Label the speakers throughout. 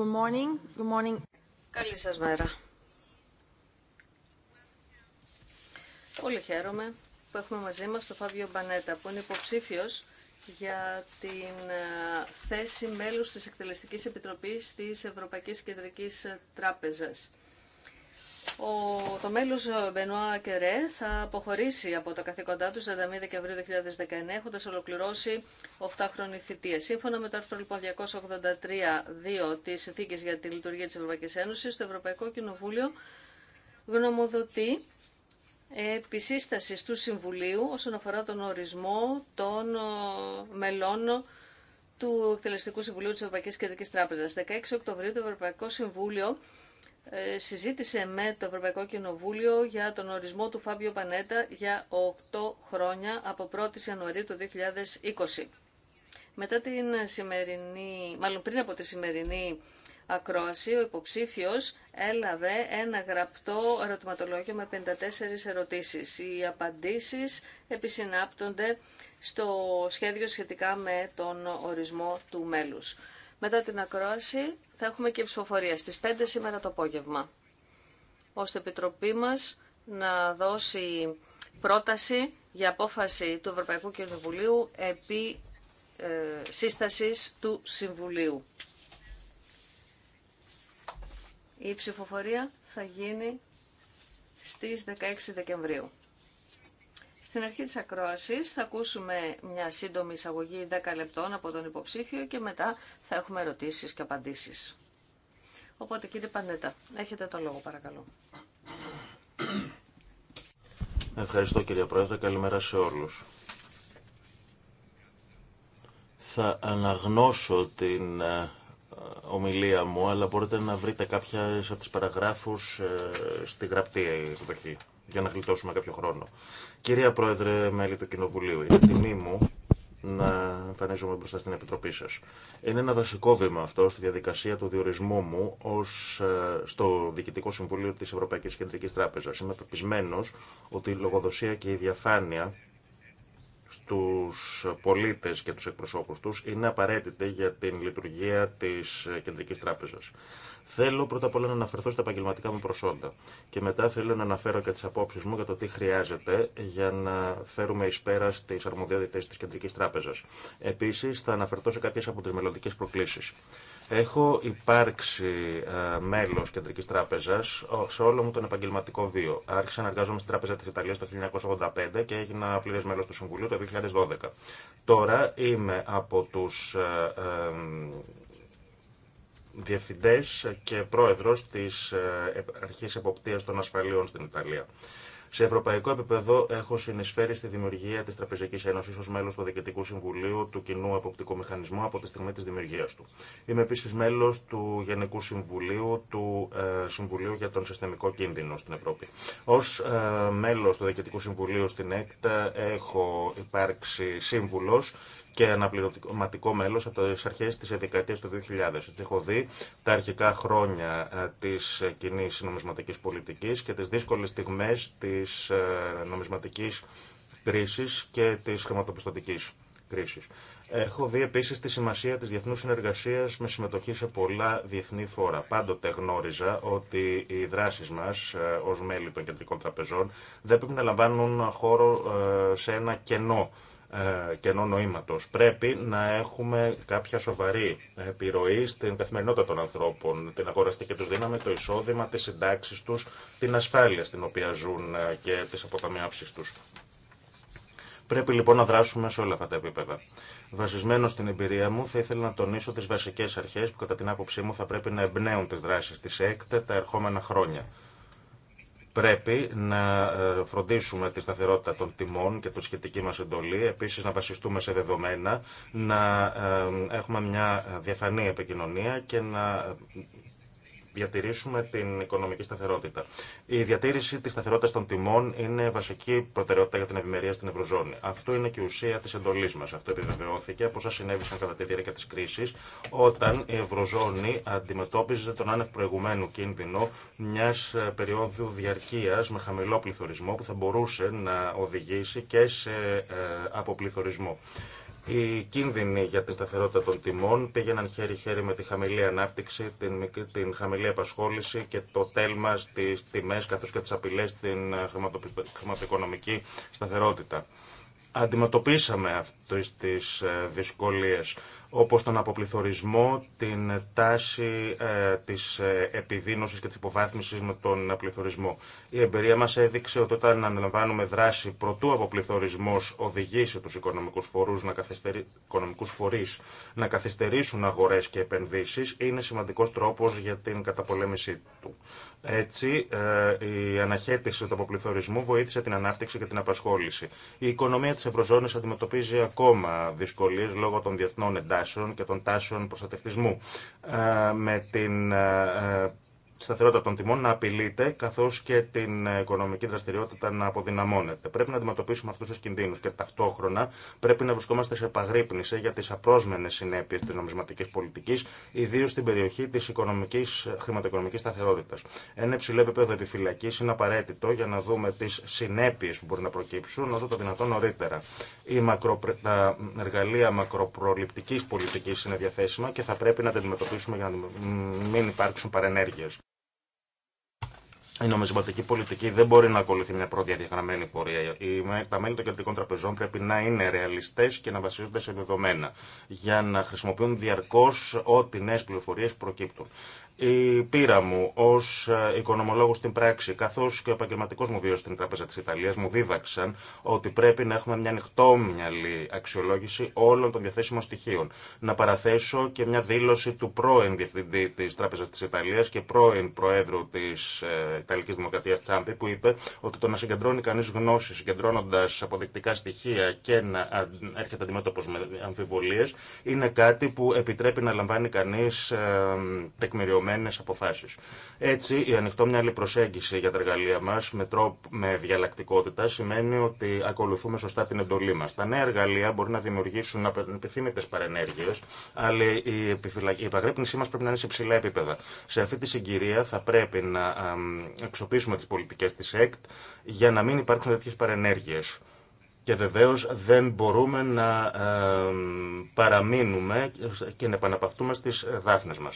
Speaker 1: Good Καλή σας μέρα. Πολύ χαίρομαι που έχουμε μαζί μας τον Φάβιο Μπανέτα, που είναι υποψήφιος για την ε, θέση μέλους της Εκτελεστικής Επιτροπής της Ευρωπαϊκής Κεντρικής Τράπεζας ο, το μέλο Μπενουά Κερέ θα αποχωρήσει από τα καθήκοντά του 31 Δεκεμβρίου 2019 έχοντα ολοκληρώσει 8 χρονη θητεία. Σύμφωνα με το άρθρο 283.2 λοιπόν, της Συνθήκη για τη Λειτουργία τη Ευρωπαϊκή Ένωση. το Ευρωπαϊκό Κοινοβούλιο γνωμοδοτεί επί σύσταση του Συμβουλίου όσον αφορά τον ορισμό των ε, μελών του Εκτελεστικού Συμβουλίου της Ευρωπαϊκής Κεντρική Τράπεζα. 16 Οκτωβρίου το Ευρωπαϊκό Συμβούλιο ε, συζήτησε με το Ευρωπαϊκό Κοινοβούλιο για τον ορισμό του Φάβιο Πανέτα για 8 χρόνια από 1η Ιανουαρίου του 2020. Μετά την σημερινή, μάλλον πριν από τη σημερινή ακρόαση, ο υποψήφιος έλαβε ένα γραπτό ερωτηματολόγιο με 54 ερωτήσεις. Οι απαντήσεις επισυνάπτονται στο σχέδιο σχετικά με τον ορισμό του μέλους. Μετά την ακρόαση θα έχουμε και ψηφοφορία στις 5 σήμερα το απόγευμα, ώστε η Επιτροπή μας να δώσει πρόταση για απόφαση του Ευρωπαϊκού Κοινοβουλίου επί ε, σύστασης του Συμβουλίου. Η ψηφοφορία θα γίνει στις 16 Δεκεμβρίου. Στην αρχή της ακρόασης θα ακούσουμε μια σύντομη εισαγωγή 10 λεπτών από τον υποψήφιο και μετά θα έχουμε ερωτήσεις και απαντήσεις. Οπότε κύριε Πανέτα, έχετε το λόγο παρακαλώ.
Speaker 2: Ευχαριστώ κύριε Πρόεδρε, καλημέρα σε όλους. Θα αναγνώσω την ε, ομιλία μου, αλλά μπορείτε να βρείτε κάποια από τις παραγράφους ε, στη γραπτή εκδοχή για να γλιτώσουμε κάποιο χρόνο. Κυρία Πρόεδρε, μέλη του Κοινοβουλίου, είναι τιμή μου να εμφανίζομαι μπροστά στην Επιτροπή σας. Είναι ένα βασικό βήμα αυτό στη διαδικασία του διορισμού μου ως, ε, στο Διοικητικό Συμβουλίο της Ευρωπαϊκής Κεντρικής Τράπεζας. Είμαι πεπισμένος ότι η λογοδοσία και η διαφάνεια στους πολίτες και τους εκπροσώπους τους είναι απαραίτητη για την λειτουργία της Κεντρικής Τράπεζας. Θέλω πρώτα απ' όλα να αναφερθώ στα επαγγελματικά μου προσόντα και μετά θέλω να αναφέρω και τις απόψεις μου για το τι χρειάζεται για να φέρουμε εις πέρα στις αρμοδιότητες της Κεντρικής Τράπεζας. Επίσης θα αναφερθώ σε κάποιες από τις μελλοντικές προκλήσεις. Έχω υπάρξει ε, μέλο Κεντρική Τράπεζα σε όλο μου τον επαγγελματικό βίο. Άρχισα να εργάζομαι στην Τράπεζα τη Ιταλία το 1985 και έγινα πλήρε μέλο του Συμβουλίου το 2012. Τώρα είμαι από του ε, ε διευθυντέ και πρόεδρο τη ε, Αρχή Εποπτεία των Ασφαλείων στην Ιταλία. Σε ευρωπαϊκό επίπεδο έχω συνεισφέρει στη δημιουργία τη Τραπεζική Ένωση ω μέλο του Διοικητικού Συμβουλίου του Κοινού Αποπτικού Μηχανισμού από τη στιγμή τη δημιουργία του. Είμαι επίση μέλο του Γενικού Συμβουλίου του ε, Συμβουλίου για τον Συστημικό Κίνδυνο στην Ευρώπη. Ω ε, μέλο του Διοικητικού Συμβουλίου στην ΕΚΤ έχω υπάρξει σύμβουλο και αναπληρωματικό μέλο από τι αρχέ τη δεκαετία του 2000. Έτσι, έχω δει τα αρχικά χρόνια ε, τη κοινή νομισματική πολιτική και τι δύσκολε στιγμέ τη ε, νομισματική κρίση και τη χρηματοπιστωτική κρίση. Έχω δει επίση τη σημασία τη διεθνού συνεργασία με συμμετοχή σε πολλά διεθνή φόρα. Πάντοτε γνώριζα ότι οι δράσει μα ε, ω μέλη των κεντρικών τραπεζών δεν πρέπει να λαμβάνουν χώρο σε ένα κενό ε, κενό νοήματο. Πρέπει να έχουμε κάποια σοβαρή επιρροή στην καθημερινότητα των ανθρώπων, την αγοραστική του δύναμη, το εισόδημα, τι συντάξει του, την ασφάλεια στην οποία ζουν ε, και τι αποταμιεύσει του. Πρέπει λοιπόν να δράσουμε σε όλα αυτά τα επίπεδα. Βασισμένο στην εμπειρία μου, θα ήθελα να τονίσω τι βασικέ αρχέ που, κατά την άποψή μου, θα πρέπει να εμπνέουν τι δράσει τη ΕΚΤΕ τα ερχόμενα χρόνια. Πρέπει να ε, φροντίσουμε τη σταθερότητα των τιμών και τη σχετική μας εντολή, επίσης να βασιστούμε σε δεδομένα, να ε, έχουμε μια διαφανή επικοινωνία και να διατηρήσουμε την οικονομική σταθερότητα. Η διατήρηση τη σταθερότητα των τιμών είναι βασική προτεραιότητα για την ευημερία στην Ευρωζώνη. Αυτό είναι και η ουσία τη εντολή μα. Αυτό επιβεβαιώθηκε από όσα συνέβησαν κατά τη διάρκεια τη κρίση, όταν η Ευρωζώνη αντιμετώπιζε τον άνευ προηγουμένου κίνδυνο μια ε, περίοδου διαρκεία με χαμηλό πληθωρισμό που θα μπορούσε να οδηγήσει και σε ε, αποπληθωρισμό. Οι κίνδυνοι για τη σταθερότητα των τιμών πήγαιναν χέρι-χέρι με τη χαμηλή ανάπτυξη, την, την χαμηλή απασχόληση και το τέλμα στι τιμέ καθώ και τι απειλέ στην ε, χρηματοοικονομική σταθερότητα. Αντιμετωπίσαμε αυτέ τι ε, δυσκολίε όπως τον αποπληθωρισμό, την τάση ε, της ε, επιδείνωσης και της υποβάθμισης με τον πληθωρισμό. Η εμπειρία μας έδειξε ότι όταν αναλαμβάνουμε δράση προτού αποπληθωρισμός οδηγήσει τους οικονομικούς, φορούς να καθυστερι... οικονομικούς φορείς να καθυστερήσουν αγορές και επενδύσεις, είναι σημαντικός τρόπος για την καταπολέμησή του. Έτσι, ε, η αναχέτηση του αποπληθωρισμού βοήθησε την ανάπτυξη και την απασχόληση. Η οικονομία της Ευρωζώνης αντιμετωπίζει ακόμα δυσκολίες λόγω των διεθνών εντάξεων τάσεων και των τάσεων προστατευτισμού. Ε, με την ε, ε, σταθερότητα των τιμών να απειλείται, καθώ και την οικονομική δραστηριότητα να αποδυναμώνεται. Πρέπει να αντιμετωπίσουμε αυτού του κινδύνου και ταυτόχρονα πρέπει να βρισκόμαστε σε επαγρύπνηση για τι απρόσμενε συνέπειε τη νομισματική πολιτική, ιδίω στην περιοχή τη χρηματοοικονομική σταθερότητα. Ένα υψηλό επίπεδο επιφυλακή είναι απαραίτητο για να δούμε τι συνέπειε που μπορεί να προκύψουν όσο το δυνατόν νωρίτερα. Η Τα εργαλεία μακροπροληπτική πολιτική είναι διαθέσιμα και θα πρέπει να τα αντιμετωπίσουμε για να μην υπάρξουν παρενέργειε. Η νομισματική πολιτική δεν μπορεί να ακολουθεί μια προδιαδιαγραμμένη πορεία. Τα μέλη των κεντρικών τραπεζών πρέπει να είναι ρεαλιστέ και να βασίζονται σε δεδομένα για να χρησιμοποιούν διαρκώ ό,τι νέε πληροφορίε προκύπτουν. Η πείρα μου ω ε, οικονομολόγο στην πράξη, καθώ και ο επαγγελματικό μου βίο στην Τράπεζα τη Ιταλία, μου δίδαξαν ότι πρέπει να έχουμε μια ανοιχτόμυαλη αξιολόγηση όλων των διαθέσιμων στοιχείων. Να παραθέσω και μια δήλωση του πρώην διευθυντή τη Τράπεζα τη Ιταλία και πρώην Προέδρου τη ε, Ιταλική Δημοκρατία Τσάμπη, που είπε ότι το να συγκεντρώνει κανεί γνώση συγκεντρώνοντα αποδεικτικά στοιχεία και να έρχεται αντιμέτωπο με αμφιβολίε, είναι κάτι που επιτρέπει να λαμβάνει κανεί ε, τεκμηριωμένο συγκεκριμένε αποφάσεις. Έτσι, η ανοιχτόμυαλη προσέγγιση για τα εργαλεία μα με, με διαλλακτικότητα σημαίνει ότι ακολουθούμε σωστά την εντολή μα. Τα νέα εργαλεία μπορεί να δημιουργήσουν επιθύμητες παρενέργειε, αλλά η, επιφυλακ... η υπαγρύπνησή μα πρέπει να είναι σε ψηλά επίπεδα. Σε αυτή τη συγκυρία θα πρέπει να εξοπλίσουμε τι πολιτικέ τη ΕΚΤ για να μην υπάρξουν τέτοιε παρενέργειε. Και βεβαίω δεν μπορούμε να ε, παραμείνουμε και να επαναπαυτούμε στι ε, δάφνε μα.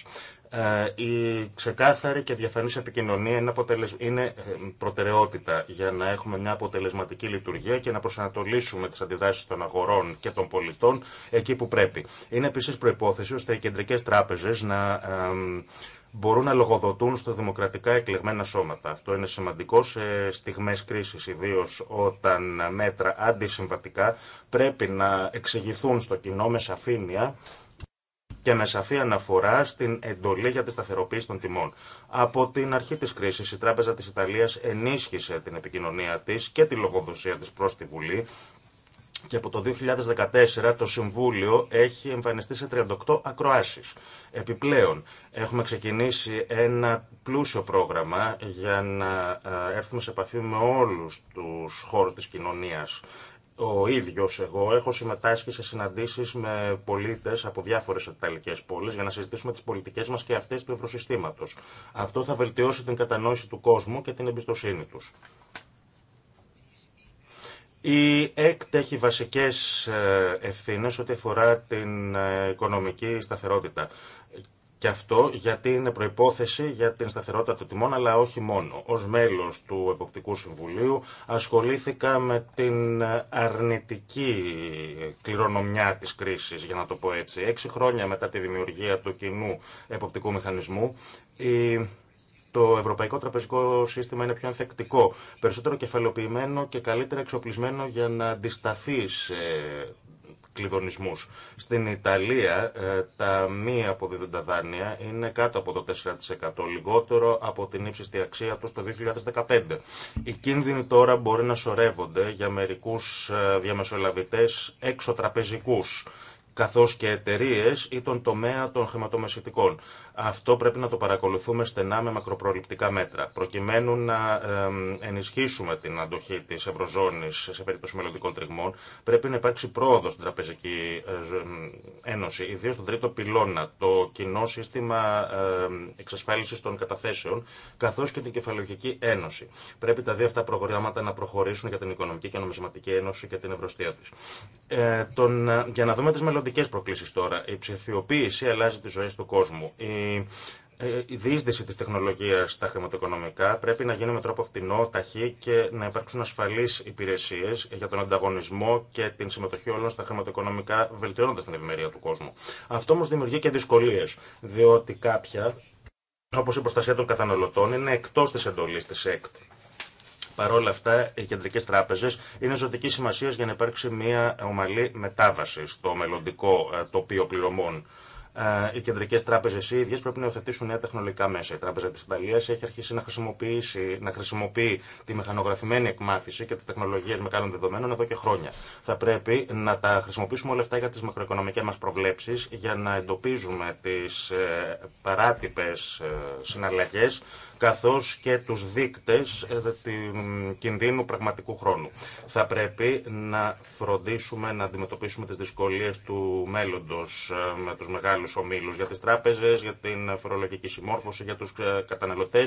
Speaker 2: Ε, η ξεκάθαρη και διαφανή επικοινωνία είναι, είναι ε, προτεραιότητα για να έχουμε μια αποτελεσματική λειτουργία και να προσανατολίσουμε τι αντιδράσει των αγορών και των πολιτών εκεί που πρέπει. Είναι επίση προπόθεση ώστε οι κεντρικέ τράπεζε να μπορούν να λογοδοτούν στο δημοκρατικά εκλεγμένα σώματα. Αυτό είναι σημαντικό σε στιγμές κρίσης, ιδίως όταν μέτρα αντισυμβατικά πρέπει να εξηγηθούν στο κοινό με σαφήνεια και με σαφή αναφορά στην εντολή για τη σταθεροποίηση των τιμών. Από την αρχή τη κρίση, η Τράπεζα τη Ιταλία ενίσχυσε την επικοινωνία τη και τη λογοδοσία τη προ τη Βουλή. Και από το 2014 το Συμβούλιο έχει εμφανιστεί σε 38 ακροάσεις. Επιπλέον, έχουμε ξεκινήσει ένα πλούσιο πρόγραμμα για να ε, έρθουμε σε επαφή με όλους τους χώρους της κοινωνίας ο ίδιος εγώ έχω συμμετάσχει σε συναντήσεις με πολίτες από διάφορες ιταλικές πόλεις για να συζητήσουμε τις πολιτικές μας και αυτές του ευρωσυστήματος. Αυτό θα βελτιώσει την κατανόηση του κόσμου και την εμπιστοσύνη τους. Η ΕΚΤ έχει βασικές ε, ευθύνες ό,τι αφορά την ε, οικονομική σταθερότητα. Και αυτό γιατί είναι προπόθεση για την σταθερότητα του τιμών, αλλά όχι μόνο. Ω μέλο του Εποπτικού Συμβουλίου ασχολήθηκα με την αρνητική κληρονομιά τη κρίση, για να το πω έτσι. Έξι χρόνια μετά τη δημιουργία του κοινού εποπτικού μηχανισμού, το ευρωπαϊκό τραπεζικό σύστημα είναι πιο ανθεκτικό, περισσότερο κεφαλαιοποιημένο και καλύτερα εξοπλισμένο για να αντισταθεί σε κλειδονισμούς. Στην Ιταλία ε, τα μη αποδίδοντα δάνεια είναι κάτω από το 4% λιγότερο από την ύψιστη αξία του το 2015. Οι κίνδυνοι τώρα μπορεί να σωρεύονται για μερικούς ε, διαμεσολαβητές εξωτραπεζικούς καθώς και εταιρείε ή τον τομέα των χρηματομεσητικών. Αυτό πρέπει να το παρακολουθούμε στενά με μακροπροληπτικά μέτρα, προκειμένου να ενισχύσουμε την αντοχή τη Ευρωζώνη σε περίπτωση μελλοντικών τριγμών. Πρέπει να υπάρξει πρόοδο στην Τραπεζική ε, Ένωση, ιδίω στον τρίτο πυλώνα, το κοινό σύστημα εξασφάλιση των καταθέσεων, καθώ και την Κεφαλαιοχική Ένωση. Πρέπει τα δύο αυτά προγράμματα να προχωρήσουν για την Οικονομική και Νομισματική Ένωση και την ευρωστία τη. Ε, για να δούμε τι μελλοντικέ προκλήσει τώρα. Η ψηφιοποίηση αλλάζει τι ζωέ του κόσμου. Η ε, η διείσδυση της τεχνολογίας στα χρηματοοικονομικά πρέπει να γίνει με τρόπο φτηνό, ταχύ και να υπάρξουν ασφαλείς υπηρεσίες για τον ανταγωνισμό και την συμμετοχή όλων στα χρηματοοικονομικά βελτιώνοντας την ευημερία του κόσμου. Αυτό όμως δημιουργεί και δυσκολίες, διότι κάποια, όπως η προστασία των καταναλωτών, είναι εκτός της εντολής της ΕΚΤ. Παρ' όλα αυτά, οι κεντρικέ τράπεζε είναι ζωτική σημασία για να υπάρξει μια ομαλή μετάβαση στο μελλοντικό ε, τοπίο πληρωμών ε, οι κεντρικέ τράπεζε οι ίδιε πρέπει να υιοθετήσουν νέα τεχνολογικά μέσα. Η Τράπεζα τη Ιταλία έχει αρχίσει να, χρησιμοποιήσει, να χρησιμοποιεί τη μηχανογραφημένη εκμάθηση και τι τεχνολογίε μεγάλων δεδομένων εδώ και χρόνια. Θα πρέπει να τα χρησιμοποιήσουμε όλα αυτά για τι μακροοικονομικέ μα προβλέψει, για να εντοπίζουμε τι ε, παράτυπε συναλλαγέ, καθώ και του δείκτε ε, κινδύνου πραγματικού χρόνου. Θα πρέπει να φροντίσουμε να αντιμετωπίσουμε τι δυσκολίε του μέλλοντο με του μεγάλου άλλου ομίλου, για τι τράπεζε, για την φορολογική συμμόρφωση, για του ε, καταναλωτέ,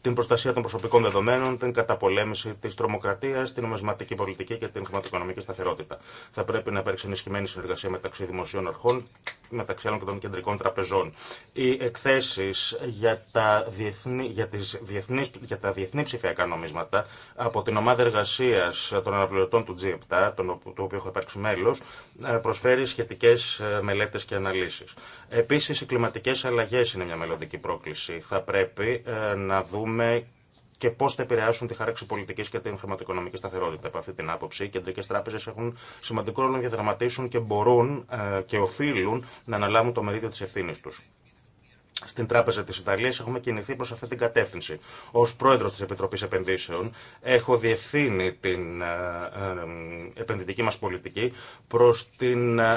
Speaker 2: την προστασία των προσωπικών δεδομένων, την καταπολέμηση τη τρομοκρατία, την νομισματική πολιτική και την χρηματοοικονομική σταθερότητα. Θα πρέπει να υπάρξει ενισχυμένη συνεργασία μεταξύ δημοσίων αρχών, μεταξύ άλλων και των κεντρικών τραπεζών. Οι εκθέσει για, τα διεθνή, για, τις διεθνή, για τα διεθνή ψηφιακά νομίσματα από την ομάδα εργασία των αναπληρωτών του G7, τον, το οποίο έχω υπάρξει μέλο, ε, προσφέρει σχετικέ ε, μελέτε και αναλύσει. Επίσης οι κλιματικές αλλαγές είναι μια μελλοντική πρόκληση. Θα πρέπει ε, να δούμε και πώ θα επηρεάσουν τη χάραξη πολιτική και την χρηματοοικονομική σταθερότητα. Από αυτή την άποψη, οι κεντρικέ τράπεζε έχουν σημαντικό ρόλο να διαδραματίσουν και μπορούν ε, και οφείλουν να αναλάβουν το μερίδιο τη ευθύνη του στην Τράπεζα τη Ιταλία έχουμε κινηθεί προ αυτή την κατεύθυνση. Ω πρόεδρο τη Επιτροπή Επενδύσεων, έχω διευθύνει την ε, ε, επενδυτική μα πολιτική προ την ε,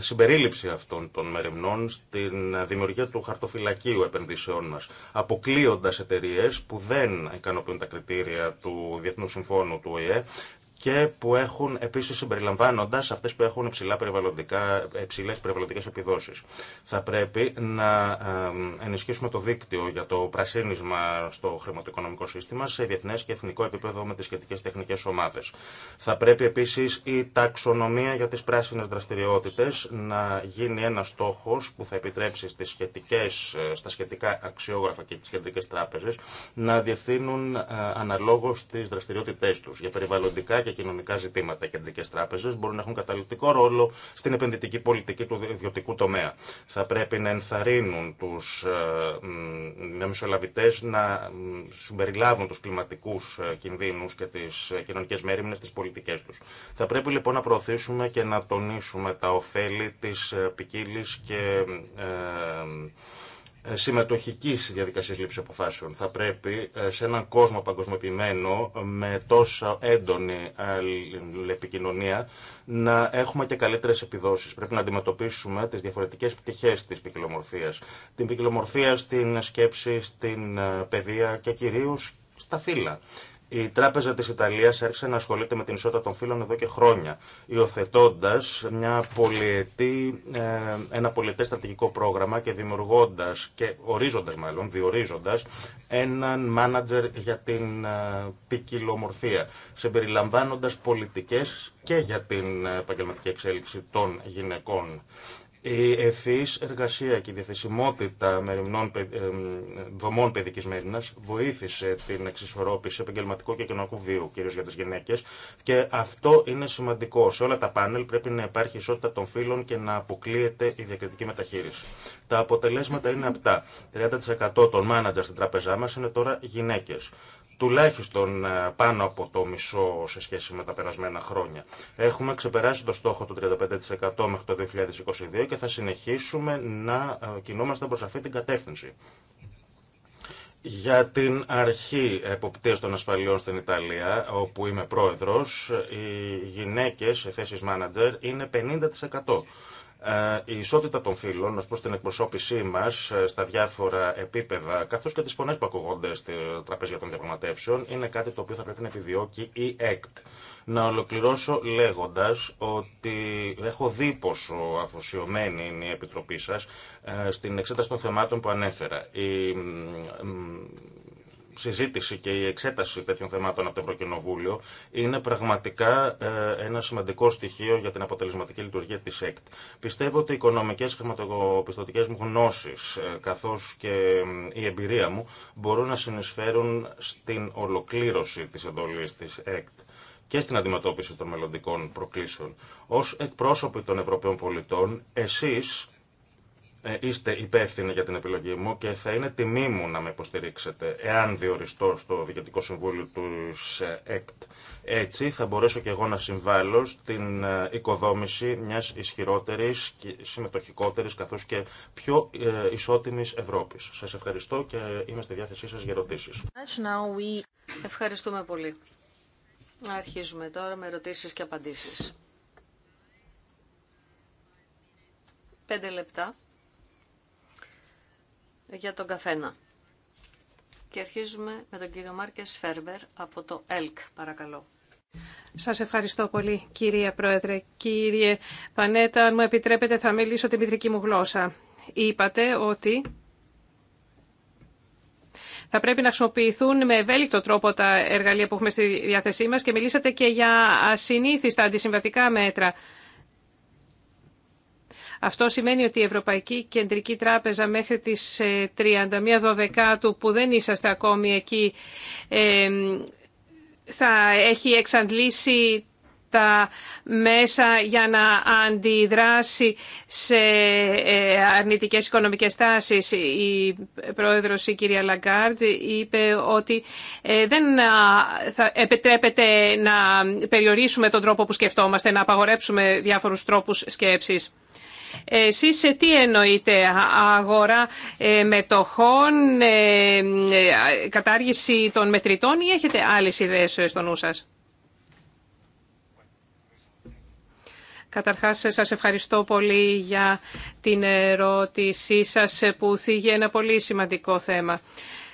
Speaker 2: συμπερίληψη αυτών των μερευνών στην δημιουργία του χαρτοφυλακίου επενδύσεών μα, αποκλείοντα εταιρείε που δεν ικανοποιούν τα κριτήρια του Διεθνού Συμφώνου του ΟΗΕ και που έχουν επίση συμπεριλαμβάνοντα αυτέ που έχουν υψηλά περιβαλλοντικά, περιβαλλοντικές επιδόσεις. Θα πρέπει να ενισχύσουμε το δίκτυο για το πρασίνισμα στο χρηματοοικονομικό σύστημα σε διεθνέ και εθνικό επίπεδο με τι σχετικέ τεχνικέ ομάδε. Θα πρέπει επίση η ταξονομία για τι πράσινε δραστηριότητε, να γίνει ένα στόχο που θα επιτρέψει στις σχετικές, ε, στα σχετικά αξιόγραφα και τι κεντρικέ τράπεζε, να διευθύνουν ε, αναλόγω τι δραστηριότητέ του. για περιβαλλοντικά και κοινωνικά ζητήματα. Οι κεντρικέ τράπεζε μπορούν να έχουν καταληπτικό ρόλο στην επενδυτική πολιτική του ιδιωτικού τομέα. Θα πρέπει να ενθαρρύνουν του ε, μεσολαβητέ να συμπεριλάβουν του κλιματικού ε, κινδύνου και τι ε, κοινωνικέ μέρημνε στι πολιτικέ του. Θα πρέπει λοιπόν να προωθήσουμε και να τονίσουμε τα ωφέλη τη ποικίλη και ε, συμμετοχική διαδικασία λήψη αποφάσεων. Θα πρέπει ε, σε έναν κόσμο παγκοσμιοποιημένο, με τόσο έντονη ε, επικοινωνία, να έχουμε και καλύτερε επιδόσει. Πρέπει να αντιμετωπίσουμε τι διαφορετικέ πτυχέ τη ποικιλομορφία. Την ποικιλομορφία στην σκέψη, στην παιδεία και κυρίω στα φύλλα. Η Τράπεζα της Ιταλίας άρχισε να ασχολείται με την ισότητα των φύλων εδώ και χρόνια, υιοθετώντα ε, ένα πολιτέ στρατηγικό πρόγραμμα και δημιουργώντας και ορίζοντας μάλλον, διορίζοντας έναν μάνατζερ για την ε, ποικιλομορφία, συμπεριλαμβάνοντας πολιτικές και για την ε, επαγγελματική εξέλιξη των γυναικών. Η ευφυής εργασία και η διαθεσιμότητα μεριμνών ε, δομών παιδική μέρημνα βοήθησε την εξισορρόπηση επαγγελματικού και κοινωνικού βίου, κυρίως για τι γυναίκε. και αυτό είναι σημαντικό. Σε όλα τα πάνελ πρέπει να υπάρχει ισότητα των φύλων και να αποκλείεται η διακριτική μεταχείριση. Τα αποτελέσματα είναι αυτά. 30% των μάνατζερ στην τραπεζά μα είναι τώρα γυναίκε τουλάχιστον ε, πάνω από το μισό σε σχέση με τα περασμένα χρόνια. Έχουμε ξεπεράσει το στόχο του 35% μέχρι το 2022 και θα συνεχίσουμε να ε, κινούμαστε προς αυτή την κατεύθυνση. Για την αρχή εποπτείας των ασφαλιών στην Ιταλία, όπου είμαι πρόεδρος, οι γυναίκες σε θέσεις μάνατζερ είναι 50%. Ε, η ισότητα των φύλων ω προ την εκπροσώπησή μα ε, στα διάφορα επίπεδα, καθώ και τι φωνέ που ακουγόνται στη τραπέζια των διαπραγματεύσεων, είναι κάτι το οποίο θα πρέπει να επιδιώκει η ΕΚΤ. Να ολοκληρώσω λέγοντα ότι έχω δει πόσο αφοσιωμένη είναι η Επιτροπή σα ε, στην εξέταση των θεμάτων που ανέφερα. Η συζήτηση και η εξέταση τέτοιων θεμάτων από το Ευρωκοινοβούλιο είναι πραγματικά ε, ένα σημαντικό στοιχείο για την αποτελεσματική λειτουργία τη ΕΚΤ. Πιστεύω ότι οι οικονομικέ ε, και χρηματοπιστωτικέ μου γνώσει, καθώ και η εμπειρία μου, μπορούν να συνεισφέρουν στην ολοκλήρωση τη εντολή τη ΕΚΤ και στην αντιμετώπιση των μελλοντικών προκλήσεων. Ως εκπρόσωποι των Ευρωπαίων πολιτών, εσείς ε, είστε υπεύθυνοι για την επιλογή μου και θα είναι τιμή μου να με υποστηρίξετε εάν διοριστώ στο Διοικητικό Συμβούλιο του ε, ΕΚΤ. Έτσι θα μπορέσω και εγώ να συμβάλλω στην ε, οικοδόμηση μιας ισχυρότερης και συμμετοχικότερης καθώς και πιο ισότιμης Ευρώπης. Σας ευχαριστώ και είμαι στη διάθεσή σας για ερωτήσεις.
Speaker 1: Ευχαριστούμε πολύ. Αρχίζουμε τώρα με ερωτήσεις και απαντήσεις. Πέντε λεπτά για τον καθένα. Και αρχίζουμε με τον κύριο Μάρκες από το ΕΛΚ, παρακαλώ.
Speaker 3: Σας ευχαριστώ πολύ, κύριε Πρόεδρε. Κύριε Πανέτα, αν μου επιτρέπετε θα μιλήσω τη μητρική μου γλώσσα. Είπατε ότι θα πρέπει να χρησιμοποιηθούν με ευέλικτο τρόπο τα εργαλεία που έχουμε στη διάθεσή μας και μιλήσατε και για ασυνήθιστα αντισυμβατικά μέτρα. Αυτό σημαίνει ότι η Ευρωπαϊκή Κεντρική Τράπεζα μέχρι τις 31 ε, Δωδεκάτου που δεν είσαστε ακόμη εκεί ε, θα έχει εξαντλήσει τα μέσα για να αντιδράσει σε ε, αρνητικές οικονομικές τάσεις. Η πρόεδρος, η κυρία Λαγκάρτ είπε ότι δεν θα επιτρέπεται να περιορίσουμε τον τρόπο που σκεφτόμαστε, να απαγορέψουμε διάφορους τρόπους σκέψης. Εσείς ε, τι εννοείτε, αγορά ε, μετοχών, ε, κατάργηση των μετρητών ή έχετε άλλες ιδέες στο νου σας. Καταρχάς, σας ευχαριστώ πολύ για την ερώτησή σας που θίγει ένα πολύ σημαντικό θέμα.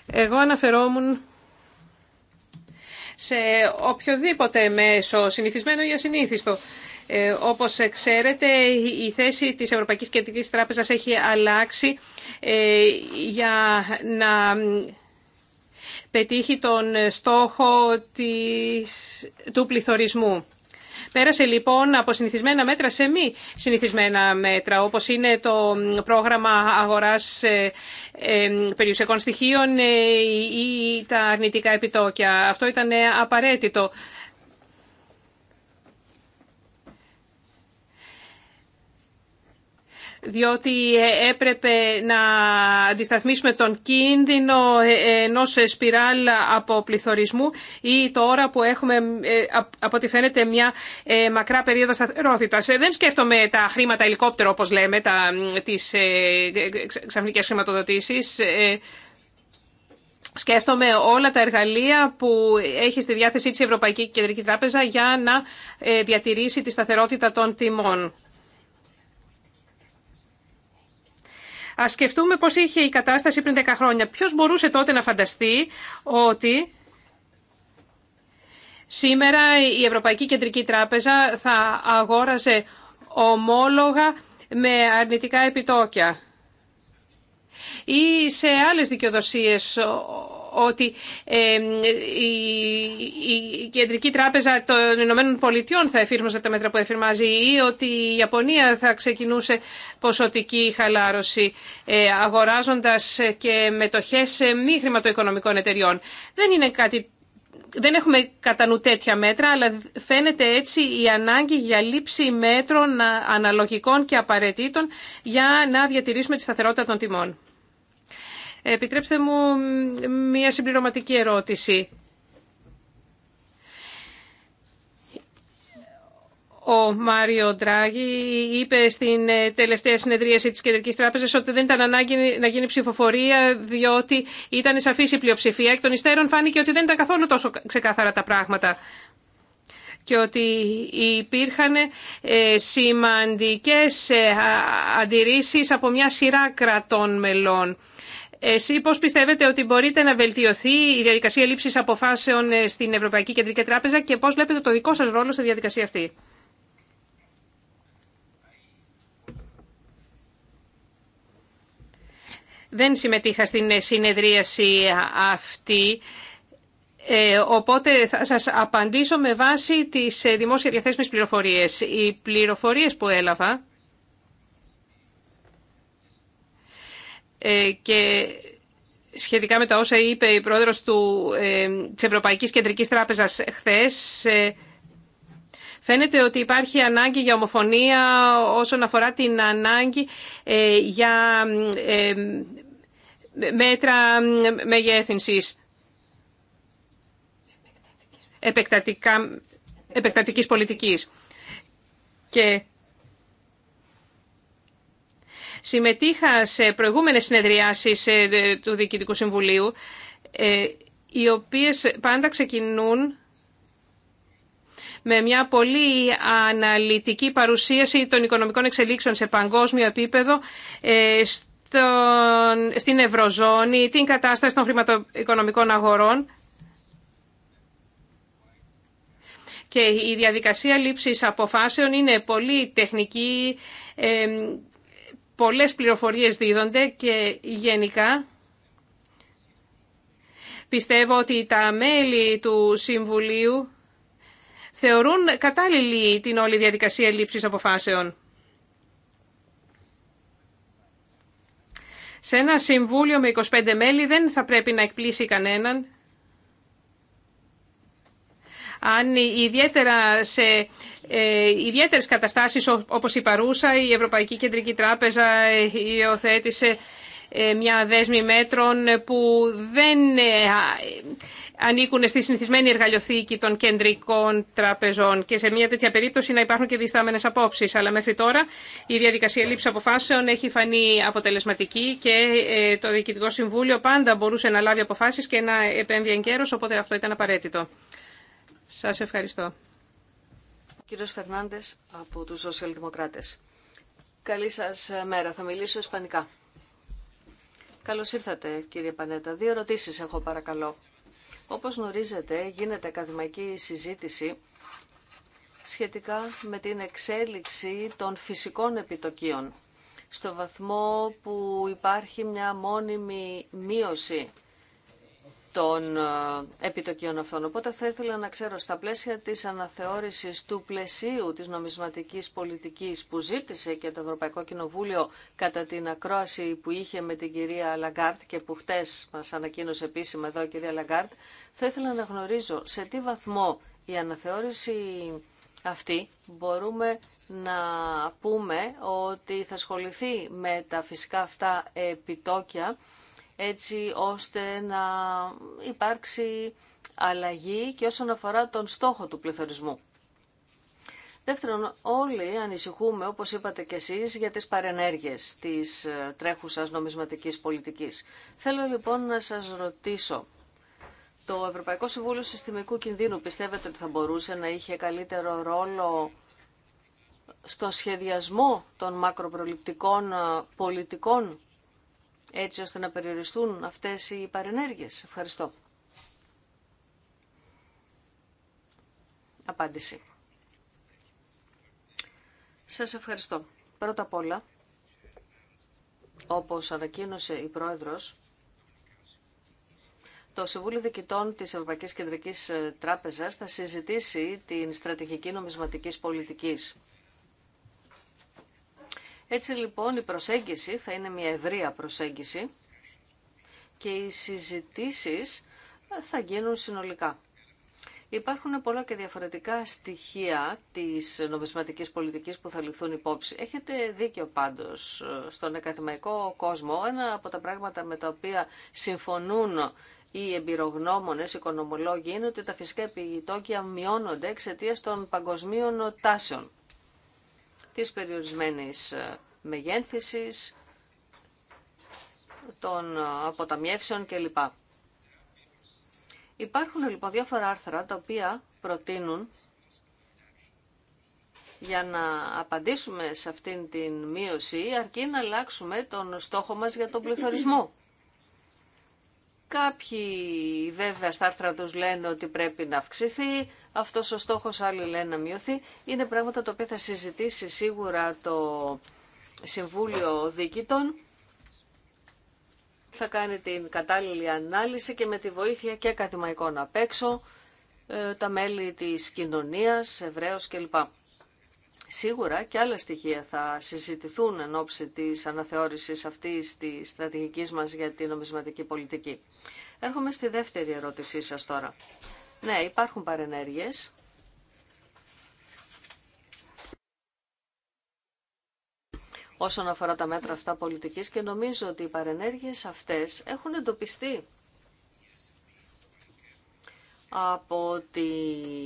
Speaker 3: Εγώ αναφερόμουν σε οποιοδήποτε μέσο, συνηθισμένο ή ασυνήθιστο. Ε, όπως ξέρετε, η ασυνηθιστο οπως ξερετε η θεση της Ευρωπαϊκής Κεντρικής Τράπεζας έχει αλλάξει ε, για να πετύχει τον στόχο της, του πληθωρισμού. Πέρασε λοιπόν από συνηθισμένα μέτρα σε μη συνηθισμένα μέτρα, όπως είναι το πρόγραμμα αγοράς ε, ε, περιουσιακών στοιχείων ε, ή τα αρνητικά επιτόκια. Αυτό ήταν απαραίτητο διότι ε, έπρεπε να αντισταθμίσουμε τον κίνδυνο ε, ε, ενός σπιράλ πληθωρισμού ή τώρα που έχουμε, από ό,τι φαίνεται, μια μακρά περίοδο σταθερότητας. Δεν σκέφτομαι τα χρήματα ελικόπτερο, όπως λέμε, τα, τις ξαφνικές χρηματοδοτήσεις. Σκέφτομαι όλα τα εργαλεία που έχει στη διάθεσή της Ευρωπαϊκή Κεντρική Τράπεζα για να διατηρήσει τη σταθερότητα των τιμών. Ας σκεφτούμε πώς είχε η κατάσταση πριν 10 χρόνια. Ποιος μπορούσε τότε να φανταστεί ότι σήμερα η Ευρωπαϊκή Κεντρική Τράπεζα θα αγόραζε ομόλογα με αρνητικά επιτόκια ή σε άλλες δικαιοδοσίες ότι ε, η Κεντρική Τράπεζα των Ηνωμένων Πολιτειών θα εφήρμοζε τα μέτρα που εφηρμάζει ή ότι η Ιαπωνία θα ξεκινούσε ποσοτική χαλάρωση ε, αγοράζοντας και μετοχές μη χρηματοοικονομικών εταιριών. Δεν είναι κάτι δεν έχουμε κατά νου τέτοια μέτρα, αλλά φαίνεται έτσι η ανάγκη για λήψη μέτρων αναλογικών και απαραίτητων για να διατηρήσουμε τη σταθερότητα των τιμών. Επιτρέψτε μου μία συμπληρωματική ερώτηση. Ο Μάριο Ντράγη είπε στην τελευταία συνεδρίαση της Κεντρικής Τράπεζας ότι δεν ήταν ανάγκη να γίνει ψηφοφορία διότι ήταν σαφής η πλειοψηφία. Εκ των υστέρων φάνηκε ότι δεν ήταν καθόλου τόσο ξεκάθαρα τα πράγματα και ότι υπήρχαν ε, σημαντικές ε, αντιρρήσεις από μια σειρά κρατών μελών. Εσύ πώς πιστεύετε ότι μπορείτε να βελτιωθεί η διαδικασία λήψης αποφάσεων ε, στην Ευρωπαϊκή Κεντρική Τράπεζα και πώς βλέπετε το δικό σας ρόλο στη διαδικασία αυτή. Δεν συμμετείχα στην ε, συνεδρίαση αυτή, ε, οπότε θα σας απαντήσω με βάση τις δημόσια διαθέσιμες πληροφορίες. Οι πληροφορίες που έλαβα Ε, και σχετικά με τα όσα είπε η πρόεδρος του, ε, της Ευρωπαϊκής Κεντρικής Τράπεζας χθες, ε, φαίνεται ότι υπάρχει ανάγκη για ομοφωνία όσον αφορά την ανάγκη ε, για μέτρα μεγέθυνσης επεκτατικής πολιτικής. Και Συμμετείχα σε προηγούμενες συνεδριάσεις ε, του Διοικητικού Συμβουλίου, ε, οι οποίες πάντα ξεκινούν με μια πολύ αναλυτική παρουσίαση των οικονομικών εξελίξεων σε παγκόσμιο επίπεδο, ε, στην Ευρωζώνη, την κατάσταση των χρηματοοικονομικών αγορών. Και η διαδικασία λήψης αποφάσεων είναι πολύ τεχνική πολλές πληροφορίες δίδονται και γενικά πιστεύω ότι τα μέλη του Συμβουλίου θεωρούν κατάλληλη την όλη διαδικασία λήψης αποφάσεων. Σε ένα Συμβούλιο με 25 μέλη δεν θα πρέπει να εκπλήσει κανέναν αν ιδιαίτερα σε ε, ιδιαίτερες καταστάσεις όπως η παρούσα, η Ευρωπαϊκή Κεντρική Τράπεζα ε, υιοθέτησε ε, μια δέσμη μέτρων που δεν ε, ανήκουν στη συνηθισμένη εργαλειοθήκη των κεντρικών τραπεζών και σε μια τέτοια περίπτωση να υπάρχουν και διστάμενες απόψεις. Αλλά μέχρι τώρα η διαδικασία λήψη αποφάσεων έχει φανεί αποτελεσματική και το Διοικητικό Συμβούλιο πάντα μπορούσε να λάβει αποφάσεις και να επέμβει εν οπότε αυτό ήταν απαραίτητο. Σας ευχαριστώ.
Speaker 1: κύριος Φερνάντες από τους Σοσιαλδημοκράτες. Καλή σας ε, μέρα. Θα μιλήσω ισπανικά. Καλώς ήρθατε κύριε Πανέτα. Δύο ερωτήσεις έχω παρακαλώ. Όπως γνωρίζετε γίνεται ακαδημαϊκή συζήτηση σχετικά με την εξέλιξη των φυσικών επιτοκίων στο βαθμό που υπάρχει μια μόνιμη μείωση των ε, επιτοκίων αυτών. Οπότε θα ήθελα να ξέρω στα πλαίσια της αναθεώρησης του πλαισίου της νομισματικής πολιτικής που ζήτησε και το Ευρωπαϊκό Κοινοβούλιο κατά την ακρόαση που είχε με την κυρία Λαγκάρτ και που χτες μας ανακοίνωσε επίσημα εδώ η κυρία Λαγκάρτ, θα ήθελα να γνωρίζω σε τι βαθμό η αναθεώρηση αυτή μπορούμε να πούμε ότι θα ασχοληθεί με τα φυσικά αυτά επιτόκια έτσι ώστε να υπάρξει αλλαγή και όσον αφορά τον στόχο του πληθωρισμού. Δεύτερον, όλοι ανησυχούμε, όπως είπατε κι εσείς, για τις παρενέργειες της ε, τρέχουσας νομισματικής πολιτικής. Θέλω λοιπόν να σας ρωτήσω, το Ευρωπαϊκό Συμβούλιο Συστημικού Κινδύνου πιστεύετε ότι θα μπορούσε να είχε καλύτερο ρόλο στον σχεδιασμό των μακροπροληπτικών ε, πολιτικών έτσι ώστε να περιοριστούν αυτές οι παρενέργειες. Ευχαριστώ. Απάντηση. Σας ευχαριστώ. Πρώτα απ' όλα, όπως ανακοίνωσε η Πρόεδρος, το Συμβούλιο Δικητών της Ευρωπαϊκής Κεντρικής Τράπεζας θα συζητήσει την στρατηγική νομισματικής πολιτικής. Έτσι λοιπόν η προσέγγιση θα είναι μια ευρεία προσέγγιση και οι συζητήσεις θα γίνουν συνολικά. Υπάρχουν πολλά και διαφορετικά στοιχεία της νομισματικής πολιτικής που θα ληφθούν υπόψη. Έχετε δίκιο πάντως ε, στον εκαθημαϊκό κόσμο. Ένα από τα πράγματα με τα οποία συμφωνούν οι εμπειρογνώμονες, οι οικονομολόγοι, είναι ότι τα φυσικά επιτόκια μειώνονται εξαιτία των παγκοσμίων τάσεων της περιορισμένης ε, μεγένθησης, των ε, αποταμιεύσεων κλπ. Υπάρχουν λοιπόν διάφορα άρθρα τα οποία προτείνουν για να απαντήσουμε σε αυτήν την μείωση αρκεί να αλλάξουμε τον στόχο μας για τον πληθωρισμό. Κάποιοι βέβαια στα άρθρα τους λένε ότι πρέπει να αυξηθεί, αυτός ο στόχος άλλοι λένε να μειωθεί. Είναι πράγματα τα οποία θα συζητήσει σίγουρα το Συμβούλιο Δίκητων. Θα κάνει την κατάλληλη ανάλυση και με τη βοήθεια και ακαδημαϊκών απ' έξω, ε, τα μέλη της κοινωνίας, Εβραίος κλπ. Σίγουρα και άλλα στοιχεία θα συζητηθούν εν ώψη της αναθεώρησης αυτής της στρατηγικής μας για την νομισματική πολιτική. Έρχομαι στη δεύτερη ερώτησή σας τώρα. Ναι, υπάρχουν παρενέργειες. Όσον αφορά τα μέτρα αυτά πολιτικής και νομίζω ότι οι παρενέργειες αυτές έχουν εντοπιστεί από, τη,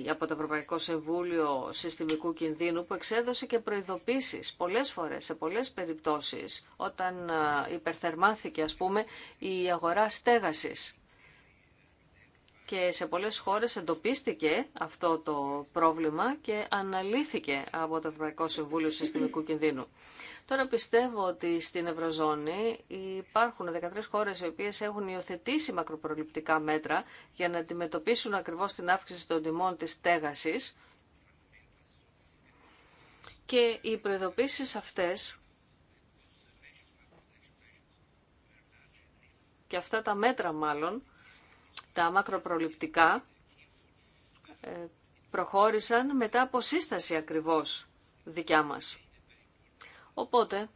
Speaker 1: από το Ευρωπαϊκό Συμβούλιο Συστημικού Κινδύνου που εξέδωσε και προειδοποίησεις πολλές φορές, σε πολλές περιπτώσεις, όταν υπερθερμάθηκε ας πούμε η αγορά στέγασης. Και σε πολλές χώρες εντοπίστηκε αυτό το πρόβλημα και αναλύθηκε από το Ευρωπαϊκό Συμβούλιο Συστημικού Κινδύνου. Τώρα πιστεύω ότι στην Ευρωζώνη υπάρχουν 13 χώρε οι οποίες έχουν υιοθετήσει μακροπροληπτικά μέτρα για να αντιμετωπίσουν ακριβώς την αύξηση των τιμών τη στέγαση. και οι προειδοποίησει αυτές και αυτά τα μέτρα μάλλον, τα μακροπροληπτικά, ε, προχώρησαν μετά από σύσταση ακριβώς δικιά μας. Οπότε,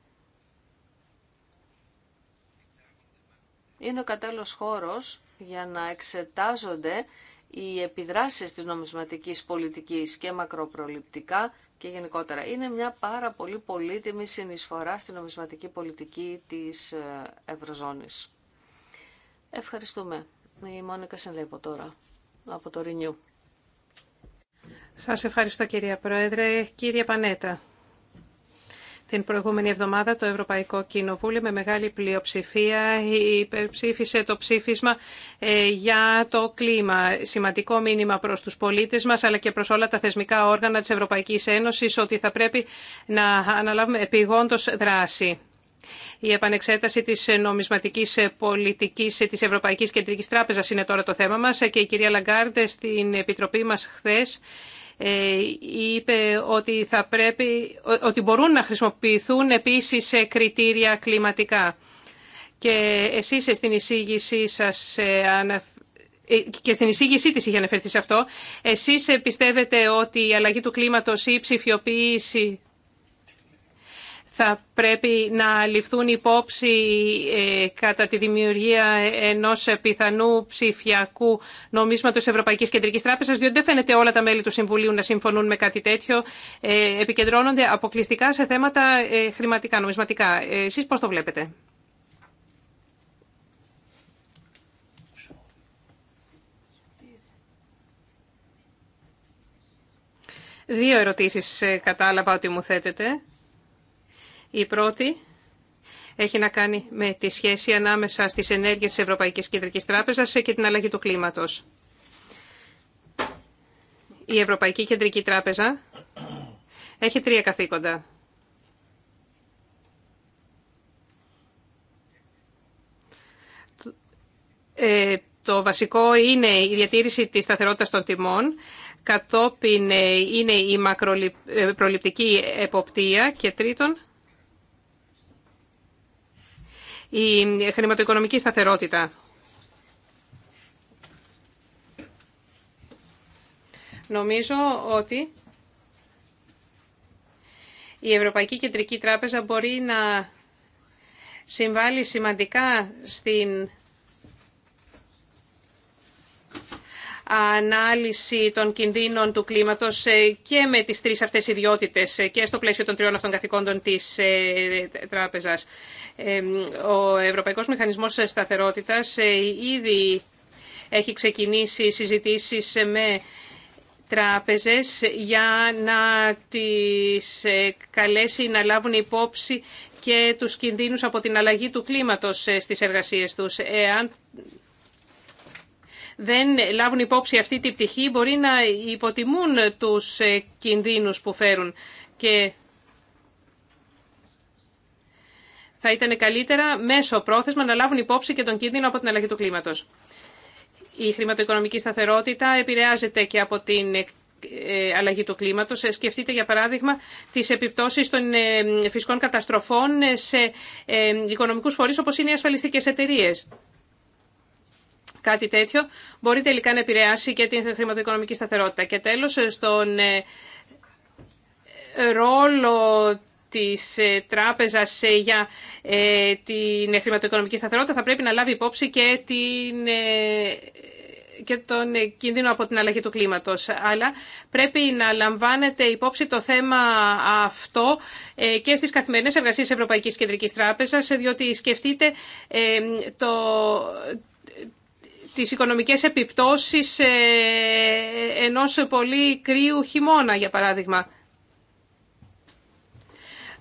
Speaker 1: είναι ο κατάλληλος χώρος για να εξετάζονται οι επιδράσεις της νομισματικής πολιτικής και μακροπροληπτικά και γενικότερα. Είναι μια πάρα πολύ πολύτιμη συνεισφορά στη νομισματική πολιτική της ε, Ευρωζώνης. Ευχαριστούμε. Η Μόνικα Σενλέπο τώρα, από το Ρινιού.
Speaker 3: Σας ευχαριστώ κυρία Πρόεδρε. Κύριε Πανέτα. Την προηγούμενη εβδομάδα το Ευρωπαϊκό Κοινοβούλιο με μεγάλη πλειοψηφία υπερψήφισε το ψήφισμα ε, για το κλίμα. Σημαντικό μήνυμα προς τους πολίτες μας αλλά και προς όλα τα θεσμικά όργανα της Ευρωπαϊκής Ένωσης ότι θα πρέπει να αναλάβουμε επιγόντως δράση. Η επανεξέταση τη νομισματική πολιτική τη Ευρωπαϊκή Κεντρική Τράπεζα είναι τώρα το θέμα μα και η κυρία Λαγκάρντε στην επιτροπή μα χθε ε, είπε ότι, θα πρέπει, ότι μπορούν να χρησιμοποιηθούν επίσης ε, κριτήρια κλιματικά. Και εσείς ε, στην εισήγησή σας και στην εισήγησή της είχε αναφερθεί σε αυτό. Εσείς πιστεύετε ότι η αλλαγή του κλίματος ή η ψηφιοποίηση θα πρέπει να ληφθούν υπόψη ε, κατά τη δημιουργία ενός πιθανού ψηφιακού νομίσματος Ευρωπαϊκής Κεντρικής Τράπεζας, διότι δεν φαίνεται όλα τα μέλη του Συμβουλίου να συμφωνούν με κάτι τέτοιο. Ε, επικεντρώνονται αποκλειστικά σε θέματα ε, χρηματικά, νομισματικά. εσείς πώς το βλέπετε. Δύο ερωτήσεις κατάλαβα ότι μου θέτετε. Η πρώτη έχει να κάνει με τη σχέση ανάμεσα στις ενέργειες της Ευρωπαϊκής Κεντρικής Τράπεζας και την αλλαγή του κλίματος. Η Ευρωπαϊκή Κεντρική Τράπεζα έχει τρία καθήκοντα. Ε, το βασικό είναι η διατήρηση της σταθερότητας των τιμών, κατόπιν ε, είναι η μακροπροληπτική ε, εποπτεία και τρίτον η χρηματοοικονομική σταθερότητα. Νομίζω ότι η Ευρωπαϊκή Κεντρική Τράπεζα μπορεί να συμβάλλει σημαντικά στην ανάλυση των κινδύνων του κλίματος ε, και με τις τρεις αυτές ιδιότητες ε, και στο πλαίσιο των τριών αυτών καθηκόντων της ε, τράπεζας. Ο Ευρωπαϊκός Μηχανισμός Σταθερότητας ήδη έχει ξεκινήσει συζητήσεις με τράπεζες για να τις καλέσει να λάβουν υπόψη και τους κινδύνους από την αλλαγή του κλίματος στις εργασίες τους. Εάν δεν λάβουν υπόψη αυτή την πτυχή μπορεί να υποτιμούν τους ε, κινδύνους που φέρουν. Και θα ήταν καλύτερα μέσω πρόθεσμα να λάβουν υπόψη και τον κίνδυνο από την αλλαγή του κλίματος. Η χρηματοοικονομική σταθερότητα επηρεάζεται και από την ε, ε, αλλαγή του κλίματος. Σκεφτείτε για παράδειγμα τις επιπτώσεις των φυσικών καταστροφών σε οικονομικούς φορείς όπως είναι οι ασφαλιστικές εταιρείες κάτι τέτοιο μπορεί τελικά να επηρεάσει και την χρηματοοικονομική σταθερότητα. Και τέλος, στον ε, ρόλο της ε, τράπεζας ε, για την χρηματοοικονομική σταθερότητα θα πρέπει να λάβει υπόψη και, την, και τον κίνδυνο από την αλλαγή του κλίματος. Αλλά πρέπει να λαμβάνεται υπόψη το θέμα αυτό και στις καθημερινές εργασίες Ευρωπαϊκής Κεντρικής Τράπεζας, διότι σκεφτείτε το, τις οικονομικές επιπτώσεις ε, ενός πολύ κρύου χειμώνα, για παράδειγμα.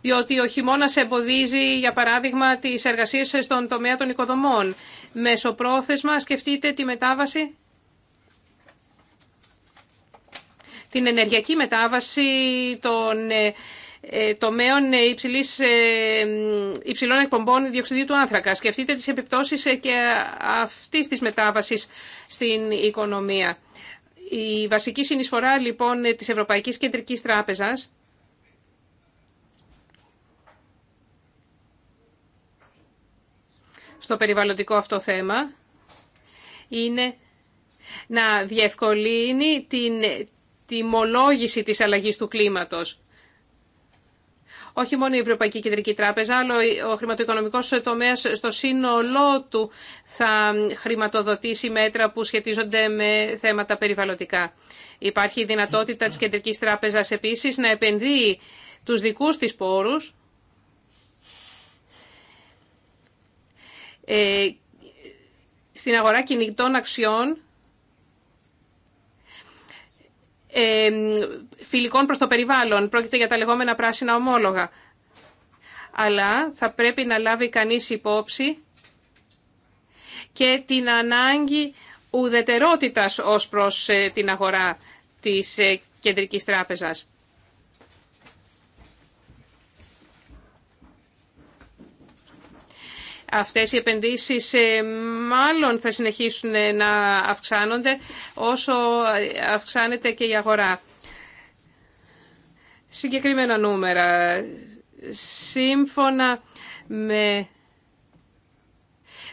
Speaker 3: Διότι ο χειμώνας εμποδίζει, για παράδειγμα, τις εργασίες στον τομέα των οικοδομών. Μεσοπρόθεσμα, σκεφτείτε τη μετάβαση την ενεργειακή μετάβαση, τον ε, ε, τομέων ε, υψηλής, ε, υψηλών εκπομπών διοξιδίου του άνθρακα. Σκεφτείτε τις επιπτώσεις και αυτής της μετάβασης στην οικονομία. Η βασική συνεισφορά λοιπόν της Ευρωπαϊκής Κεντρικής Τράπεζας στο περιβαλλοντικό αυτό θέμα είναι να διευκολύνει την τιμολόγηση της αλλαγής του κλίματος όχι μόνο η Ευρωπαϊκή Κεντρική Τράπεζα, αλλά ο χρηματοοικονομικός τομέας στο σύνολό του θα χρηματοδοτήσει μέτρα που σχετίζονται με θέματα περιβαλλοντικά. Υπάρχει η δυνατότητα της Κεντρικής Τράπεζας επίσης να επενδύει τους δικούς της πόρους ε, στην αγορά κινητών αξιών ε, φιλικών προς το περιβάλλον. Πρόκειται για τα λεγόμενα πράσινα ομόλογα. Αλλά θα πρέπει να λάβει κανείς υπόψη και την ανάγκη ουδετερότητας ως προς ε, την αγορά της ε, Κεντρικής Τράπεζας. Αυτές οι επενδύσεις ε, μάλλον θα συνεχίσουν να αυξάνονται όσο αυξάνεται και η αγορά συγκεκριμένα νούμερα. Σύμφωνα με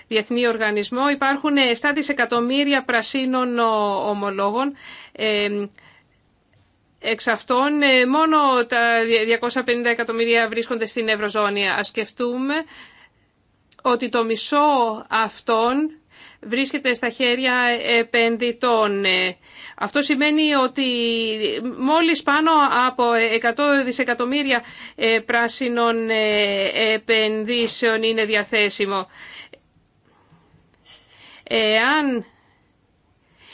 Speaker 3: διεθνή οργανισμό υπάρχουν 7 δισεκατομμύρια πρασίνων ομολόγων. Εξ αυτών ε, μόνο τα 250 εκατομμύρια βρίσκονται στην Ευρωζώνη. Ας σκεφτούμε ότι το μισό αυτών βρίσκεται στα χέρια επενδυτών. Ε, αυτό σημαίνει ότι μόλις πάνω από 100 δισεκατομμύρια ε, πράσινων ε, επενδύσεων είναι διαθέσιμο. Εάν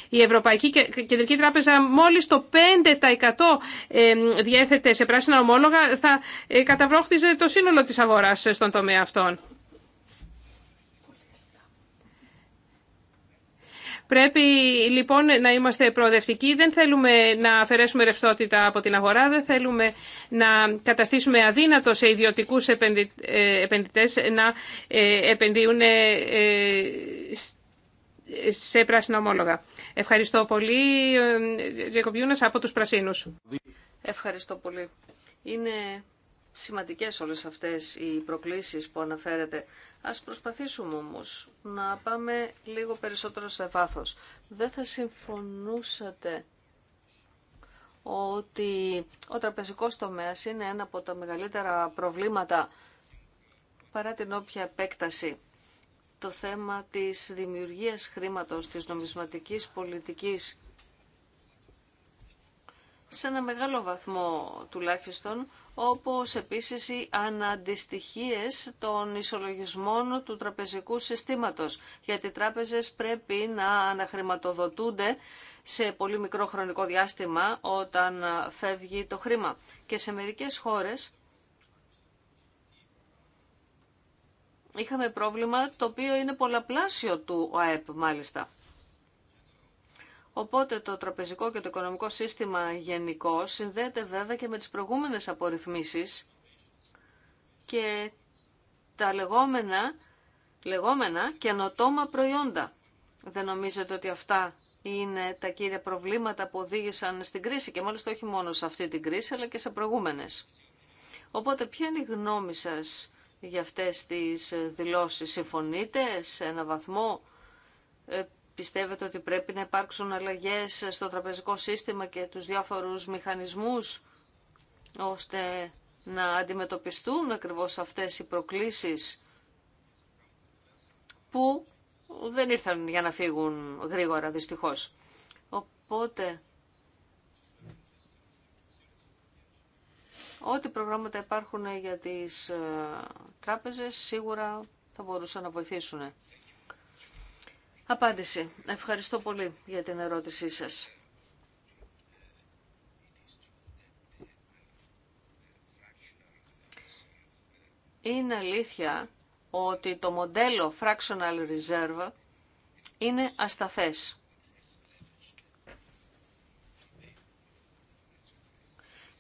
Speaker 3: η Ευρωπαϊκή Κεντρική Τράπεζα μόλις το 5% διέθετε σε πράσινα ομόλογα θα καταβρόχθιζε το σύνολο της αγοράς στον τομέα αυτών. Πρέπει λοιπόν να είμαστε προοδευτικοί. Δεν θέλουμε να αφαιρέσουμε ρευστότητα από την αγορά, δεν θέλουμε να καταστήσουμε αδύνατο σε ιδιωτικού ε, επενδυτέ να ε, επενδύουν ε, σε πράσινα ομόλογα. Ευχαριστώ πολύ, Γιακοπιούνας, από τους Πρασίνους.
Speaker 1: Ευχαριστώ πολύ. Είναι σημαντικές όλες αυτές οι προκλήσεις που αναφέρετε. Ας προσπαθήσουμε όμως να πάμε λίγο περισσότερο σε βάθος. Δεν θα συμφωνούσατε ότι ο τραπεζικός τομέας είναι ένα από τα μεγαλύτερα προβλήματα παρά την όποια επέκταση. Το θέμα της δημιουργίας χρήματος, της νομισματικής πολιτικής, σε ένα μεγάλο βαθμό τουλάχιστον, όπως επίσης οι αναντιστοιχίες των ισολογισμών του τραπεζικού συστήματος, γιατί οι τράπεζες πρέπει να αναχρηματοδοτούνται σε πολύ μικρό χρονικό διάστημα όταν φεύγει το χρήμα. Και σε μερικές χώρες είχαμε πρόβλημα το οποίο είναι πολλαπλάσιο του ΑΕΠ μάλιστα. Οπότε το τραπεζικό και το οικονομικό σύστημα γενικό συνδέεται βέβαια και με τις προηγούμενες απορριθμίσεις και τα λεγόμενα, λεγόμενα καινοτόμα προϊόντα. Δεν νομίζετε ότι αυτά είναι τα κύρια προβλήματα που οδήγησαν στην κρίση και μάλιστα όχι μόνο σε αυτή την κρίση αλλά και σε προηγούμενες. Οπότε ποια είναι η γνώμη σας για αυτές τις δηλώσεις. Συμφωνείτε σε ένα βαθμό ε, πιστεύετε ότι πρέπει να υπάρξουν αλλαγές στο τραπεζικό σύστημα και τους διάφορους μηχανισμούς ώστε να αντιμετωπιστούν ακριβώς αυτές οι προκλήσεις που δεν ήρθαν για να φύγουν γρήγορα δυστυχώς. Οπότε, ό,τι προγράμματα υπάρχουν για τις ε, τράπεζες σίγουρα θα μπορούσαν να βοηθήσουν. Απάντηση. Ευχαριστώ πολύ για την ερώτησή σας. Είναι αλήθεια ότι το μοντέλο fractional reserve είναι ασταθές.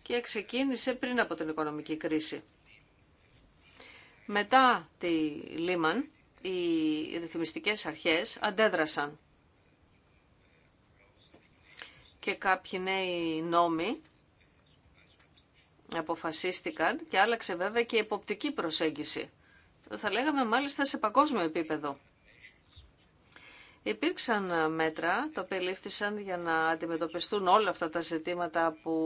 Speaker 1: Και ξεκίνησε πριν από την οικονομική κρίση. Μετά τη Λίμαν, οι ρυθμιστικές αρχές αντέδρασαν. Και κάποιοι νέοι νόμοι αποφασίστηκαν και άλλαξε βέβαια και η εποπτική προσέγγιση. Θα λέγαμε μάλιστα σε παγκόσμιο επίπεδο. Υπήρξαν μέτρα τα οποία λήφθησαν για να αντιμετωπιστούν όλα αυτά τα ζητήματα που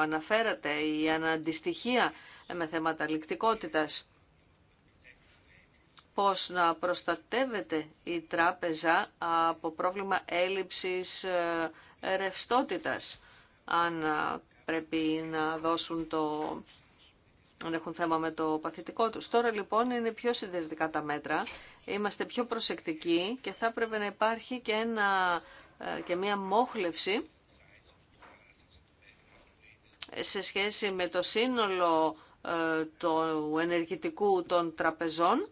Speaker 1: αναφέρατε, η αναντιστοιχία με θέματα ληκτικότητας πώς να προστατεύεται η τράπεζα από πρόβλημα έλλειψης ε, ρευστότητας αν ε, πρέπει να δώσουν το έχουν θέμα με το παθητικό τους. Τώρα λοιπόν είναι πιο συντηρητικά τα μέτρα, είμαστε πιο προσεκτικοί και θα πρέπει να υπάρχει και, ένα, ε, και μια μόχλευση σε σχέση με το σύνολο του ενεργητικού των τραπεζών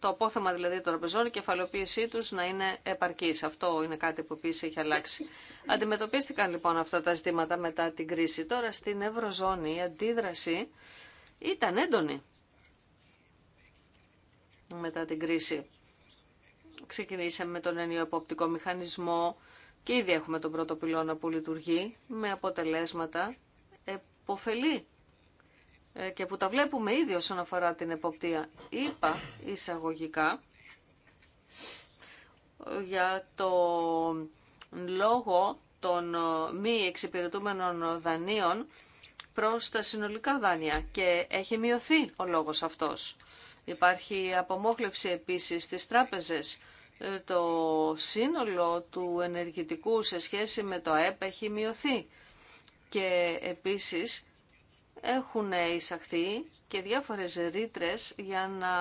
Speaker 1: το απόθεμα δηλαδή των τραπεζών, η κεφαλοποίησή του να είναι επαρκή. Αυτό είναι κάτι που επίση έχει αλλάξει. Αντιμετωπίστηκαν λοιπόν αυτά τα ζητήματα μετά την κρίση. Τώρα στην Ευρωζώνη η αντίδραση ήταν έντονη μετά την κρίση. Ξεκινήσαμε με τον ενίο εποπτικό μηχανισμό και ήδη έχουμε τον πρώτο πυλώνα που λειτουργεί με αποτελέσματα εποφελή ε, και που τα βλέπουμε ήδη όσον αφορά την εποπτεία. Είπα εισαγωγικά για το λόγο των μη εξυπηρετούμενων δανείων προς τα συνολικά δάνεια και έχει μειωθεί ο λόγος αυτός. Υπάρχει απομόχλευση επίσης στις τράπεζες. Ε, το σύνολο του ενεργητικού σε σχέση με το ΑΕΠ έχει μειωθεί. Και επίσης έχουν εισαχθεί και διάφορες ρήτρε για να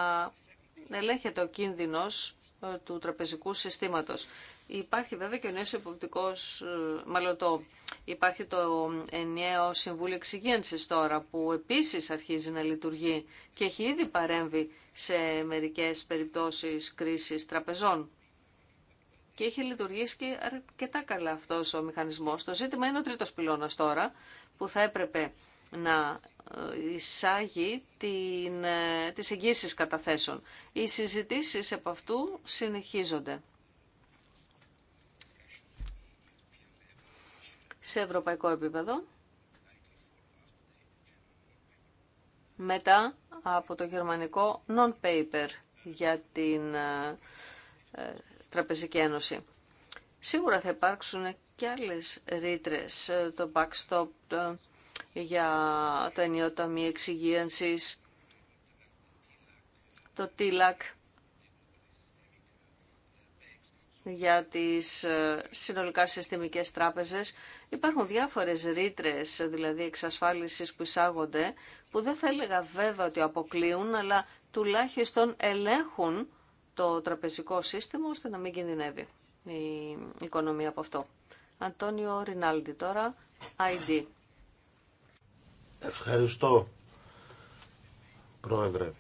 Speaker 1: ελέγχεται ο κίνδυνος ε, του τραπεζικού συστήματος. Υπάρχει βέβαια και ο νέος υποπτικός, ε, μάλλον το, υπάρχει το ενιαίο Συμβούλιο Εξυγένσης τώρα που επίσης αρχίζει να λειτουργεί και έχει ήδη παρέμβει σε μερικές περιπτώσεις κρίσης τραπεζών. Και έχει λειτουργήσει και αρκετά καλά αυτός ο μηχανισμός. Το ζήτημα είναι ο τρίτος πυλώνας τώρα που θα έπρεπε να ε, εισάγει την, ε, τις εγγύσεις καταθέσεων. Οι συζητήσεις από αυτού συνεχίζονται. Σε ευρωπαϊκό επίπεδο, μετά από το γερμανικό non-paper για την ε, Τραπεζική Ένωση. Σίγουρα θα υπάρξουν και άλλες ρήτρες, το backstop, για το ενίο ταμείο εξυγίανσης, το ΤΙΛΑΚ για τις ε, συνολικά συστημικές τράπεζες. Υπάρχουν διάφορες ρήτρε, δηλαδή εξασφάλισης που εισάγονται, που δεν θα έλεγα βέβαια ότι αποκλείουν, αλλά τουλάχιστον ελέγχουν το τραπεζικό σύστημα ώστε να μην κινδυνεύει η οικονομία από αυτό. Αντώνιο Ρινάλντι τώρα, ID.
Speaker 2: Ευχαριστώ, Πρόεδρε.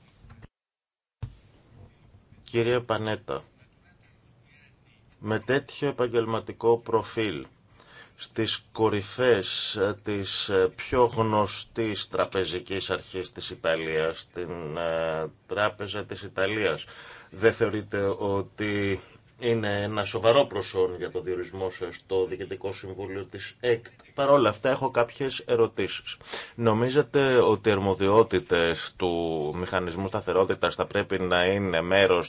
Speaker 2: Κύριε Πανέτα, με τέτοιο επαγγελματικό προφίλ στις κορυφές της πιο γνωστής τραπεζικής αρχής της Ιταλίας, την ε, Τράπεζα της Ιταλίας. Δεν θεωρείτε ότι είναι ένα σοβαρό προσόν για το διορισμό σα στο Διοικητικό Συμβούλιο τη ΕΚΤ. Παρ' όλα αυτά, έχω κάποιε ερωτήσει. Νομίζετε ότι οι αρμοδιότητε του Μηχανισμού Σταθερότητα θα πρέπει να είναι μέρο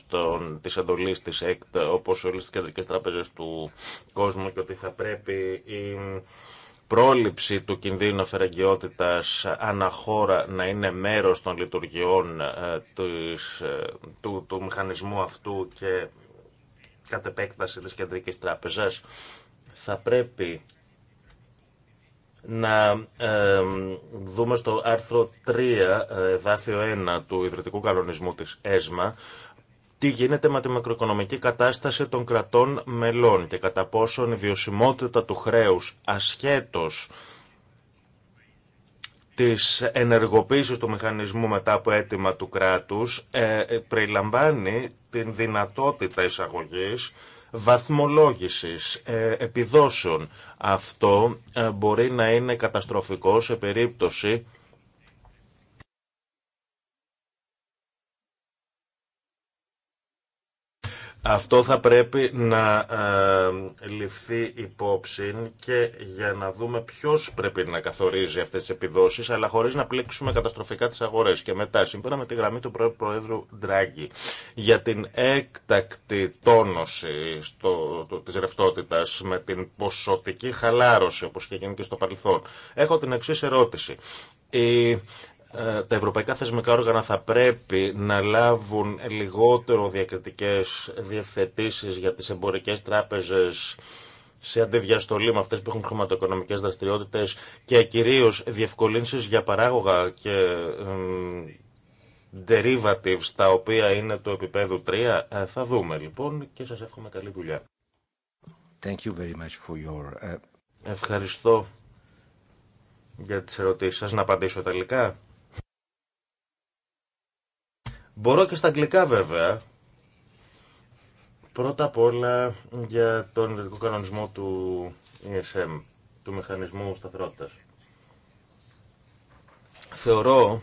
Speaker 2: τη εντολή τη ΕΚΤ, όπω όλε τι κεντρικέ τράπεζε του κόσμου, και ότι θα πρέπει η πρόληψη του κινδύνου αφαιρεγγιότητας αναχώρα να είναι μέρος των λειτουργιών ε, ε, του, του μηχανισμού αυτού και κατ' επέκταση της Κεντρικής Τράπεζας θα πρέπει να ε, δούμε στο άρθρο 3, ε, εδάφιο 1 του ιδρυτικού κανονισμού της ΕΣΜΑ, τι γίνεται με τη μακροοικονομική κατάσταση των κρατών μελών και κατά πόσον η βιωσιμότητα του χρέους ασχέτως της ενεργοποίησης του μηχανισμού μετά από αίτημα του κράτους ε, ε, περιλαμβάνει την δυνατότητα εισαγωγής βαθμολόγησης ε, επιδόσεων. Αυτό μπορεί να είναι καταστροφικό σε περίπτωση Αυτό θα πρέπει να ε, ληφθεί υπόψη και για να δούμε ποιος πρέπει να καθορίζει αυτές τις επιδόσεις, αλλά χωρίς να πλήξουμε καταστροφικά τις αγορές. Και μετά, σύμφωνα με τη γραμμή του Προέδρου Ντράγκη, για την έκτακτη τόνωση στο, το, της με την ποσοτική χαλάρωση, όπως και γίνεται στο παρελθόν, έχω την εξή ερώτηση. Η ε, τα ευρωπαϊκά θεσμικά όργανα θα πρέπει να λάβουν λιγότερο διακριτικές διευθετήσεις για τις εμπορικές τράπεζες σε αντιδιαστολή με αυτές που έχουν χρηματοοικονομικές δραστηριότητες και κυρίως διευκολύνσεις για παράγωγα και derivatives τα οποία είναι το επίπεδο 3. Ε, θα δούμε λοιπόν και σας εύχομαι καλή δουλειά. Thank you very much for your... Ε, Ευχαριστώ για τις ερωτήσεις σας. Να απαντήσω τελικά. Μπορώ και στα αγγλικά βέβαια. Πρώτα απ' όλα για τον ειδικό κανονισμό του ESM, του Μηχανισμού Σταθερότητας. Θεωρώ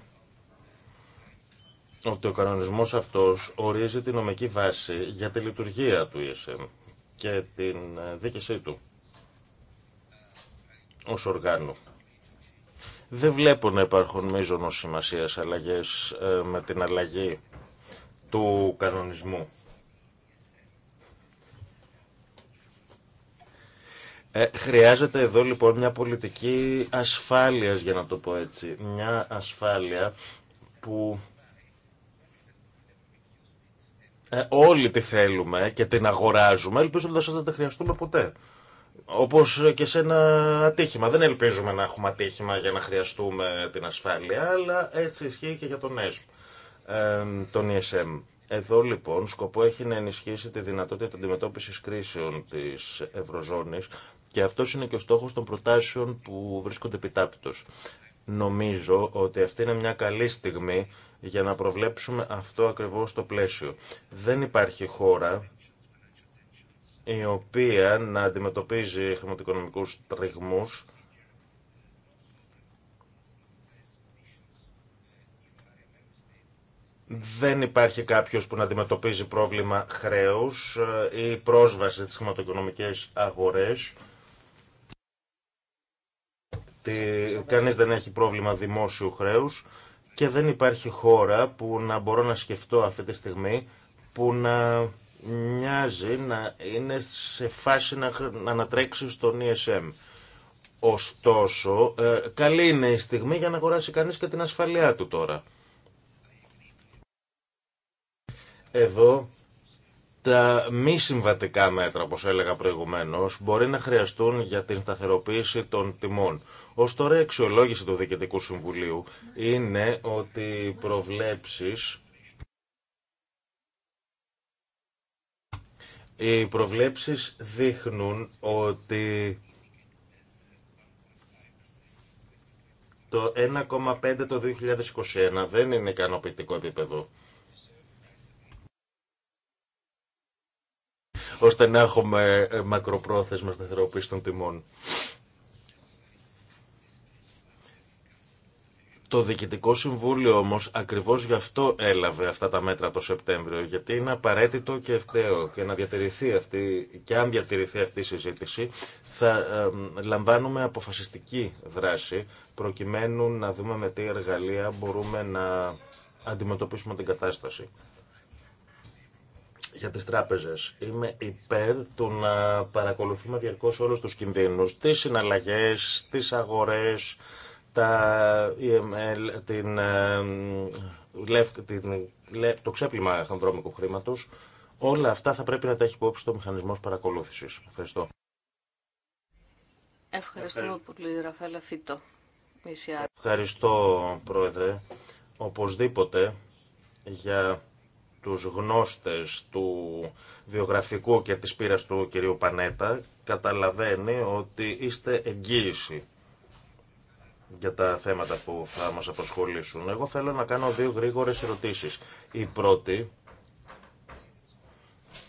Speaker 2: ότι ο κανονισμός αυτός ορίζει την νομική βάση για τη λειτουργία του ESM και την δίκησή του ως οργάνου. Δεν βλέπω να υπάρχουν μείζονο σημασία αλλαγέ ε, με την αλλαγή του κανονισμού. Ε, χρειάζεται εδώ λοιπόν μια πολιτική ασφάλειας για να το πω έτσι. Μια ασφάλεια που ε, όλοι τη θέλουμε και την αγοράζουμε ελπίζοντας ότι δεν τη χρειαστούμε ποτέ. Όπω και σε ένα ατύχημα. Δεν ελπίζουμε να έχουμε ατύχημα για να χρειαστούμε την ασφάλεια, αλλά έτσι ισχύει και για τον ΕΣΜ, τον ESM. Εδώ λοιπόν σκοπό έχει να ενισχύσει τη δυνατότητα αντιμετώπιση κρίσεων της Ευρωζώνης και αυτό είναι και ο στόχος των προτάσεων που βρίσκονται επιτάπητο. Νομίζω ότι αυτή είναι μια καλή στιγμή για να προβλέψουμε αυτό ακριβώς το πλαίσιο. Δεν υπάρχει χώρα η οποία να αντιμετωπίζει χρηματοοικονομικούς τριγμούς Δεν υπάρχει κάποιος που να αντιμετωπίζει πρόβλημα χρέους ε, ή πρόσβαση στι αγορές τι Κανείς δεν έχει πρόβλημα δημόσιου χρέους και δεν υπάρχει χώρα που να μπορώ να σκεφτώ αυτή τη στιγμή που να μοιάζει να είναι σε φάση να, να ανατρέξει στον ESM. Ωστόσο, ε, καλή είναι η στιγμή για να αγοράσει κανείς και την ασφαλειά του τώρα. Εδώ τα μη συμβατικά μέτρα, όπως έλεγα προηγουμένως, μπορεί να χρειαστούν για την σταθεροποίηση των τιμών. Ως τώρα η αξιολόγηση του Διοικητικού Συμβουλίου είναι ότι οι προβλέψεις Οι προβλέψεις δείχνουν ότι το 1,5 το 2021 δεν είναι ικανοποιητικό επίπεδο. ώστε να έχουμε μακροπρόθεσμα σταθεροποίηση των τιμών. Το Διοικητικό Συμβούλιο όμω ακριβώς γι' αυτό έλαβε αυτά τα μέτρα το Σεπτέμβριο, γιατί είναι απαραίτητο και ευταίο και να διατηρηθεί αυτή, και αν διατηρηθεί αυτή η συζήτηση, θα λαμβάνουμε αποφασιστική δράση, προκειμένου να δούμε με τι εργαλεία μπορούμε να αντιμετωπίσουμε την κατάσταση. Για τις τράπεζες είμαι υπέρ του να παρακολουθούμε διαρκώς όλους τους κινδύνους, τις συναλλαγές, τις αγορές, τα e την, ε, την, το ξέπλυμα χανδρόμικου χρήματος, όλα αυτά θα πρέπει να τα έχει υπόψη το μηχανισμός παρακολούθησης. Ευχαριστώ.
Speaker 1: Ευχαριστούμε Ευχαριστώ. πολύ, Ραφαέλα Φίτο.
Speaker 2: Ευχαριστώ, Πρόεδρε. Οπωσδήποτε για τους γνώστες του βιογραφικού και της πείρας του κυρίου Πανέτα καταλαβαίνει ότι είστε εγγύηση για τα θέματα που θα μας απασχολήσουν. Εγώ θέλω να κάνω δύο γρήγορες ερωτήσεις. Η πρώτη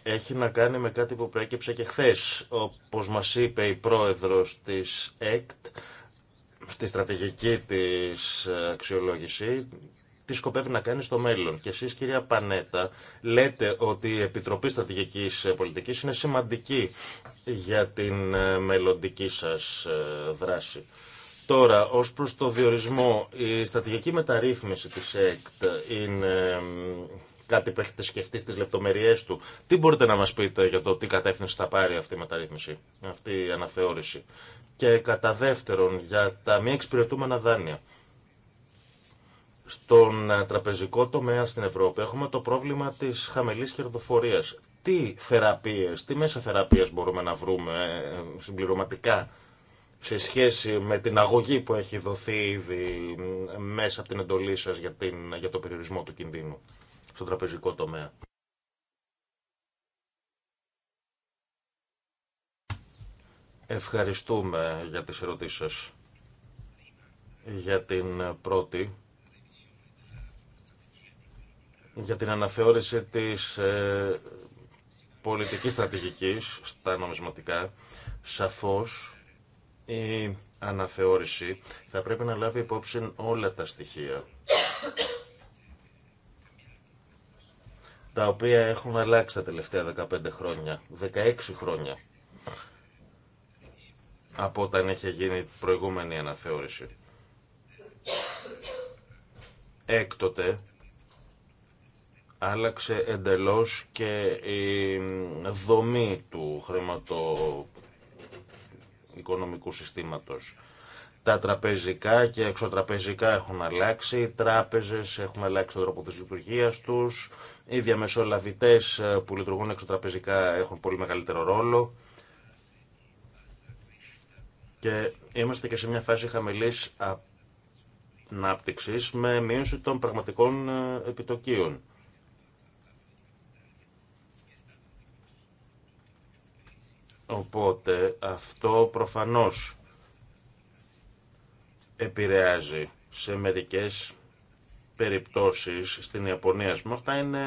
Speaker 2: έχει να κάνει με κάτι που προέκυψε και χθε. Όπως μας είπε η πρόεδρος της ΕΚΤ, στη στρατηγική της αξιολόγηση, τι σκοπεύει να κάνει στο μέλλον. Και εσείς κυρία Πανέτα λέτε ότι η Επιτροπή Στρατηγικής Πολιτικής είναι σημαντική για την μελλοντική σας ε, δράση. Τώρα, ω προς το διορισμό, η στρατηγική μεταρρύθμιση της ΕΚΤ είναι κάτι που έχετε σκεφτεί στι του. Τι μπορείτε να μα πείτε για το τι κατεύθυνση θα πάρει αυτή η μεταρρύθμιση, αυτή η αναθεώρηση. Και κατά δεύτερον, για τα μη εξυπηρετούμενα δάνεια. Στον ε, τραπεζικό τομέα στην Ευρώπη έχουμε το πρόβλημα της χαμηλή κερδοφορία. Τι θεραπείες, τι μέσα θεραπείε μπορούμε να βρούμε ε, ε, συμπληρωματικά σε σχέση με την αγωγή που έχει δοθεί ήδη μέσα από την εντολή σας για, την, για το περιορισμό του κινδύνου στον τραπεζικό τομέα. Ευχαριστούμε για τις ερωτήσεις σας. Για την πρώτη, για την αναθεώρηση της ε, πολιτικής στρατηγικής στα νομισματικά, σαφώς η αναθεώρηση θα πρέπει να λάβει υπόψη όλα τα στοιχεία τα οποία έχουν αλλάξει τα τελευταία 15 χρόνια, 16 χρόνια από όταν είχε γίνει η προηγούμενη αναθεώρηση. Έκτοτε άλλαξε εντελώς και η δομή του χρηματο οικονομικού συστήματος. Τα τραπεζικά και εξωτραπεζικά έχουν αλλάξει, οι τράπεζες έχουν αλλάξει τον τρόπο της λειτουργίας τους, οι διαμεσολαβητές ε, που λειτουργούν εξωτραπεζικά έχουν πολύ μεγαλύτερο ρόλο και είμαστε και σε μια φάση χαμηλής ανάπτυξης με μείωση των πραγματικών ε, επιτοκίων. Οπότε αυτό προφανώς επηρεάζει σε μερικές περιπτώσεις στην Ιαπωνία. Μα αυτά είναι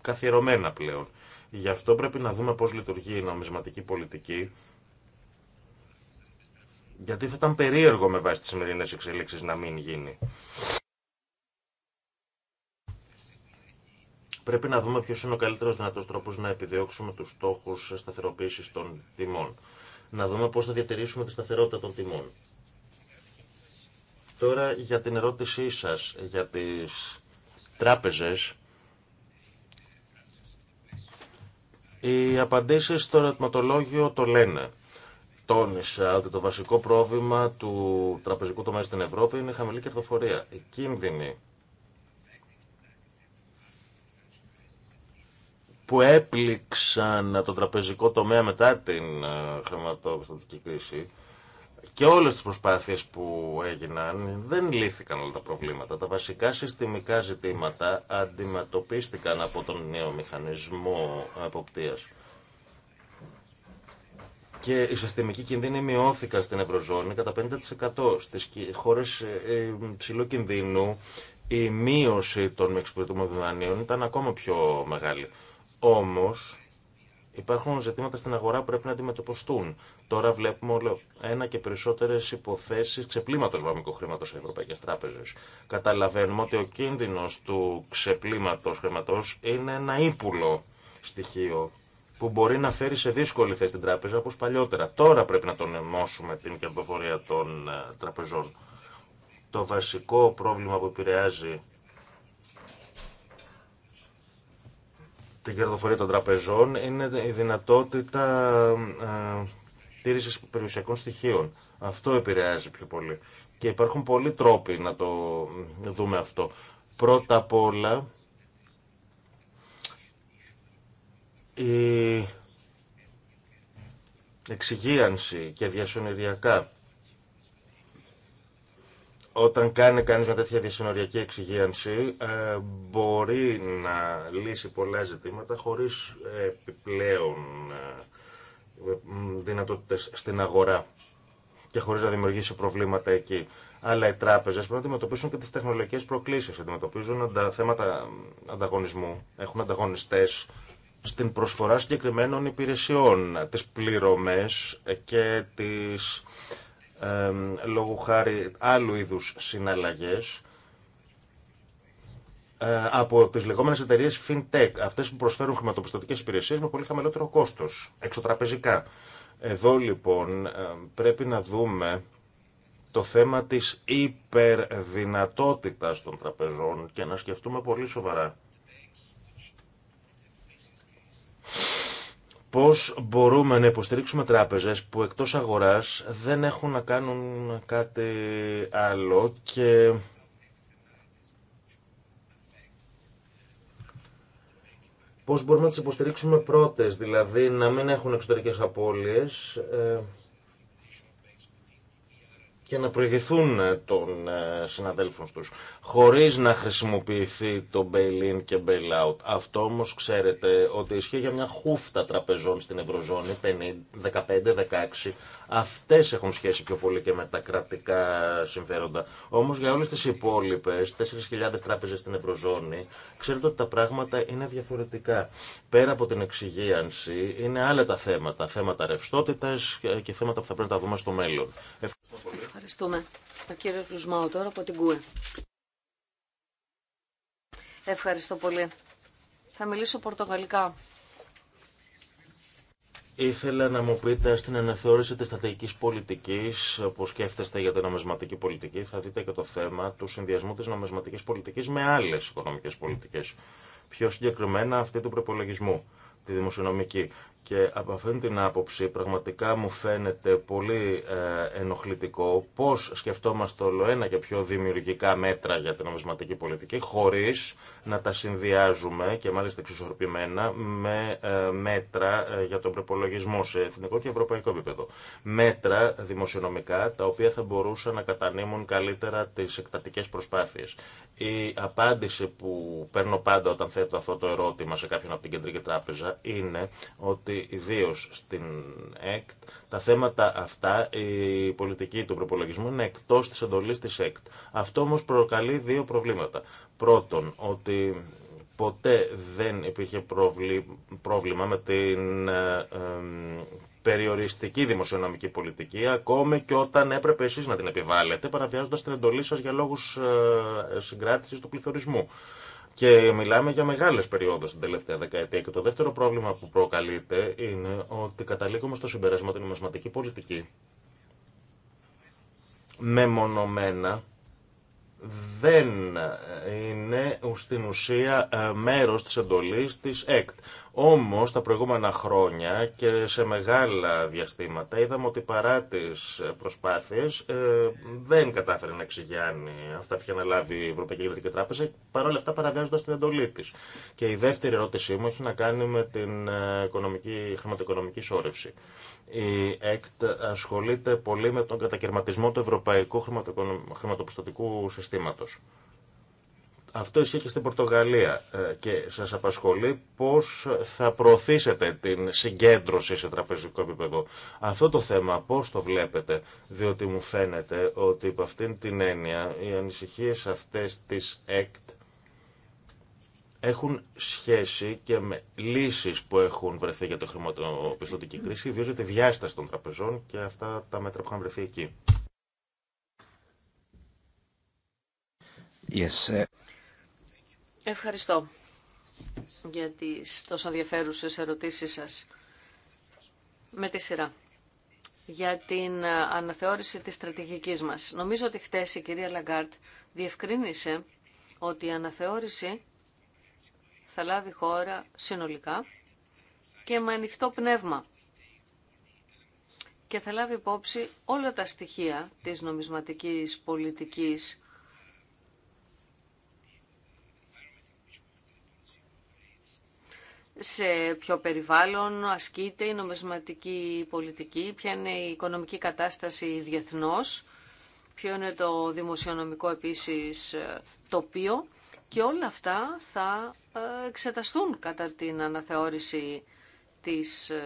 Speaker 2: καθιερωμένα πλέον. Γι' αυτό πρέπει να δούμε πώς λειτουργεί η νομισματική πολιτική. Γιατί θα ήταν περίεργο με βάση τις σημερινές εξελίξεις να μην γίνει. Πρέπει να δούμε ποιο είναι ο καλύτερο δυνατό τρόπο να επιδιώξουμε του στόχου σταθεροποίηση των τιμών. Να δούμε πώ θα διατηρήσουμε τη σταθερότητα των τιμών. Τώρα για την ερώτησή σα για τι τράπεζε. Οι απαντήσει στο ερωτηματολόγιο το λένε. Τόνισα ότι το βασικό πρόβλημα του τραπεζικού τομέα στην Ευρώπη είναι η χαμηλή κερδοφορία. Οι κίνδυνοι που έπληξαν το τραπεζικό τομέα μετά την ε, χρηματοπιστωτική κρίση και όλες τις προσπάθειες που έγιναν δεν λύθηκαν όλα τα προβλήματα. Τα βασικά συστημικά ζητήματα αντιμετωπίστηκαν από τον νέο μηχανισμό εποπτείας. Και οι συστημικοί κινδύνοι μειώθηκαν στην Ευρωζώνη κατά 50%. Στις χώρες ε, ε, ψηλού κινδύνου η μείωση των εξυπηρετούμενων δανείων ήταν ακόμα πιο μεγάλη. Όμως, υπάρχουν ζητήματα στην αγορά που πρέπει να αντιμετωπιστούν. Τώρα βλέπουμε όλο ένα και περισσότερε υποθέσει ξεπλήματο βαμικού χρήματο σε ευρωπαϊκέ τράπεζε. Καταλαβαίνουμε ότι ο κίνδυνο του ξεπλήματο χρήματο είναι ένα ύπουλο στοιχείο που μπορεί να φέρει σε δύσκολη θέση την τράπεζα όπω παλιότερα. Τώρα πρέπει να τον ενώσουμε την κερδοφορία των ε, τραπεζών. Το βασικό πρόβλημα που επηρεάζει την κερδοφορία των τραπεζών είναι η δυνατότητα ε, τήρησης περιουσιακών στοιχείων. Αυτό επηρεάζει πιο πολύ. Και υπάρχουν πολλοί τρόποι να το δούμε αυτό. Πρώτα απ' όλα, η εξυγίανση και διασωνηριακά όταν κάνει κανείς μια τέτοια διασυνοριακή εξυγίανση ε, μπορεί να λύσει πολλά ζητήματα χωρίς ε, επιπλέον ε, δυνατότητες στην αγορά και χωρίς να δημιουργήσει προβλήματα εκεί. Αλλά οι τράπεζες πρέπει να αντιμετωπίσουν και τις τεχνολογικές προκλήσεις. Αντιμετωπίζουν τα θέματα ανταγωνισμού, έχουν ανταγωνιστές στην προσφορά συγκεκριμένων υπηρεσιών, τις πληρωμές και τις λόγω χάρη άλλου είδους συναλλαγές ε, από τις λεγόμενες εταιρείες FinTech, αυτές που προσφέρουν χρηματοπιστωτικές υπηρεσίες με πολύ χαμηλότερο κόστος, εξωτραπεζικά. Εδώ λοιπόν πρέπει να δούμε το θέμα της υπερδυνατότητας των τραπεζών και να σκεφτούμε πολύ σοβαρά πώς μπορούμε να υποστηρίξουμε τράπεζες που εκτός αγοράς δεν έχουν να κάνουν κάτι άλλο και πώς μπορούμε να τις υποστηρίξουμε πρώτες, δηλαδή να μην έχουν εξωτερικές απώλειες, ε, και να προηγηθούν ε, των ε, συναδέλφων τους χωρίς να χρησιμοποιηθεί το bail-in και bail-out. Αυτό όμως ξέρετε ότι ισχύει για μια χούφτα τραπεζών στην Ευρωζώνη 15-16 Αυτέ έχουν σχέση πιο πολύ και με τα κρατικά συμφέροντα. Όμω για όλε τι υπόλοιπε, 4.000 τράπεζε στην Ευρωζώνη, ξέρετε ότι τα πράγματα είναι διαφορετικά. Πέρα από την εξυγίανση, είναι άλλα τα θέματα. Θέματα ρευστότητα και θέματα που θα πρέπει να τα δούμε στο μέλλον. Ευχαριστώ
Speaker 1: πολύ. Ευχαριστούμε. Ο κύριο Ρουσμάου τώρα από την ΚΟΕ. Ευχαριστώ πολύ. Θα μιλήσω πορτογαλικά
Speaker 2: Ήθελα να μου πείτε στην αναθεώρηση της στρατηγικής πολιτικής που σκέφτεστε για την νομισματική πολιτική θα δείτε και το θέμα του συνδυασμού της νομισματικής πολιτικής με άλλες οικονομικές πολιτικές. Πιο συγκεκριμένα αυτή του προπολογισμού, τη δημοσιονομική. Και από αυτήν την άποψη πραγματικά μου φαίνεται πολύ ε, ενοχλητικό πώς σκεφτόμαστε όλο ένα και πιο δημιουργικά μέτρα για την νομισματική πολιτική χωρίς να τα συνδυάζουμε και μάλιστα εξισορροπημένα με ε, μέτρα ε, για τον προπολογισμό σε εθνικό και ευρωπαϊκό επίπεδο. Μέτρα δημοσιονομικά τα οποία θα μπορούσαν να κατανείμουν καλύτερα τις εκτατικές προσπάθειες. Η απάντηση που παίρνω πάντα όταν θέτω αυτό το ερώτημα σε κάποιον από την Κεντρική Τράπεζα είναι ότι ότι ιδίω στην ΕΚΤ τα θέματα αυτά, η πολιτική του προπολογισμού είναι εκτό τη εντολή τη ΕΚΤ. Αυτό όμω προκαλεί δύο προβλήματα. Πρώτον, ότι ποτέ δεν υπήρχε πρόβλημα με την ε, περιοριστική δημοσιονομική πολιτική, ακόμη και όταν έπρεπε εσείς να την επιβάλλετε, παραβιάζοντας την εντολή σας για λόγους ε, συγκράτησης του πληθωρισμού. Και μιλάμε για μεγάλες περιόδου την τελευταία δεκαετία. Και το δεύτερο πρόβλημα που προκαλείται είναι ότι καταλήγουμε στο συμπεράσμα ότι η νομισματική πολιτική μεμονωμένα δεν είναι στην ουσία ε, μέρος της εντολής της ΕΚΤ. Όμως τα προηγούμενα χρόνια και σε μεγάλα διαστήματα είδαμε ότι παρά τις προσπάθειες ε, δεν κατάφερε να εξηγιάνει αυτά που είχε αναλάβει η Ευρωπαϊκή Κεντρική Τράπεζα παρόλα αυτά παραβιάζοντας την εντολή της. Και η δεύτερη ερώτησή μου έχει να κάνει με την ε, οικονομική, χρηματοοικονομική σώρευση. Η ΕΚΤ ασχολείται πολύ με τον κατακαιρματισμό του ευρωπαϊκού χρηματοπιστωτικού συστήματος. Αυτό ισχύει και στην Πορτογαλία ε, και σας απασχολεί πώς θα προωθήσετε την συγκέντρωση σε τραπεζικό επίπεδο. Αυτό το θέμα πώς το βλέπετε, διότι μου φαίνεται ότι από αυτήν την έννοια οι ανησυχίες αυτές της ΕΚΤ έχουν σχέση και με λύσεις που έχουν βρεθεί για το χρηματοπιστωτική κρίση, ιδίως για τη διάσταση των τραπεζών και αυτά τα μέτρα που είχαν βρεθεί εκεί.
Speaker 3: Yes.
Speaker 1: Ευχαριστώ για τις τόσο ενδιαφέρουσες ερωτήσεις σας. Με τη σειρά. Για την ε, αναθεώρηση της στρατηγικής μας. Νομίζω ότι χτες η κυρία Λαγκάρτ διευκρίνησε ότι η αναθεώρηση θα λάβει χώρα συνολικά και με ανοιχτό πνεύμα και θα λάβει υπόψη όλα τα στοιχεία της νομισματικής πολιτικής σε ποιο περιβάλλον ασκείται η νομισματική πολιτική, ποια είναι η οικονομική κατάσταση διεθνώς, ποιο είναι το δημοσιονομικό επίσης ε, τοπίο και όλα αυτά θα ε, εξεταστούν κατά την αναθεώρηση της ε,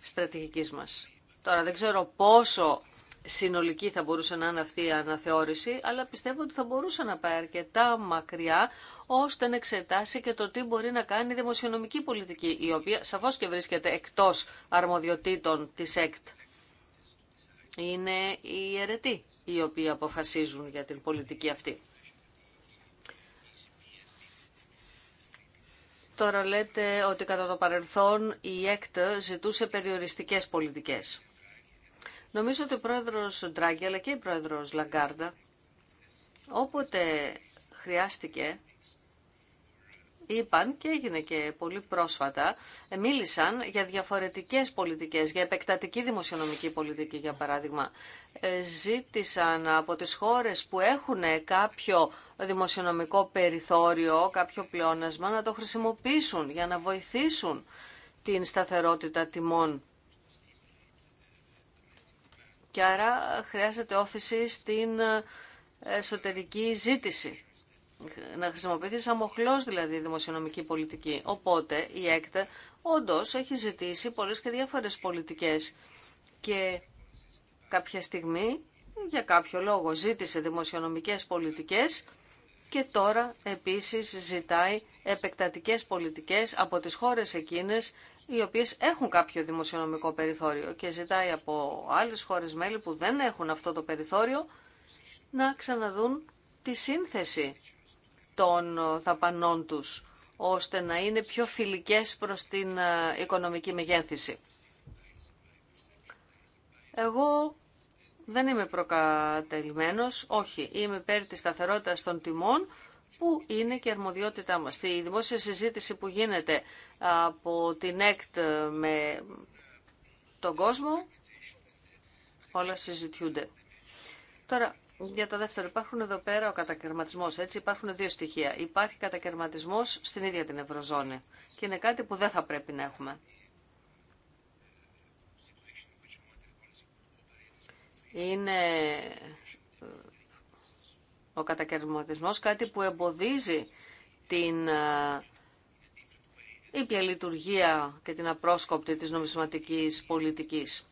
Speaker 1: στρατηγικής μας. Τώρα δεν ξέρω πόσο συνολική θα μπορούσε να είναι αυτή η αναθεώρηση, αλλά πιστεύω ότι θα μπορούσε να πάει αρκετά μακριά ώστε να εξετάσει και το τι μπορεί να κάνει η δημοσιονομική πολιτική, η οποία σαφώς και βρίσκεται εκτός αρμοδιοτήτων της ΕΚΤ. Είναι οι αιρετοί οι οποίοι αποφασίζουν για την πολιτική αυτή. Τώρα λέτε ότι κατά το παρελθόν η ΕΚΤ ζητούσε περιοριστικές πολιτικές. Νομίζω ότι ο πρόεδρος Ντράγκη αλλά και η πρόεδρος Λαγκάρντα όποτε χρειάστηκε είπαν και έγινε και πολύ πρόσφατα, ε, μίλησαν για διαφορετικές πολιτικές, για επεκτατική δημοσιονομική πολιτική για παράδειγμα. Ε, ζήτησαν από τις χώρες που έχουν κάποιο δημοσιονομικό περιθώριο, κάποιο πλεόνασμα να το χρησιμοποιήσουν για να βοηθήσουν την σταθερότητα τιμών και άρα χρειάζεται όθηση στην ε, εσωτερική ζήτηση. Να χρησιμοποιηθεί σαν μοχλός δηλαδή η δημοσιονομική πολιτική. Οπότε η ΕΚΤΕ όντω έχει ζητήσει πολλές και διάφορες πολιτικές και κάποια στιγμή για κάποιο λόγο ζήτησε δημοσιονομικές πολιτικές και τώρα επίσης ζητάει επεκτατικές πολιτικές από τις χώρες εκείνες οι οποίες έχουν κάποιο δημοσιονομικό περιθώριο και ζητάει από άλλες χώρες μέλη που δεν έχουν αυτό το περιθώριο να ξαναδούν τη σύνθεση των ε, δαπανών τους ώστε να είναι πιο φιλικές προς την ε, οικονομική μεγέθυνση. Εγώ δεν είμαι προκατελημένος, όχι, είμαι υπέρ της σταθερότητας των τιμών Πού είναι και η αρμοδιότητά μας. Στη δημόσια συζήτηση που γίνεται από την ΕΚΤ με τον κόσμο, όλα συζητιούνται. Τώρα, για το δεύτερο, υπάρχουν εδώ πέρα ο κατακαιρματισμός. Έτσι, υπάρχουν δύο στοιχεία. Υπάρχει κατακαιρματισμός στην ίδια την Ευρωζώνη. Και είναι κάτι που δεν θα πρέπει να έχουμε. Είναι ο κατακαιρματισμός, κάτι που εμποδίζει την ε, ήπια λειτουργία και την απρόσκοπτη της νομισματικής πολιτικής.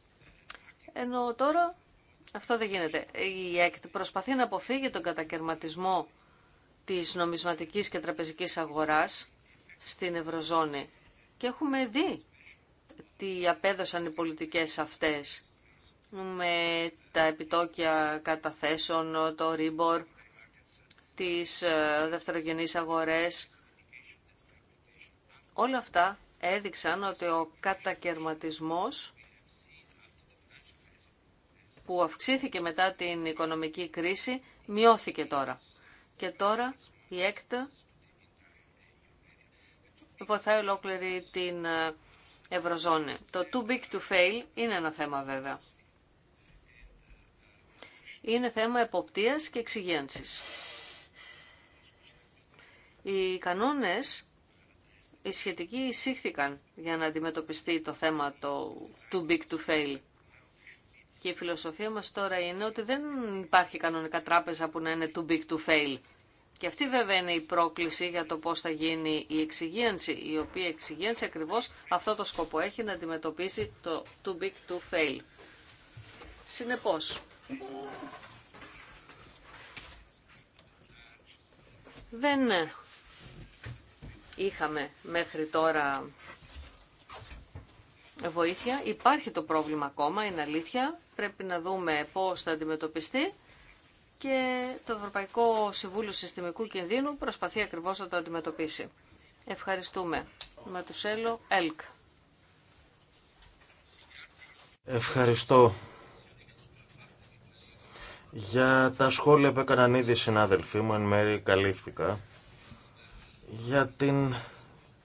Speaker 1: Ενώ τώρα αυτό δεν γίνεται. Η ΕΚΤ προσπαθεί να αποφύγει τον κατακαιρματισμό της νομισματικής και τραπεζικής αγοράς στην Ευρωζώνη. Και έχουμε δει τι απέδωσαν οι πολιτικές αυτές με τα επιτόκια καταθέσεων, το ρίμπορ, τις ε, δευτερογενείς αγορές. Όλα αυτά έδειξαν ότι ο κατακαιρματισμός που αυξήθηκε μετά την οικονομική κρίση μειώθηκε τώρα. Και τώρα η ΕΚΤΑ βοηθάει ολόκληρη την ε, Ευρωζώνη. Το too big to fail είναι ένα θέμα βέβαια. Είναι θέμα εποπτείας και εξυγένσης. Οι κανόνες οι σχετικοί εισήχθηκαν για να αντιμετωπιστεί το θέμα το too big to fail. Και η φιλοσοφία μας τώρα είναι ότι δεν υπάρχει κανονικά τράπεζα που να είναι too big to fail. Και αυτή βέβαια είναι η πρόκληση για το πώς θα γίνει η εξυγίανση, η οποία εξυγίανση ακριβώς αυτό το σκοπό έχει να αντιμετωπίσει το too big to fail. Συνεπώς, δεν είχαμε μέχρι τώρα βοήθεια. Υπάρχει το πρόβλημα ακόμα, είναι αλήθεια. Πρέπει να δούμε πώς θα αντιμετωπιστεί και το Ευρωπαϊκό Συμβούλιο Συστημικού Κινδύνου προσπαθεί ακριβώς να το αντιμετωπίσει. Ευχαριστούμε. Ματουσέλο Ελκ.
Speaker 2: Ευχαριστώ για τα σχόλια που έκαναν ήδη οι συνάδελφοί μου, εν μέρει καλύφθηκα για την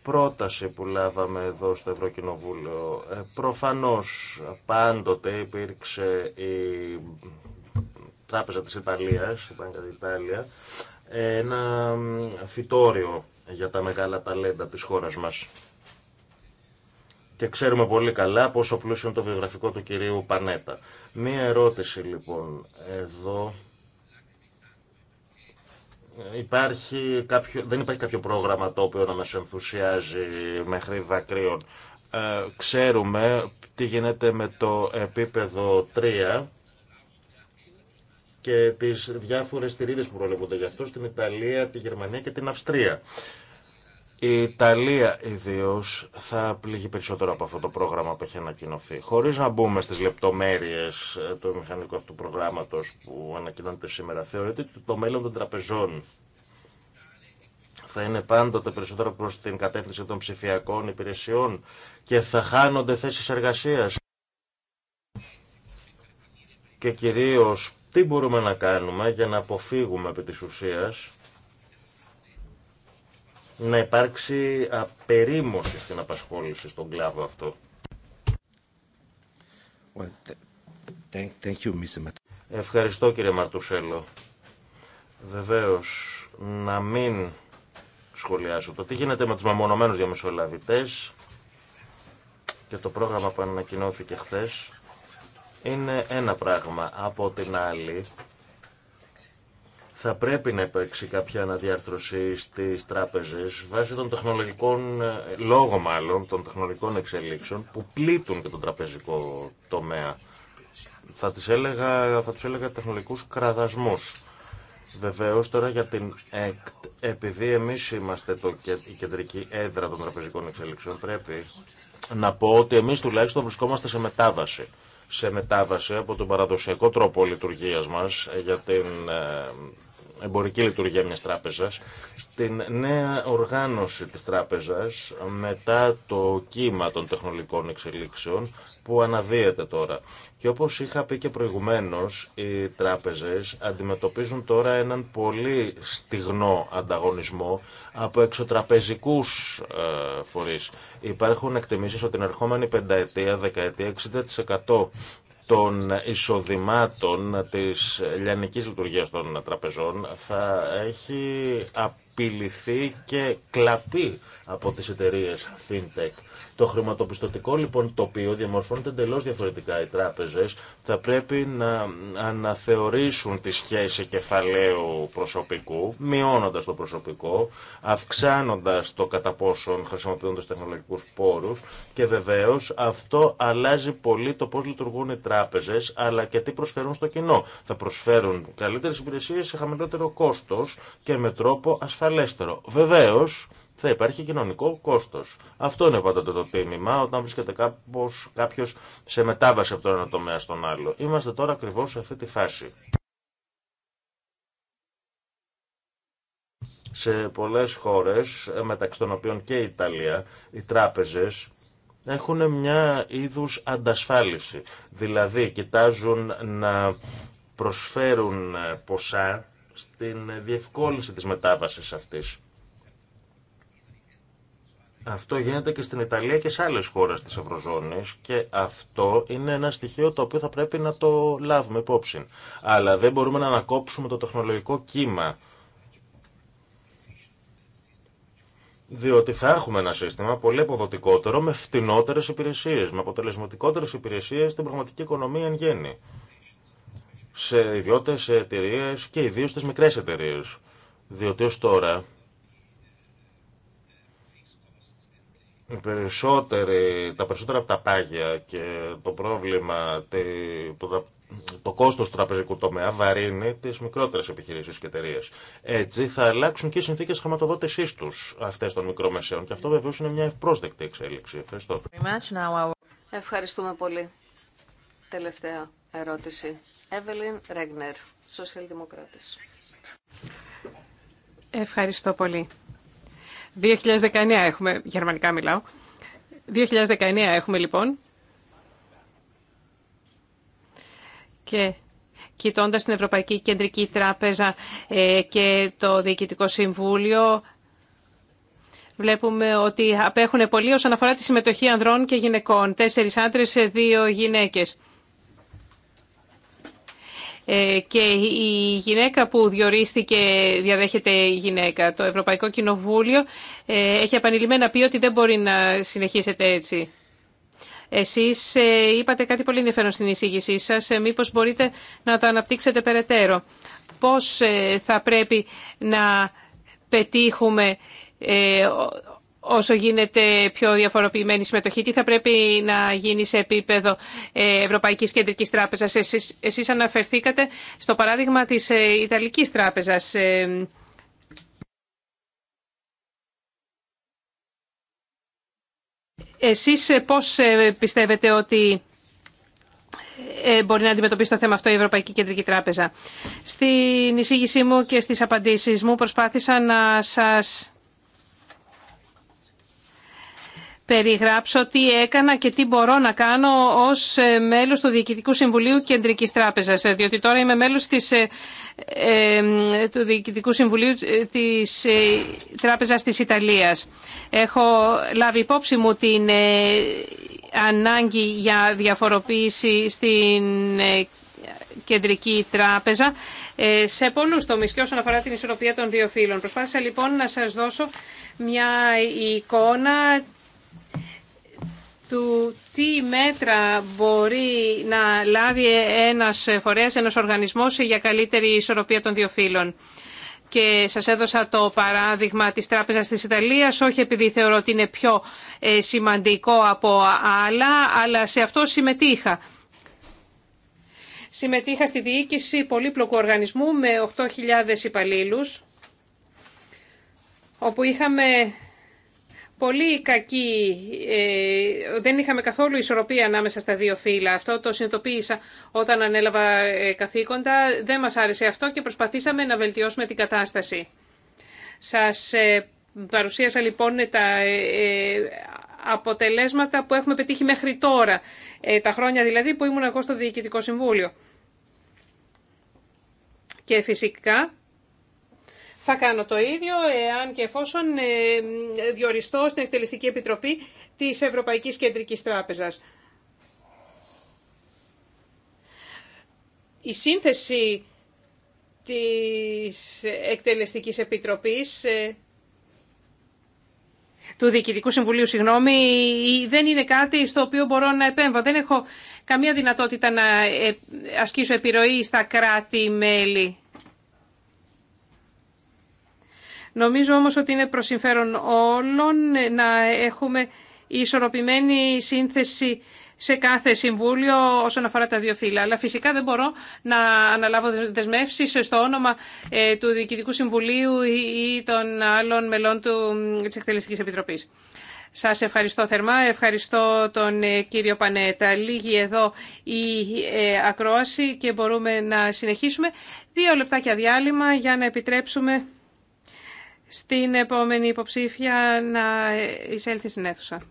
Speaker 2: πρόταση που λάβαμε εδώ στο Ευρωκοινοβούλιο. Ε, προφανώς πάντοτε υπήρξε η Τράπεζα της Ιταλίας, η της ένα φυτόριο για τα μεγάλα ταλέντα της χώρας μας. Και ξέρουμε πολύ καλά πόσο πλούσιο είναι το βιογραφικό του κυρίου Πανέτα. Μία ερώτηση λοιπόν εδώ υπάρχει κάποιο, δεν υπάρχει κάποιο πρόγραμμα το οποίο να μας ενθουσιάζει μέχρι δακρύων. Ε, ξέρουμε τι γίνεται με το επίπεδο 3 και τις διάφορες στηρίδες που προλεγούνται γι' αυτό στην Ιταλία, τη Γερμανία και την Αυστρία. Η Ιταλία ιδίω θα πληγεί περισσότερο από αυτό το πρόγραμμα που έχει ανακοινωθεί. Χωρί να μπούμε στι λεπτομέρειε ε, του μηχανικού αυτού προγράμματο που ανακοινώνεται σήμερα, θεωρείται ότι το μέλλον των τραπεζών θα είναι πάντοτε περισσότερο προ την κατεύθυνση των ψηφιακών υπηρεσιών και θα χάνονται θέσει εργασία. Και κυρίω τι μπορούμε να κάνουμε για να αποφύγουμε επί τη ουσία να υπάρξει απερίμωση στην απασχόληση στον κλάδο αυτό.
Speaker 3: Well, thank, thank you,
Speaker 2: Ευχαριστώ κύριε Μαρτουσέλο. Βεβαίως, να μην σχολιάσω το τι γίνεται με τους μεμονωμένους διαμεσολαβητές και το πρόγραμμα που ανακοινώθηκε χθες είναι ένα πράγμα. Από την άλλη, θα πρέπει να υπάρξει κάποια αναδιάρθρωση στις τράπεζες βάσει των τεχνολογικών, λόγω μάλλον, των τεχνολογικών εξελίξεων που πλήττουν και τον τραπεζικό τομέα. Θα, του έλεγα, θα τους έλεγα τεχνολογικούς κραδασμούς. Βεβαίω τώρα για την ΕΚΤ, επειδή εμεί είμαστε το, η κεντρική έδρα των τραπεζικών εξελίξεων, πρέπει να πω ότι εμεί τουλάχιστον βρισκόμαστε σε μετάβαση σε μετάβαση από τον παραδοσιακό τρόπο λειτουργία μα ε, για την ε, εμπορική λειτουργία μιας τράπεζας, στην νέα οργάνωση της τράπεζας μετά το κύμα των τεχνολογικών εξελίξεων που αναδύεται τώρα. Και όπως είχα πει και προηγουμένως, οι τράπεζες αντιμετωπίζουν τώρα έναν πολύ στιγνό ανταγωνισμό από εξωτραπεζικούς ε, φορείς. Υπάρχουν εκτιμήσεις ότι την ερχόμενη πενταετία, δεκαετία, 60% των εισοδημάτων της λιανικής λειτουργίας των τραπεζών θα έχει απειληθεί και κλαπεί από τις εταιρείες FinTech. Το χρηματοπιστωτικό λοιπόν το οποίο διαμορφώνεται εντελώ διαφορετικά. Οι τράπεζε θα πρέπει να αναθεωρήσουν τη σχέση κεφαλαίου προσωπικού, μειώνοντα το προσωπικό, αυξάνοντα το κατά πόσον χρησιμοποιώντα τεχνολογικού πόρου και βεβαίω αυτό αλλάζει πολύ το πώ λειτουργούν οι τράπεζε αλλά και τι προσφέρουν στο κοινό. Θα προσφέρουν καλύτερε υπηρεσίε σε χαμηλότερο κόστο και με τρόπο ασφαλέστερο. Βεβαίω, θα υπάρχει κοινωνικό κόστο. Αυτό είναι πάντα το τίμημα όταν βρίσκεται κάποιο σε μετάβαση από τον ένα τομέα στον άλλο. Είμαστε τώρα ακριβώ σε αυτή τη φάση. Σε πολλές χώρες, ε, μεταξύ των οποίων και η Ιταλία, οι τράπεζες έχουν μια είδους αντασφάλιση. Δηλαδή, κοιτάζουν να προσφέρουν ποσά στην διευκόλυνση της μετάβασης αυτής. Αυτό γίνεται και στην Ιταλία και σε άλλε χώρε τη Ευρωζώνη και αυτό είναι ένα στοιχείο το οποίο θα πρέπει να το λάβουμε υπόψη. Αλλά δεν μπορούμε να ανακόψουμε το τεχνολογικό κύμα. Διότι θα έχουμε ένα σύστημα πολύ αποδοτικότερο με φτηνότερε υπηρεσίε, με αποτελεσματικότερε υπηρεσίε στην πραγματική οικονομία εν γέννη. Σε ιδιώτε, σε εταιρείε και ιδίω στι μικρέ εταιρείε. Διότι ω τώρα περισσότεροι, τα περισσότερα από τα πάγια και το πρόβλημα, το, το κόστος του τραπεζικού τομέα βαρύνει τις μικρότερες επιχειρήσεις και εταιρείε. Έτσι θα αλλάξουν και οι συνθήκες χρηματοδότησής τους αυτές των μικρομεσαίων και αυτό βεβαίως είναι μια ευπρόσδεκτη εξέλιξη. Ευχαριστώ.
Speaker 1: Ευχαριστούμε πολύ. Τελευταία ερώτηση. Εύελιν Ρέγνερ, Σοσιαλδημοκράτης.
Speaker 3: Ευχαριστώ πολύ. 2019 έχουμε, γερμανικά μιλάω. 2019 έχουμε λοιπόν. Και κοιτώντας την Ευρωπαϊκή Κεντρική Τράπεζα ε, και το Διοικητικό Συμβούλιο, βλέπουμε ότι απέχουν πολύ όσον αφορά τη συμμετοχή ανδρών και γυναικών. Τέσσερις άντρες, δύο γυναίκες. Ε, και η γυναίκα που διορίστηκε διαδέχεται η γυναίκα. Το Ευρωπαϊκό Κοινοβούλιο ε, έχει επανειλημμένα πει ότι δεν μπορεί να συνεχίσετε έτσι. Εσείς ε, είπατε κάτι πολύ ενδιαφέρον στην εισήγησή σας. Μήπως μπορείτε να το αναπτύξετε περαιτέρω. Πώς θα πρέπει να πετύχουμε όσο γίνεται πιο διαφοροποιημένη συμμετοχή, τι θα πρέπει να γίνει σε επίπεδο ε, Ευρωπαϊκής Κεντρικής Τράπεζας. Εσεί εσείς αναφερθήκατε στο παράδειγμα της ε, Ιταλικής Τράπεζας. Ε, εσείς πώς πιστεύετε ότι μπορεί να αντιμετωπίσει το θέμα αυτό η Ευρωπαϊκή Κεντρική Τράπεζα. Στην εισήγησή μου και στις απαντήσεις μου προσπάθησα να σας περιγράψω τι έκανα και τι μπορώ να κάνω ως ε, μέλος του Διοικητικού Συμβουλίου Κεντρικής Τράπεζας, ε, διότι τώρα είμαι μέλος της, ε, του Διοικητικού Συμβουλίου της Τράπεζας της Ιταλίας. Έχω λάβει υπόψη μου την ανάγκη για διαφοροποίηση στην Κεντρική Τράπεζα σε πολλούς τομείς και όσον αφορά την ισορροπία των δύο φύλων. Προσπάθησα λοιπόν να σας δώσω μια εικόνα του τι μέτρα μπορεί να λάβει ένας φορέας, ένας οργανισμός για καλύτερη ισορροπία των δύο φύλων. Και σας έδωσα το παράδειγμα της Τράπεζας της Ιταλίας, όχι επειδή θεωρώ ότι είναι πιο ε, σημαντικό από άλλα, αλλά σε αυτό συμμετείχα. Συμμετείχα στη διοίκηση πολύπλοκου οργανισμού με 8.000 υπαλλήλους, όπου είχαμε πολύ κακή, ε, δεν είχαμε καθόλου ισορροπία ανάμεσα στα δύο φύλλα. Αυτό το συνειδητοποίησα όταν ανέλαβα ε, καθήκοντα. Δεν μας άρεσε αυτό και προσπαθήσαμε να βελτιώσουμε την κατάσταση. Σας ε, παρουσίασα λοιπόν τα αποτελέσματα που έχουμε πετύχει μέχρι τώρα, τα χρόνια δηλαδή που ήμουν εγώ στο Διοικητικό Συμβούλιο. Και φυσικά θα κάνω το ίδιο εάν και εφόσον ε, διοριστώ στην Εκτελεστική Επιτροπή της Ευρωπαϊκής Κεντρικής Τράπεζας. Η σύνθεση της Εκτελεστικής Επιτροπής ε, του Διοικητικού Συμβουλίου, συγγνώμη, ε, δεν είναι κάτι στο οποίο μπορώ να επέμβω. Δεν έχω καμία δυνατότητα να ασκήσω επιρροή στα κράτη-μέλη. Νομίζω όμως ότι είναι προς συμφέρον όλων να έχουμε ισορροπημένη σύνθεση σε κάθε συμβούλιο όσον αφορά τα δύο φύλλα. Αλλά φυσικά δεν μπορώ να αναλάβω δεσμεύσει στο όνομα ε, του Διοικητικού Συμβουλίου ή των άλλων μελών του, της Εκτελεστικής Επιτροπής. Σας ευχαριστώ θερμά. Ευχαριστώ τον ε, κύριο Πανέτα. Λίγη εδώ η ε, ακρόαση και μπορούμε να συνεχίσουμε. Δύο λεπτάκια διάλειμμα για να επιτρέψουμε στην επόμενη υποψήφια να εισέλθει στην αίθουσα.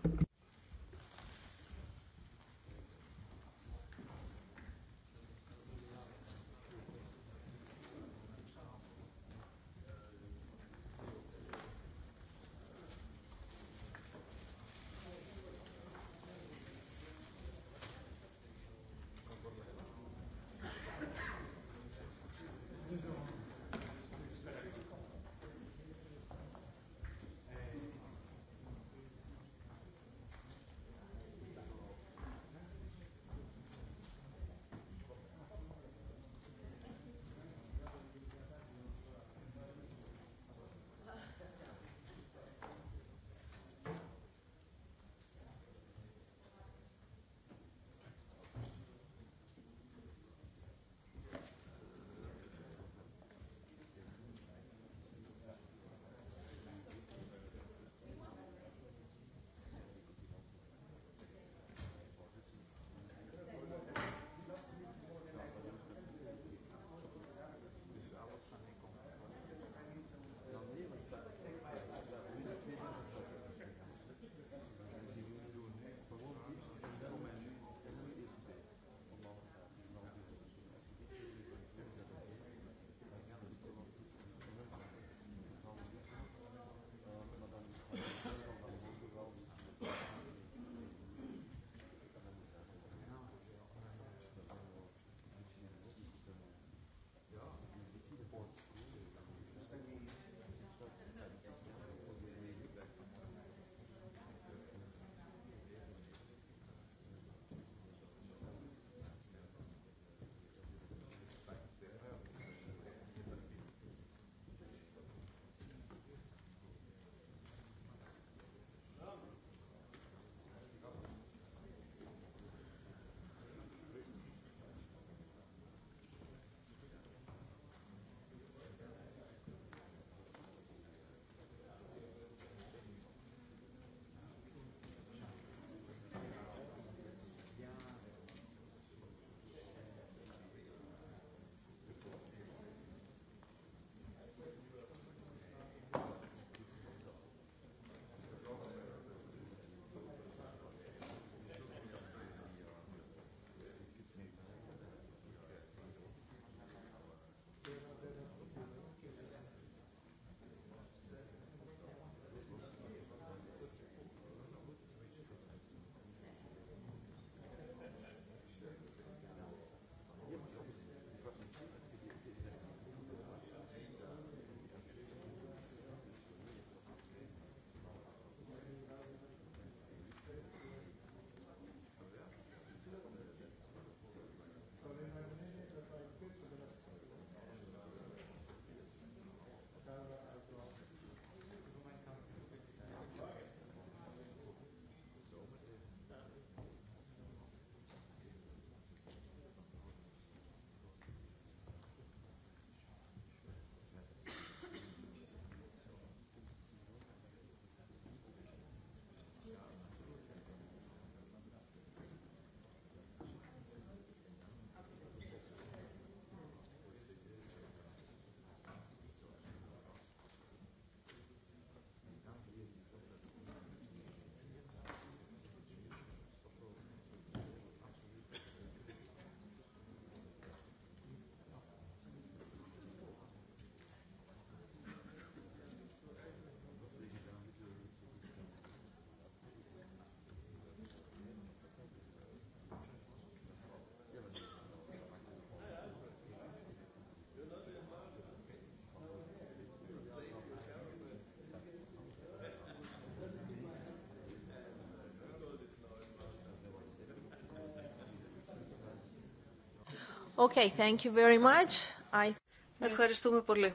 Speaker 1: Okay, thank you very much. I... Ευχαριστούμε πολύ.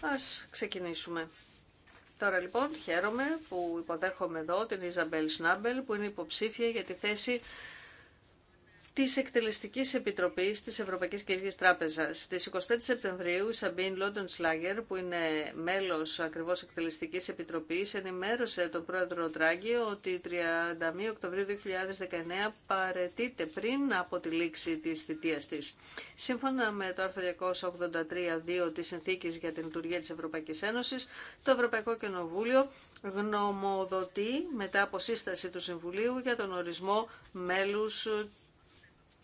Speaker 1: Ας ξεκινήσουμε. Τώρα λοιπόν χαίρομαι που υποδέχομαι εδώ την Ιζαμπέλ Σνάμπελ που είναι υποψήφια για τη θέση Τη Εκτελεστική επιτροπή τη Ευρωπαϊκή Κυριακή Τράπεζα. Στι 25 Σεπτεμβρίου η Σαμπίν Λόντον Σλάγερ, που είναι μέλο ακριβώ Εκτελεστική επιτροπή, ενημέρωσε τον πρόεδρο Τράγκη ότι 31 Οκτωβρίου 2019 παρετείται πριν από τη λήξη τη θητείας τη. Σύμφωνα με το άρθρο 283.2 τη συνθήκη για την Λειτουργία τη Ευρωπαϊκή Ένωση, το Ευρωπαϊκό Κοινοβούλιο γνωμοδοτεί μετά από σύσταση του Συμβουλίου για τον ορισμό μέλους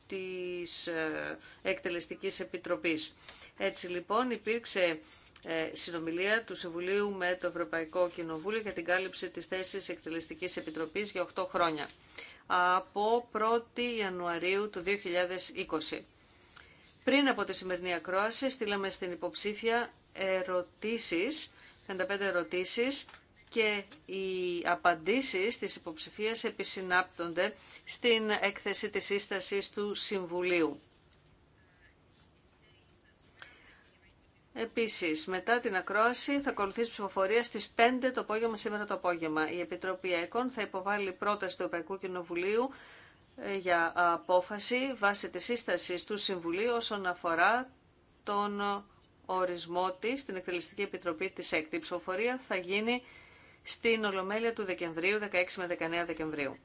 Speaker 1: της ε, Εκτελεστικής Επιτροπής. Έτσι λοιπόν υπήρξε ε, συνομιλία του Συμβουλίου με το Ευρωπαϊκό Κοινοβούλιο για την κάλυψη της θέσης Εκτελεστικής Επιτροπής για 8 χρόνια από 1η Ιανουαρίου του 2020. Πριν από τη σημερινή ακρόαση στείλαμε στην υποψήφια ερωτήσεις, 55 ερωτήσεις και οι απαντήσεις της υποψηφίας επισυνάπτονται στην έκθεση της σύστασης του Συμβουλίου. Επίσης, μετά την ακρόαση θα ακολουθήσει ψηφοφορία στις 5 το απόγευμα σήμερα το απόγευμα. Η Επιτροπή ΕΚΟΝ θα υποβάλει πρόταση του Ευρωπαϊκού Κοινοβουλίου ε, για απόφαση βάσει της σύστασης του Συμβουλίου όσον αφορά τον ορισμό της στην Εκτελεστική Επιτροπή της ΕΚΤ. ψηφοφορία θα γίνει στην Ολομέλεια του Δεκεμβρίου, 16 με 19 Δεκεμβρίου.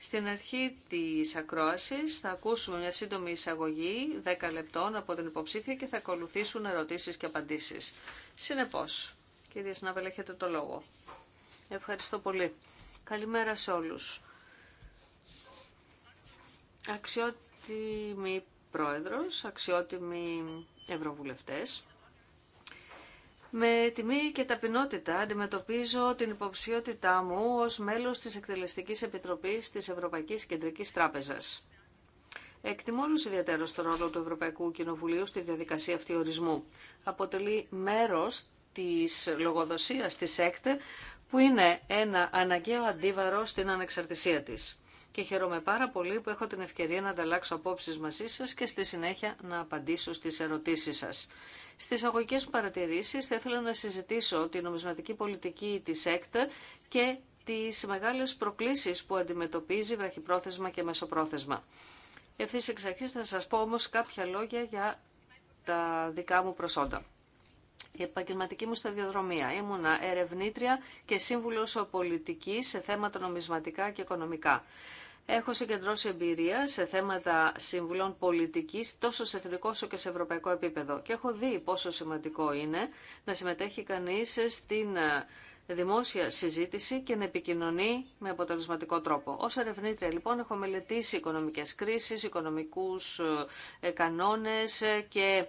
Speaker 1: Στην αρχή της ακρόασης θα ακούσουμε μια σύντομη εισαγωγή 10 λεπτών από την υποψήφια και θα ακολουθήσουν ερωτήσεις και απαντήσεις. Συνεπώς, κύριε Σνάβελ, έχετε το λόγο. Ευχαριστώ πολύ. Καλημέρα σε όλους. Αξιότιμη πρόεδρος, αξιότιμοι ευρωβουλευτές, με τιμή και ταπεινότητα αντιμετωπίζω την υποψιότητά μου ως μέλος της Εκτελεστικής Επιτροπής της Ευρωπαϊκής Κεντρικής Τράπεζας. Εκτιμώ όλους ιδιαίτερο τον ρόλο του Ευρωπαϊκού Κοινοβουλίου στη διαδικασία αυτή ορισμού. Αποτελεί μέρος της λογοδοσίας της ΕΚΤΕ που είναι ένα αναγκαίο αντίβαρο στην ανεξαρτησία της και χαίρομαι πάρα πολύ που έχω την ευκαιρία να ανταλλάξω απόψεις μαζί σα και στη συνέχεια να απαντήσω στις ερωτήσεις σας. Στις αγωγικέ μου παρατηρήσεις θα ήθελα να συζητήσω την νομισματική πολιτική της ΕΚΤ και τις μεγάλες προκλήσεις που αντιμετωπίζει βραχυπρόθεσμα και μεσοπρόθεσμα. Ευθύς εξ αρχή θα σας πω όμω κάποια λόγια για τα δικά μου προσόντα η επαγγελματική μου σταδιοδρομία. Ήμουνα ερευνήτρια και σύμβουλο πολιτική σε θέματα νομισματικά και οικονομικά. Έχω συγκεντρώσει εμπειρία σε θέματα συμβουλών πολιτική, τόσο σε εθνικό όσο και σε ευρωπαϊκό επίπεδο και έχω δει πόσο σημαντικό είναι να συμμετέχει κανεί στην ε, δημόσια συζήτηση και να επικοινωνεί με αποτελεσματικό τρόπο. Ως ερευνήτρια λοιπόν έχω μελετήσει οικονομικές κρίσεις, οικονομικούς ε, κανόνες ε, και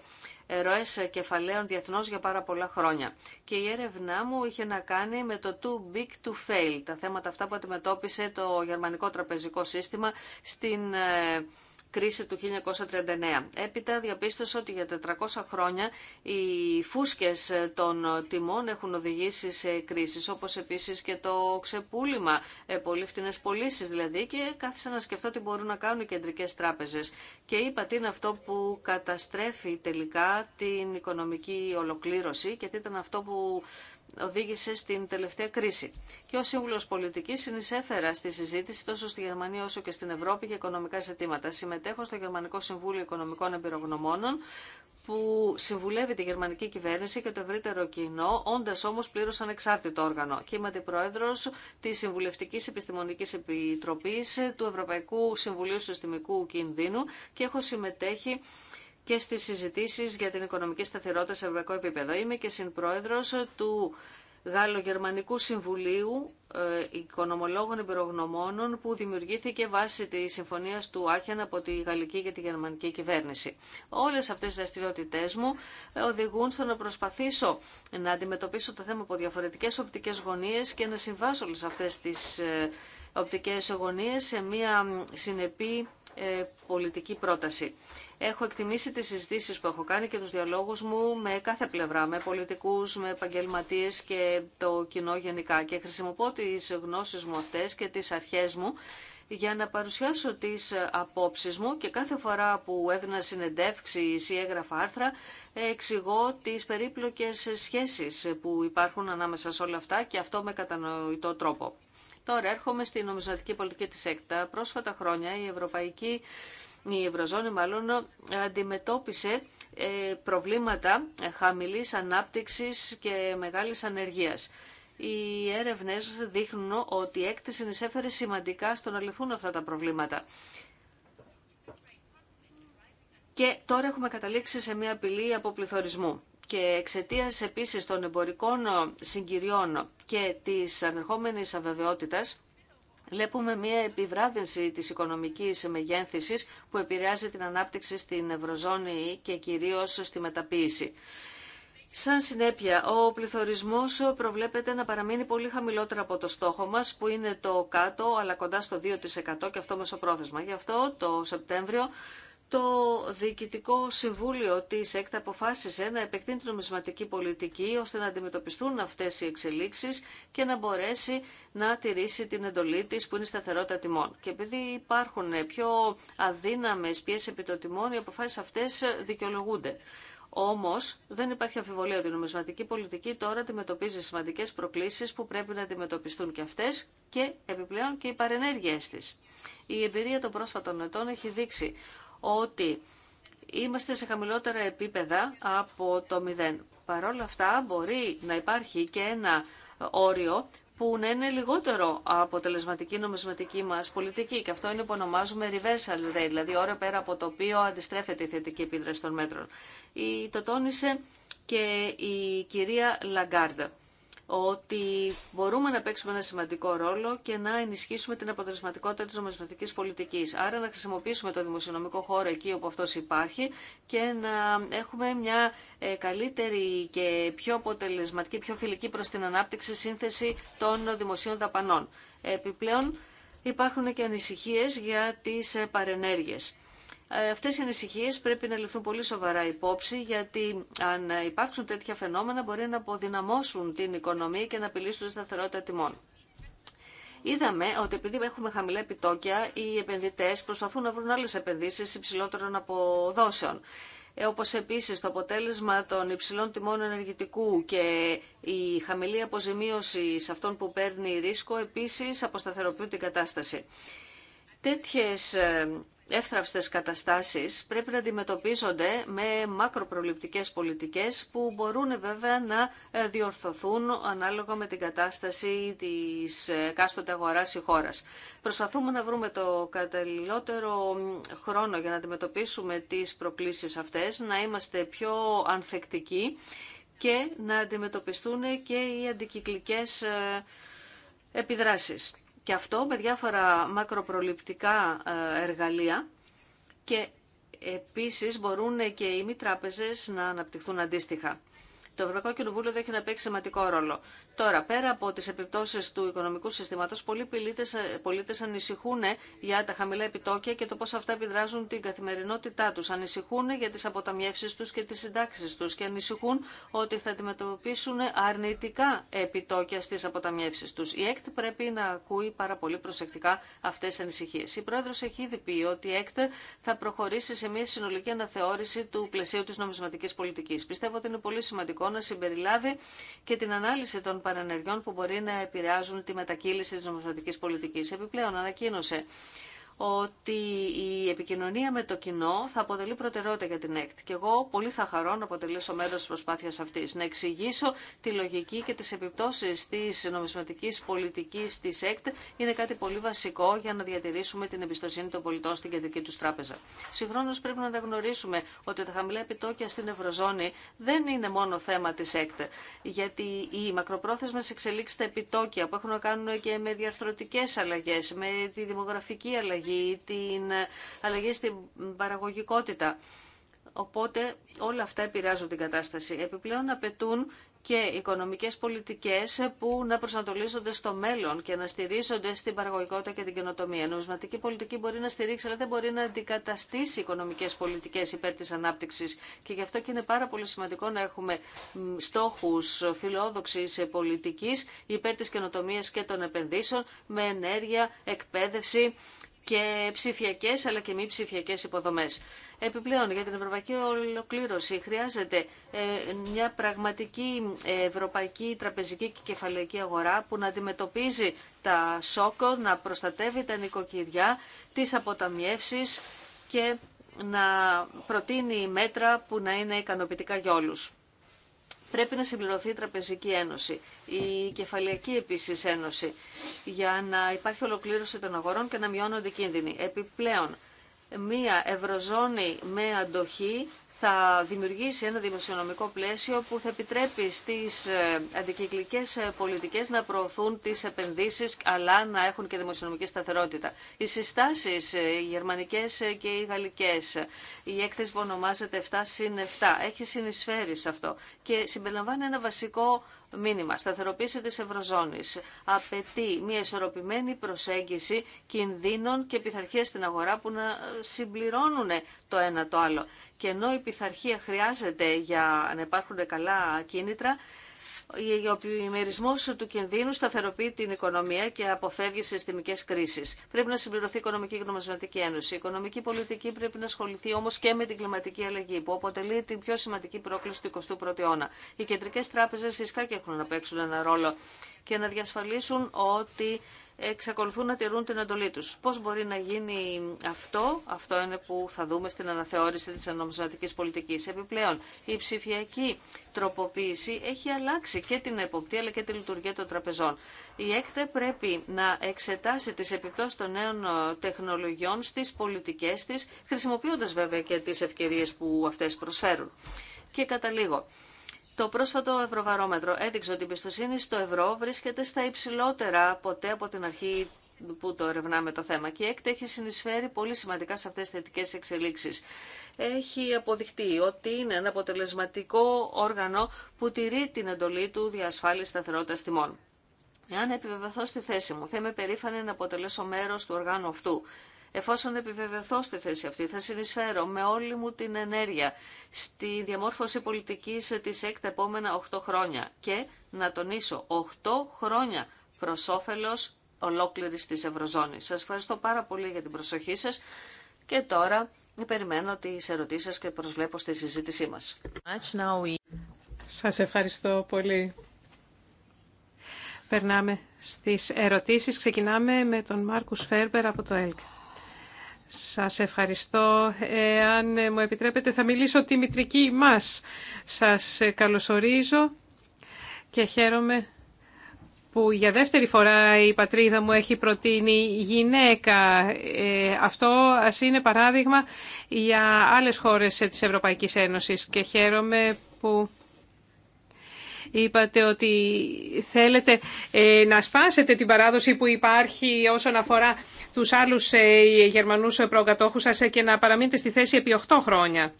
Speaker 1: ροές κεφαλαίων διεθνώς για πάρα πολλά χρόνια. Και η έρευνά μου είχε να κάνει με το too big to fail, τα θέματα αυτά που αντιμετώπισε το γερμανικό τραπεζικό σύστημα στην ε, κρίση του 1939. Έπειτα διαπίστωσε ότι για 400 χρόνια οι φούσκες των τιμών έχουν οδηγήσει σε κρίσεις, όπως επίσης και το ξεπούλημα, ε, πολύ φθηνές πωλήσει δηλαδή, και κάθισα να σκεφτώ τι μπορούν να κάνουν οι κεντρικές τράπεζες. Και είπα τι είναι αυτό που καταστρέφει τελικά την οικονομική ολοκλήρωση και τι ήταν αυτό που οδήγησε στην τελευταία κρίση. Και ο Σύμβουλο Πολιτική συνεισέφερα στη συζήτηση τόσο στη Γερμανία όσο και στην Ευρώπη για οικονομικά ζητήματα. Συμμετέχω στο Γερμανικό Συμβούλιο Οικονομικών Εμπειρογνωμόνων που συμβουλεύει τη γερμανική κυβέρνηση και το ευρύτερο κοινό, όντα όμω πλήρω ανεξάρτητο όργανο. Και είμαι αντιπρόεδρο τη Συμβουλευτική Επιστημονική Επιτροπή του Ευρωπαϊκού Συμβουλίου Συστημικού Κινδύνου και έχω συμμετέχει και στις συζητήσεις για την οικονομική σταθερότητα σε ευρωπαϊκό επίπεδο. Είμαι και συμπρόεδρος του Γαλλογερμανικού γερμανικου Συμβουλίου ε, Οικονομολόγων Εμπειρογνωμόνων που δημιουργήθηκε βάσει τη συμφωνία του Άχεν από τη Γαλλική και τη Γερμανική κυβέρνηση. Όλες αυτές οι δραστηριότητε μου ε, οδηγούν στο να προσπαθήσω να αντιμετωπίσω το θέμα από διαφορετικές οπτικές γωνίες και να συμβάσω όλες αυτές τις ε, οπτικές γωνίες σε μια συνεπή πολιτική πρόταση. Έχω εκτιμήσει τις συζητήσεις που έχω κάνει και τους διαλόγους μου με κάθε πλευρά, με πολιτικούς, με επαγγελματίε και το κοινό γενικά και χρησιμοποιώ τις γνώσεις μου αυτές και τις αρχές μου για να παρουσιάσω τις απόψεις μου και κάθε φορά που έδινα συνεντεύξεις ή έγραφα άρθρα εξηγώ τις περίπλοκες σχέσεις που υπάρχουν ανάμεσα σε όλα αυτά και αυτό με κατανοητό τρόπο. Τώρα έρχομαι στην νομισματική πολιτική της ΕΚΤΑ. Πρόσφατα χρόνια η Ευρωπαϊκή η Ευρωζώνη μάλλον αντιμετώπισε ε, προβλήματα ε, χαμηλής ανάπτυξης και μεγάλης ανεργίας. Οι έρευνες δείχνουν ότι η έκτη ενισέφερε σημαντικά στο να λυθούν αυτά τα προβλήματα. Και τώρα έχουμε καταλήξει σε μια απειλή αποπληθωρισμού. Και εξαιτία επίση των εμπορικών συγκυριών και τη ανερχόμενη αβεβαιότητα, βλέπουμε μια επιβράδυνση της οικονομικής μεγένθησης που επηρεάζει την ανάπτυξη στην Ευρωζώνη και κυρίως στη μεταποίηση. Σαν συνέπεια, ο πληθωρισμός προβλέπεται να παραμείνει πολύ χαμηλότερο από το στόχο μας, που είναι το κάτω, αλλά κοντά στο 2% και αυτό μεσοπρόθεσμα. Γι' αυτό το Σεπτέμβριο το Διοικητικό Συμβούλιο της ΕΚΤ αποφάσισε να επεκτείνει την νομισματική πολιτική ώστε να αντιμετωπιστούν αυτές οι εξελίξεις και να μπορέσει να τηρήσει την εντολή της που είναι σταθερότητα τιμών. Και επειδή υπάρχουν πιο αδύναμες πιέσεις επί το τιμών, οι αποφάσεις αυτές δικαιολογούνται. Όμω, δεν υπάρχει αμφιβολία ότι η νομισματική πολιτική τώρα αντιμετωπίζει σημαντικέ προκλήσει που πρέπει να αντιμετωπιστούν και αυτέ και επιπλέον και οι παρενέργειέ τη. Η εμπειρία των πρόσφατων ετών έχει δείξει ότι είμαστε σε χαμηλότερα επίπεδα από το μηδέν. Παρ' όλα αυτά μπορεί να υπάρχει και ένα όριο που να είναι λιγότερο αποτελεσματική νομισματική μας πολιτική και αυτό είναι που ονομάζουμε reversal rate, δηλαδή όριο πέρα από το οποίο αντιστρέφεται η θετική επίδραση των μέτρων. το τόνισε και η κυρία Λαγκάρντα ότι μπορούμε να παίξουμε ένα σημαντικό ρόλο και να ενισχύσουμε την αποτελεσματικότητα της νομισματικής πολιτικής. Άρα να χρησιμοποιήσουμε το δημοσιονομικό χώρο εκεί όπου αυτός υπάρχει και να έχουμε μια ε, καλύτερη και πιο αποτελεσματική, πιο φιλική προς την ανάπτυξη σύνθεση των δημοσίων δαπανών. Επιπλέον υπάρχουν και ανησυχίες για τις ε, παρενέργειες. Ε, αυτές οι ανησυχίες πρέπει να ληφθούν πολύ σοβαρά υπόψη, γιατί αν υπάρξουν τέτοια φαινόμενα μπορεί να αποδυναμώσουν την οικονομία και να απειλήσουν τη σταθερότητα τιμών. Είδαμε ότι επειδή έχουμε χαμηλά επιτόκια, οι επενδυτές προσπαθούν να βρουν άλλες επενδύσεις υψηλότερων αποδόσεων ε, όπως επίσης το αποτέλεσμα των υψηλών τιμών ενεργητικού και η χαμηλή αποζημίωση σε αυτόν που παίρνει ρίσκο επίσης αποσταθεροποιούν την κατάσταση. Τέτοιες ε, εύθραυστες καταστάσεις πρέπει να αντιμετωπίζονται με μακροπροληπτικές πολιτικές που μπορούν βέβαια να ε, διορθωθούν ανάλογα με την κατάσταση της ε, κάστοτε αγοράς ή χώρας. Προσπαθούμε να βρούμε το καταλληλότερο χρόνο για να αντιμετωπίσουμε τις προκλήσεις αυτές, να είμαστε πιο ανθεκτικοί και να αντιμετωπιστούν και οι αντικυκλικές ε, επιδράσεις. Και αυτό με διάφορα μακροπροληπτικά ε, εργαλεία και επίσης μπορούν και οι μη τράπεζες να αναπτυχθούν αντίστοιχα. Το Ευρωπαϊκό Κοινοβούλιο δεν έχει να παίξει σημαντικό ρόλο. Τώρα, πέρα από τι επιπτώσει του οικονομικού συστήματο, πολλοί ε, πολίτε ανησυχούν ε, για τα χαμηλά επιτόκια και το πώ αυτά επιδράζουν την καθημερινότητά του. Ανησυχούν για τι αποταμιεύσει του και τι συντάξει του και ανησυχούν ότι θα αντιμετωπίσουν αρνητικά επιτόκια στι αποταμιεύσει του. Η ΕΚΤ πρέπει να ακούει πάρα πολύ προσεκτικά αυτέ τι ανησυχίε. Η πρόεδρο έχει ήδη πει ότι η ΕΚΤ θα προχωρήσει σε μια συνολική αναθεώρηση του πλαισίου τη νομισματική πολιτική. Πιστεύω ότι είναι πολύ σημαντικό να συμπεριλάβει και την ανάλυση των παρενεργειών που μπορεί να επηρεάζουν τη μετακύληση της νομοθετικής πολιτικής. Επιπλέον ανακοίνωσε ότι η επικοινωνία με το κοινό θα αποτελεί προτεραιότητα για την ΕΚΤ. Και εγώ πολύ θα χαρώ να αποτελέσω μέρο τη προσπάθεια αυτή. Να εξηγήσω τη λογική και τι επιπτώσει τη νομισματική πολιτική τη ΕΚΤ είναι κάτι πολύ βασικό για να διατηρήσουμε την εμπιστοσύνη των πολιτών στην κεντρική του τράπεζα. Συγχρόνω πρέπει να αναγνωρίσουμε ότι τα χαμηλά επιτόκια στην Ευρωζώνη δεν είναι μόνο θέμα τη ΕΚΤ. Γιατί οι μακροπρόθεσμε εξελίξει στα επιτόκια που έχουν να κάνουν και με διαρθρωτικέ αλλαγέ, με τη δημογραφική αλλαγή, αλλαγή, την αλλαγή στην παραγωγικότητα. Οπότε όλα αυτά επηρεάζουν την κατάσταση. Επιπλέον απαιτούν και οικονομικές πολιτικές που να προσανατολίζονται στο μέλλον και να στηρίζονται στην παραγωγικότητα και την καινοτομία. Η νομισματική πολιτική μπορεί να στηρίξει, αλλά δεν μπορεί να αντικαταστήσει οικονομικές πολιτικές υπέρ της ανάπτυξης. Και γι' αυτό και είναι πάρα πολύ σημαντικό να έχουμε στόχους φιλόδοξης πολιτικής υπέρ της καινοτομίας και των επενδύσεων με ενέργεια, εκπαίδευση, και ψηφιακέ αλλά και μη ψηφιακέ υποδομέ. Επιπλέον, για την ευρωπαϊκή ολοκλήρωση χρειάζεται ε, μια πραγματική ε, ευρωπαϊκή τραπεζική και κεφαλαϊκή αγορά που να αντιμετωπίζει τα σόκο, να προστατεύει τα νοικοκυριά, τι αποταμιεύσει και να προτείνει μέτρα που να είναι ικανοποιητικά για όλους πρέπει να συμπληρωθεί η Τραπεζική Ένωση, η Κεφαλιακή Επίση Ένωση, για να υπάρχει ολοκλήρωση των αγορών και να μειώνονται κίνδυνοι. Επιπλέον, μία ευρωζώνη με αντοχή θα δημιουργήσει ένα δημοσιονομικό πλαίσιο που θα επιτρέπει στις ε, αντικυκλικές ε, πολιτικές να προωθούν τις επενδύσεις αλλά να έχουν και δημοσιονομική σταθερότητα. Οι συστάσεις, ε, οι γερμανικές και οι γαλλικές, η έκθεση που ονομάζεται 7 συν 7 έχει συνεισφέρει σε αυτό και συμπεριλαμβάνει ένα βασικό μήνυμα. Σταθεροποίηση της Ευρωζώνης απαιτεί μια ισορροπημένη προσέγγιση κινδύνων και πειθαρχία στην αγορά που να συμπληρώνουν το ένα το άλλο. Και ενώ η πειθαρχία χρειάζεται για να υπάρχουν καλά κίνητρα, ο πλημμυρισμό του κινδύνου σταθεροποιεί την οικονομία και αποφεύγει συστημικέ κρίσει. Πρέπει να συμπληρωθεί η Οικονομική και Ένωση. Η οικονομική πολιτική πρέπει να ασχοληθεί όμω και με την κλιματική αλλαγή, που αποτελεί την πιο σημαντική πρόκληση του 21ου αιώνα. Οι κεντρικέ τράπεζε φυσικά και έχουν να παίξουν ένα ρόλο και να διασφαλίσουν ότι εξακολουθούν να τηρούν την εντολή τους. Πώς μπορεί να γίνει αυτό, αυτό είναι που θα δούμε στην αναθεώρηση της νομισματικής πολιτικής. Επιπλέον, η ψηφιακή τροποποίηση έχει αλλάξει και την εποπτεία αλλά και τη λειτουργία των τραπεζών. Η ΕΚΤΕ πρέπει να εξετάσει τις επιπτώσεις των νέων τεχνολογιών στις πολιτικές της, χρησιμοποιώντας βέβαια και τις ευκαιρίες που αυτές προσφέρουν. Και καταλήγω. Το πρόσφατο ευρωβαρόμετρο έδειξε ότι η εμπιστοσύνη στο ευρώ βρίσκεται στα υψηλότερα ποτέ από την αρχή που το ερευνάμε το θέμα. Και η έχει συνεισφέρει πολύ σημαντικά σε αυτές τις θετικές εξελίξεις. Έχει αποδειχτεί ότι είναι ένα αποτελεσματικό όργανο που τηρεί την εντολή του διασφάλιση σταθερότητας τιμών. Εάν επιβεβαιωθώ στη θέση μου, θα είμαι περήφανη να αποτελέσω μέρο του οργάνου αυτού Εφόσον επιβεβαιωθώ στη θέση αυτή, θα συνεισφέρω με όλη μου την ενέργεια στη διαμόρφωση πολιτικής της έκτα επόμενα 8 χρόνια και να τονίσω 8 χρόνια προς όφελος ολόκληρης της Ευρωζώνης. Σας ευχαριστώ πάρα πολύ για την προσοχή σας και τώρα περιμένω τι ερωτήσεις σας και προσβλέπω στη συζήτησή μας.
Speaker 3: Σας ευχαριστώ πολύ. Περνάμε στις ερωτήσεις. Ξεκινάμε με τον Μάρκους Φέρμπερ από το ΕΛΚΑ. Σας ευχαριστώ. Αν μου επιτρέπετε θα μιλήσω τη μητρική μας. Σας καλωσορίζω και χαίρομαι που για δεύτερη φορά η πατρίδα μου έχει προτείνει γυναίκα. Ε, αυτό ας είναι παράδειγμα για άλλες χώρες της Ευρωπαϊκής Ένωσης και χαίρομαι που Είπατε ότι θέλετε ε, να σπάσετε την παράδοση που υπάρχει όσον αφορά τους άλλους ε, Γερμανούς προκατόχους σας ε, και να παραμείνετε στη θέση επί 8 χρόνια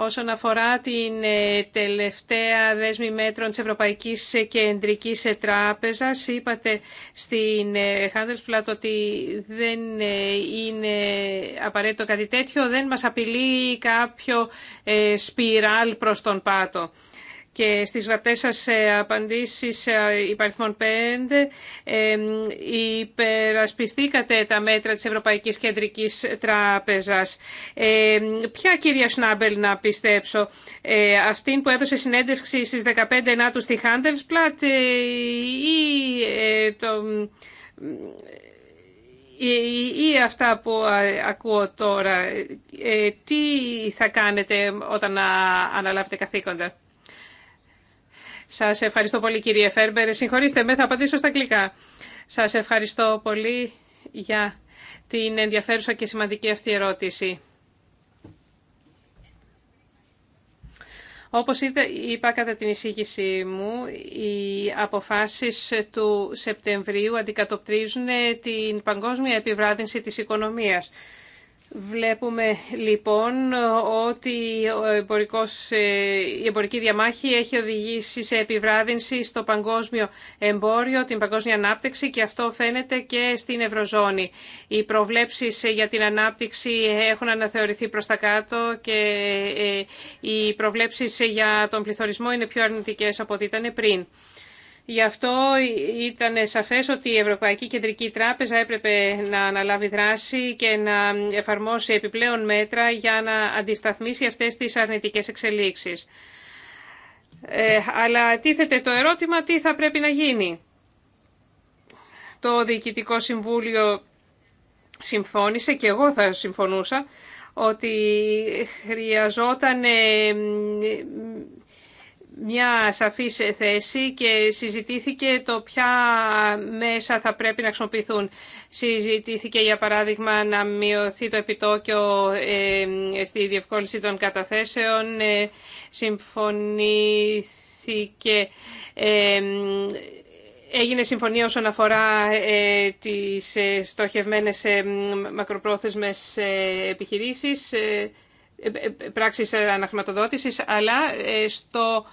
Speaker 3: όσον αφορά την ε, τελευταία δέσμη μέτρων της Ευρωπαϊκής Κεντρικής Τράπεζας. Είπατε στην ε, Handelsblatt ότι δεν ε, είναι απαραίτητο κάτι τέτοιο, δεν μας απειλεί κάποιο σπιράλ προς τον πάτο και στις γραπτές σας ε, απαντήσεις ε, υπαριθμών 5 ε, υπερασπιστήκατε τα μέτρα της Ευρωπαϊκής Κεντρικής Τράπεζας. Ποια κυρία Σνάμπελ να πιστέψω, αυτήν που έδωσε συνέντευξη στις 15 Ενάτου στη Χάντελσπλατ ή το ή αυτά που ακούω τώρα, τι θα κάνετε όταν αναλάβετε καθήκοντα. Σας ευχαριστώ πολύ κύριε Φέρμπερ. Συγχωρήστε με, θα απαντήσω στα αγγλικά. Σας ευχαριστώ πολύ για την ενδιαφέρουσα και σημαντική αυτή ερώτηση. Όπως είπα κατά την εισήγησή μου, οι αποφάσεις του Σεπτεμβρίου αντικατοπτρίζουν την παγκόσμια επιβράδυνση της οικονομίας. Βλέπουμε λοιπόν ότι ο ε, η εμπορική διαμάχη έχει οδηγήσει σε επιβράδυνση στο παγκόσμιο εμπόριο, την παγκόσμια ανάπτυξη και αυτό φαίνεται και στην Ευρωζώνη. Οι προβλέψεις για την ανάπτυξη έχουν αναθεωρηθεί προς τα κάτω και ε, οι προβλέψεις για τον πληθωρισμό είναι πιο αρνητικές από ό,τι ήταν πριν. Γι' αυτό ήταν σαφές ότι η Ευρωπαϊκή Κεντρική Τράπεζα έπρεπε να αναλάβει δράση και να εφαρμόσει επιπλέον μέτρα για να αντισταθμίσει αυτές τις αρνητικές εξελίξεις. Ε, αλλά τίθεται το ερώτημα τι θα πρέπει να γίνει. Το Διοικητικό Συμβούλιο συμφώνησε και εγώ θα συμφωνούσα ότι χρειαζόταν ε, μια σαφής θέση και συζητήθηκε το ποια μέσα θα πρέπει να χρησιμοποιηθούν. Συζητήθηκε, για παράδειγμα, να μειωθεί το επιτόκιο στη διευκόλυνση των καταθέσεων. Ε, συμφωνήθηκε... Έγινε συμφωνία όσον αφορά ε, τις ε, στοχευμένες μακροπρόθεσμες επιχειρήσεις πράξεις αναχρηματοδότησης, αλλά στο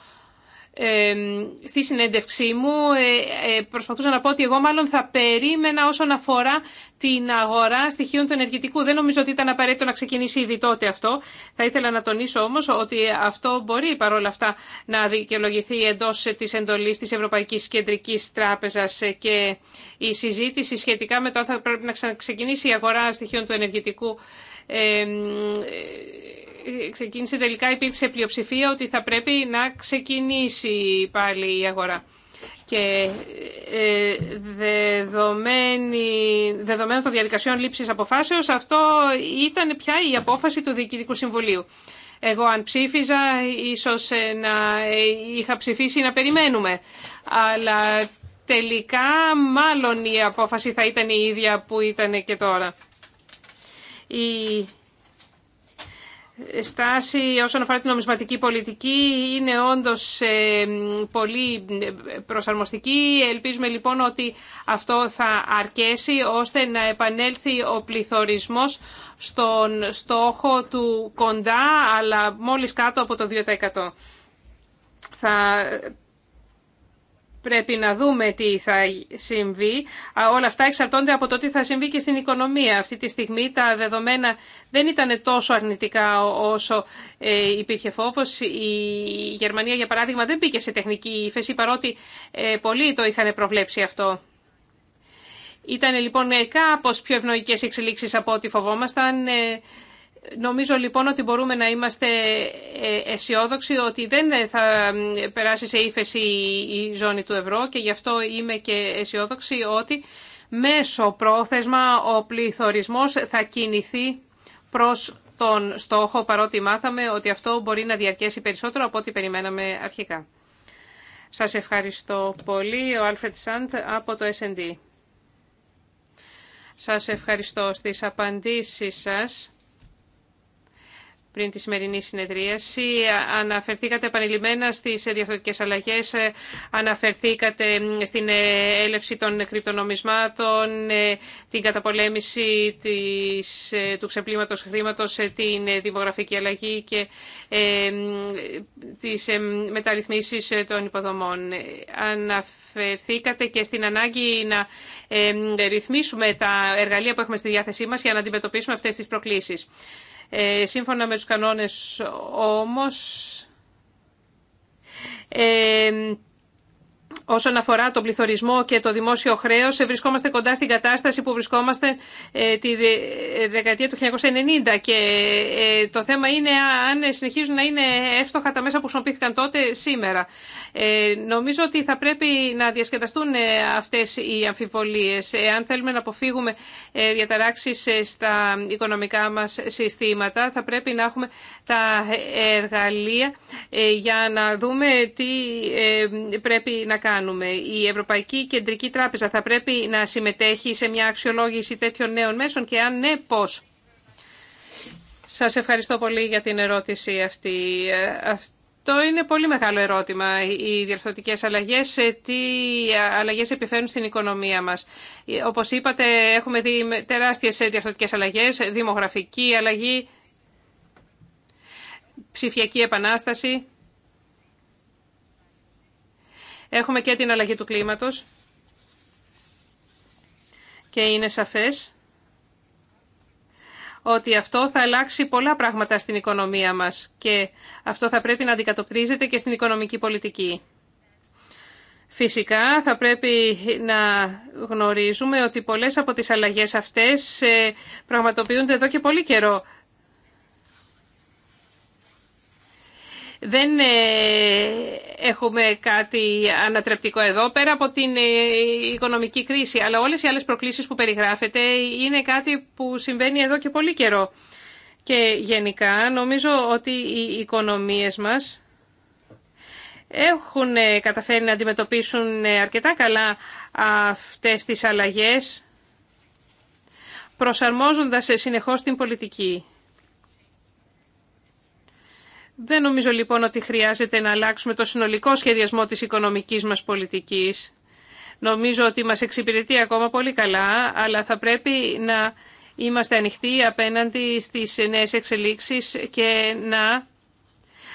Speaker 3: στη συνέντευξή μου ε, ε, προσπαθούσα να πω ότι εγώ μάλλον θα περίμενα όσον αφορά την αγορά στοιχείων του ενεργητικού. Δεν νομίζω ότι ήταν απαραίτητο να ξεκινήσει ήδη τότε αυτό. Θα ήθελα να τονίσω όμως ότι αυτό μπορεί παρόλα αυτά να δικαιολογηθεί εντό τη εντολή τη Ευρωπαϊκής Κεντρικής τράπεζα και η συζήτηση σχετικά με το αν θα πρέπει να ξεκινήσει η αγορά στοιχείων του ενεργητικού ξεκίνησε τελικά υπήρξε πλειοψηφία ότι θα πρέπει να ξεκινήσει πάλι η αγορά. Και ε, των διαδικασιών λήψης αποφάσεως αυτό ήταν πια η απόφαση του Διοικητικού Συμβουλίου. Εγώ αν ψήφιζα ίσως ε, να ε, είχα ψηφίσει να περιμένουμε. Αλλά τελικά μάλλον η απόφαση θα ήταν η ίδια που ήταν και τώρα. Η στάση όσον αφορά την νομισματική πολιτική είναι όντως ε, πολύ προσαρμοστική. Ελπίζουμε λοιπόν ότι αυτό θα αρκέσει ώστε να επανέλθει ο πληθωρισμός στον στόχο του κοντά αλλά μόλις κάτω από το 2%. Θα πρέπει να δούμε τι θα συμβεί. Όλα αυτά εξαρτώνται από το τι θα συμβεί και στην οικονομία. Αυτή τη στιγμή τα δεδομένα δεν ήταν τόσο αρνητικά όσο ε, υπήρχε φόβος. Η Γερμανία, για παράδειγμα, δεν μπήκε σε τεχνική ύφεση, παρότι ε, πολλοί το είχαν προβλέψει αυτό. Ήταν λοιπόν κάπως πιο ευνοϊκές εξελίξεις από ό,τι φοβόμασταν. Ε, Νομίζω λοιπόν ότι μπορούμε να είμαστε ε, αισιόδοξοι ότι δεν θα περάσει σε ύφεση η ζώνη του ευρώ και γι' αυτό είμαι και αισιόδοξη ότι μέσω πρόθεσμα ο πληθωρισμός θα κινηθεί προς τον στόχο παρότι μάθαμε ότι αυτό μπορεί να διαρκέσει περισσότερο από ό,τι περιμέναμε αρχικά. Σας ευχαριστώ πολύ, ο Άλφρετ Σαντ από το S&D. Σας ευχαριστώ στις απαντήσεις σας πριν τη σημερινή συνεδρίαση. Αναφερθήκατε επανειλημμένα στις διαφορετικές αλλαγέ. αναφερθήκατε στην έλευση των κρυπτονομισμάτων, την καταπολέμηση του ξεπλήματο χρήματο, την δημογραφική αλλαγή και ε, τις ε, των υποδομών. Αναφερθήκατε και στην ανάγκη να ε, ρυθμίσουμε τα εργαλεία που έχουμε στη διάθεσή μα για να αντιμετωπίσουμε αυτέ τι προκλήσει. Ε, σύμφωνα με τους κανόνες όμως ε, Όσον αφορά τον πληθωρισμό και το δημόσιο χρέος, βρισκόμαστε κοντά στην κατάσταση που βρισκόμαστε ε, τη ε, δεκαετία του 1990 και ε, το θέμα είναι αν συνεχίζουν να είναι εύστοχα τα μέσα που χρησιμοποιήθηκαν τότε σήμερα. Νομίζω ότι θα πρέπει να διασκεδαστούν αυτές οι αμφιβολίες αν θέλουμε να αποφύγουμε διαταράξεις στα οικονομικά μα συστήματα. Θα πρέπει να έχουμε τα εργαλεία για να δούμε τι πρέπει να κάνουμε. Η Ευρωπαϊκή Κεντρική Τράπεζα θα πρέπει να συμμετέχει σε μια αξιολόγηση τέτοιων νέων μέσων και αν ναι, πώς. Σας ευχαριστώ πολύ για την ερώτηση αυτή. Ε, αυτό είναι πολύ μεγάλο ερώτημα, οι διαρθρωτικές αλλαγές, ε, τι αλλαγές επιφέρουν στην οικονομία μας. Ε, όπως είπατε, έχουμε δει τεράστιες διαρθρωτικές αλλαγές, δημογραφική αλλαγή, ψηφιακή επανάσταση. Έχουμε και την αλλαγή του κλίματος και είναι σαφές ότι αυτό θα αλλάξει πολλά πράγματα στην οικονομία μας και αυτό θα πρέπει να αντικατοπτρίζεται και στην οικονομική πολιτική. Φυσικά θα πρέπει να γνωρίζουμε ότι πολλές από τις αλλαγές αυτές ε, πραγματοποιούνται εδώ και πολύ καιρό. Δεν ε, έχουμε κάτι ανατρεπτικό εδώ πέρα από την ε, οικονομική κρίση, αλλά όλες οι άλλες προκλήσεις που περιγράφεται είναι κάτι που συμβαίνει εδώ και πολύ καιρό. Και γενικά νομίζω ότι οι οικονομίες μας έχουν ε, καταφέρει να αντιμετωπίσουν αρκετά καλά αυτές τις αλλαγές, προσαρμόζοντας συνεχώς την πολιτική. Δεν νομίζω λοιπόν ότι χρειάζεται να αλλάξουμε το συνολικό σχεδιασμό της οικονομικής μας πολιτικής. Νομίζω ότι μας εξυπηρετεί ακόμα πολύ καλά, αλλά θα πρέπει να είμαστε ανοιχτοί απέναντι στις νέες εξελίξεις και να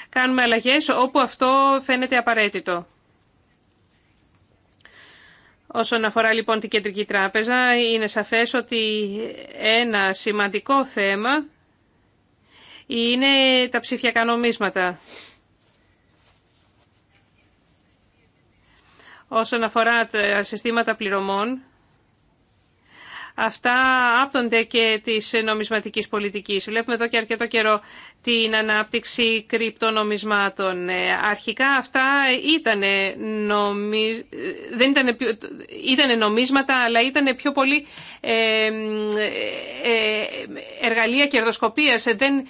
Speaker 3: κάνουμε αλλαγές όπου αυτό φαίνεται απαραίτητο. Όσον αφορά λοιπόν την Κεντρική Τράπεζα, είναι σαφές ότι ένα σημαντικό θέμα είναι τα ψηφιακά νομίσματα. Όσον αφορά τα συστήματα πληρωμών, αυτά άπτονται και της νομισματικής πολιτικής. Βλέπουμε εδώ και αρκετό καιρό την ανάπτυξη κρυπτονομισμάτων. Ε, αρχικά αυτά ήταν νομι... δεν ήτανε... ήτανε νομίσματα, αλλά ήταν πιο πολύ ε, ε, εργαλεία κερδοσκοπίας. Δεν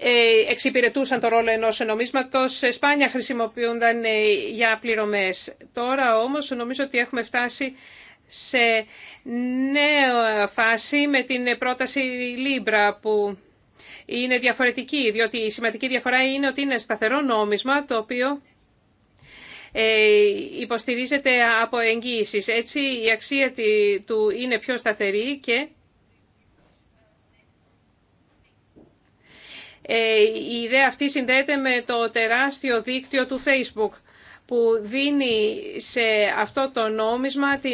Speaker 3: ε, εξυπηρετούσαν το ρόλο ενός νομίσματος, σπάνια χρησιμοποιούνταν ε, για πληρωμές. Τώρα όμως νομίζω ότι έχουμε φτάσει σε νέα φάση με την πρόταση Λίμπρα που είναι διαφορετική, διότι η σημαντική διαφορά είναι ότι είναι σταθερό νόμισμα το οποίο ε, υποστηρίζεται από εγγύησεις. Έτσι η αξία του είναι πιο σταθερή και Ε, η ιδέα αυτή συνδέεται με το τεράστιο δίκτυο του Facebook που δίνει σε αυτό το νόμισμα τη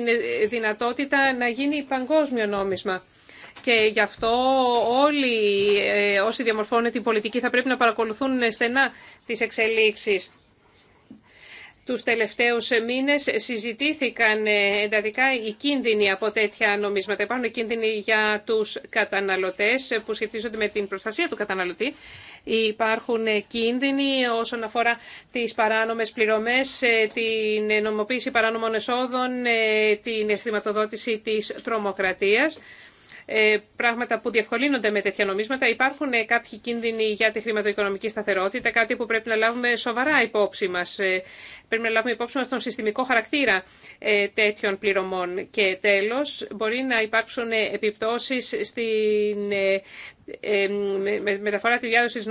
Speaker 3: δυνατότητα να γίνει παγκόσμιο νόμισμα. Και γι' αυτό όλοι ε, όσοι διαμορφώνουν την πολιτική θα πρέπει να παρακολουθούν στενά τις εξελίξεις τους τελευταίους μήνες συζητήθηκαν ε, εντατικά οι κίνδυνοι από τέτοια νομίσματα. Υπάρχουν κίνδυνοι για τους καταναλωτές που σχετίζονται με την προστασία του καταναλωτή. Υπάρχουν κίνδυνοι όσον αφορά τις παράνομες πληρωμές, ε, την νομοποίηση παράνομων εσόδων, ε, την χρηματοδότηση της τρομοκρατίας. Ε, πράγματα που διευκολύνονται με τέτοια νομίσματα. Υπάρχουν ε, κάποιοι κίνδυνοι για τη χρηματοοικονομική σταθερότητα, κάτι που πρέπει να λάβουμε σοβαρά υπόψη μα. Ε, πρέπει να λάβουμε υπόψη μα τον συστημικό χαρακτήρα τέτοιων πληρωμών. Και τέλο, μπορεί να υπάρξουν επιπτώσει στην μεταφορά τη διάδοση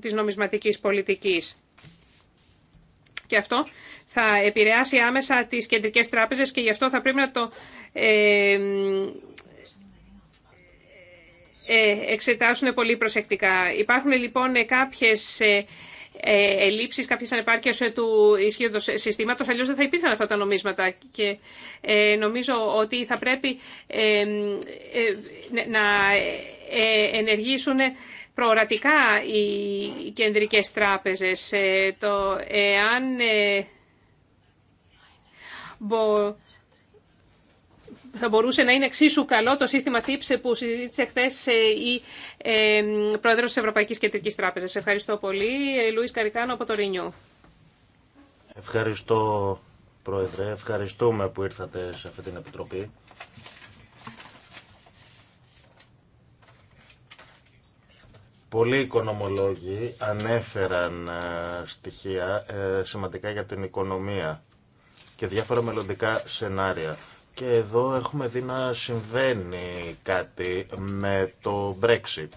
Speaker 3: της νομισματικής πολιτικής. Και αυτό θα επηρεάσει άμεσα τις κεντρικές τράπεζες και γι' αυτό θα πρέπει να το ε, εξετάσουν πολύ προσεκτικά. Υπάρχουν λοιπόν κάποιες ε, ε, ελλείψεις, κάποιες ανεπάρκειες του ισχύοντος συστήματος, αλλιώς δεν θα υπήρχαν αυτά τα νομίσματα. Και νομίζω ότι θα πρέπει να ενεργήσουν προορατικά οι κεντρικές τράπεζες. Το εάν θα μπορούσε να είναι εξίσου καλό το σύστημα TIPS που συζήτησε χθε ε, η ε, Πρόεδρο τη Ευρωπαϊκή Κεντρική Τράπεζα. Ευχαριστώ πολύ. Ε, Λουί Καρικάνο από το Ρινιού.
Speaker 2: Ευχαριστώ, Πρόεδρε. Ευχαριστούμε που ήρθατε σε αυτή την επιτροπή. Πολλοί οικονομολόγοι ανέφεραν ε, στοιχεία σημαντικά για την οικονομία και διάφορα μελλοντικά σενάρια. Και εδώ έχουμε δει να συμβαίνει κάτι με το Brexit.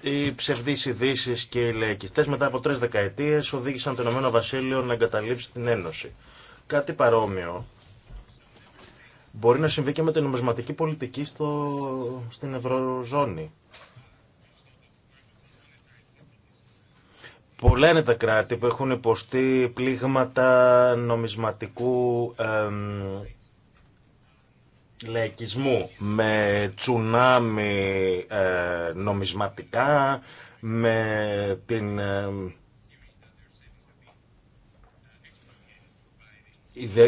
Speaker 2: Οι ψευδεί ειδήσει και οι λαϊκιστέ μετά από τρει δεκαετίε οδήγησαν το Ηνωμένο Βασίλειο να εγκαταλείψει την Ένωση. Κάτι παρόμοιο μπορεί να συμβεί και με την νομισματική πολιτική στο... στην Ευρωζώνη. Πολλά είναι τα κράτη που έχουν υποστεί πλήγματα νομισματικού εμ, λαϊκισμού με τσουνάμι ε, νομισματικά, με την... Ε,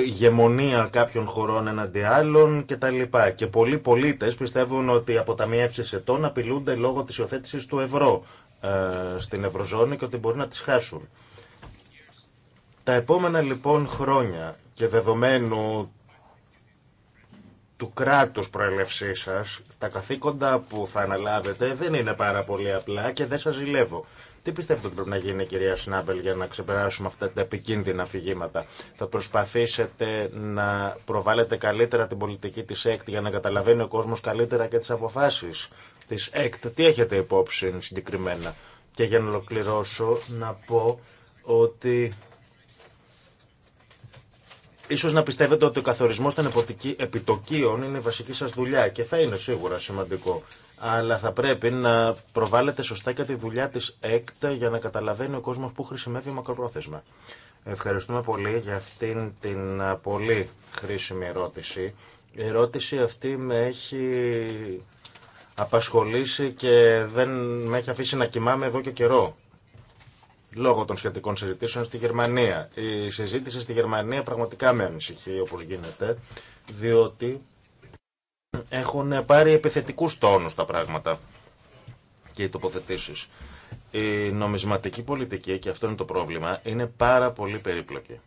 Speaker 2: ηγεμονία κάποιων χωρών εναντί άλλων κτλ. Και πολλοί πολίτες πιστεύουν ότι μία τόν ετών απειλούνται λόγω της υιοθέτηση του ευρώ. Ε, στην Ευρωζώνη και ότι μπορεί να τις χάσουν. Τα επόμενα λοιπόν χρόνια και δεδομένου του κράτους προέλευσή σας, τα καθήκοντα που θα αναλάβετε δεν είναι πάρα πολύ απλά και δεν σας ζηλεύω. Τι πιστεύετε ότι πρέπει να γίνει, κυρία Σνάμπελ, για να ξεπεράσουμε αυτά τα επικίνδυνα αφηγήματα. Θα προσπαθήσετε να προβάλλετε καλύτερα την πολιτική της έκτη για να καταλαβαίνει ο κόσμος καλύτερα και τι αποφάσει της ΕΚΤ. Τι έχετε υπόψη συγκεκριμένα. Και για να ολοκληρώσω να πω ότι ίσως να πιστεύετε ότι ο καθορισμός των επιτοκίων είναι η βασική σας δουλειά και θα είναι σίγουρα σημαντικό. Αλλά θα πρέπει να προβάλλετε σωστά και τη δουλειά της ΕΚΤ για να καταλαβαίνει ο κόσμος που χρησιμεύει μακροπρόθεσμα. Ευχαριστούμε πολύ για αυτήν την πολύ χρήσιμη ερώτηση. Η ερώτηση αυτή με έχει απασχολήσει και δεν με έχει αφήσει να κοιμάμαι εδώ και καιρό. Λόγω των σχετικών συζητήσεων στη Γερμανία. Η συζήτηση στη Γερμανία πραγματικά με ανησυχεί όπως γίνεται, διότι έχουν πάρει επιθετικούς τόνους τα πράγματα και οι τοποθετήσεις. Η νομισματική πολιτική, και αυτό είναι το πρόβλημα, είναι πάρα πολύ περίπλοκη.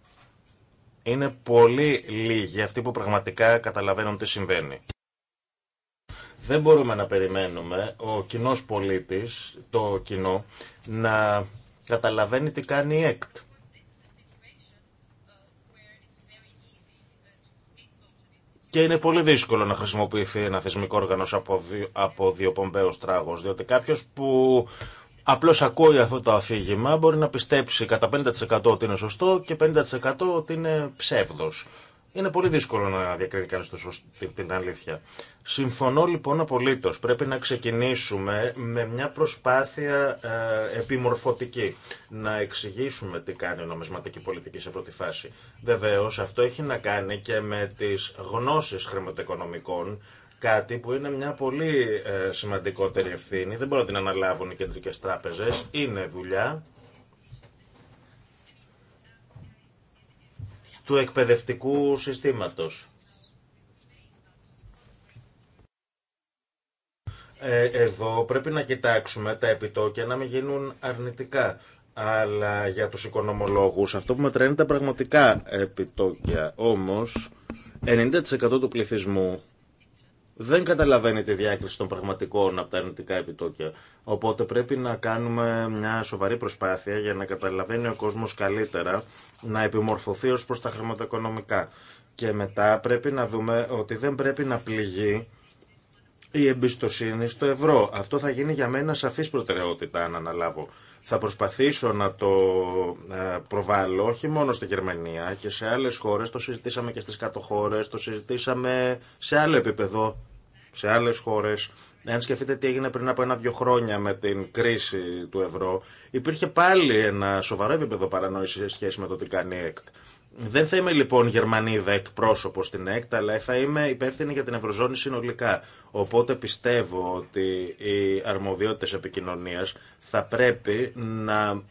Speaker 2: Είναι πολύ λίγοι αυτοί που πραγματικά καταλαβαίνουν τι συμβαίνει. Δεν μπορούμε να περιμένουμε ο κοινό πολίτη, το κοινό, να καταλαβαίνει τι κάνει η ΕΚΤ. Και είναι πολύ δύσκολο να χρησιμοποιηθεί ένα θεσμικό όργανο από, δι... από πομπαίου διότι κάποιο που απλώ ακούει αυτό το αφήγημα μπορεί να πιστέψει κατά 50% ότι είναι σωστό και 50% ότι είναι ψεύδος. Είναι πολύ δύσκολο να διακρίνει κανεί την αλήθεια. Συμφωνώ λοιπόν απολύτω. Πρέπει να ξεκινήσουμε με μια προσπάθεια ε, επιμορφωτική. Να εξηγήσουμε τι κάνει η νομισματική πολιτική σε πρώτη φάση. Βεβαίω αυτό έχει να κάνει και με τι γνώσει χρηματοοικονομικών. Κάτι που είναι μια πολύ ε, σημαντικότερη ευθύνη. Δεν μπορούν να την αναλάβουν οι κεντρικέ τράπεζε. Είναι δουλειά του εκπαιδευτικού συστήματος. Ε, εδώ πρέπει να κοιτάξουμε τα επιτόκια να μην γίνουν αρνητικά. Αλλά για τους οικονομολόγους αυτό που μετράει τα πραγματικά επιτόκια. Όμως 90% του πληθυσμού δεν καταλαβαίνει τη διάκριση των πραγματικών από τα αρνητικά επιτόκια. Οπότε πρέπει να κάνουμε μια σοβαρή προσπάθεια για να καταλαβαίνει ο κόσμος καλύτερα να επιμορφωθεί ως προς τα χρηματοοικονομικά. Και μετά πρέπει να δούμε ότι δεν πρέπει να πληγεί η εμπιστοσύνη στο ευρώ. Αυτό θα γίνει για μένα σαφής προτεραιότητα αν αναλάβω. Θα προσπαθήσω να το ε, προβάλλω όχι μόνο στη Γερμανία και σε άλλες χώρες, το συζητήσαμε και στις κάτω χώρες, το συζητήσαμε σε άλλο επίπεδο, σε άλλες χώρες Εάν σκεφτείτε τι έγινε πριν από ένα-δύο χρόνια με την κρίση του ευρώ, υπήρχε πάλι ένα σοβαρό επίπεδο παρανόηση σε σχέση με το τι κάνει η ΕΚΤ. Δεν θα είμαι λοιπόν Γερμανίδα εκπρόσωπο στην ΕΚΤ, αλλά θα είμαι υπεύθυνη για την Ευρωζώνη συνολικά. Οπότε πιστεύω ότι οι αρμοδιότητε επικοινωνία θα πρέπει να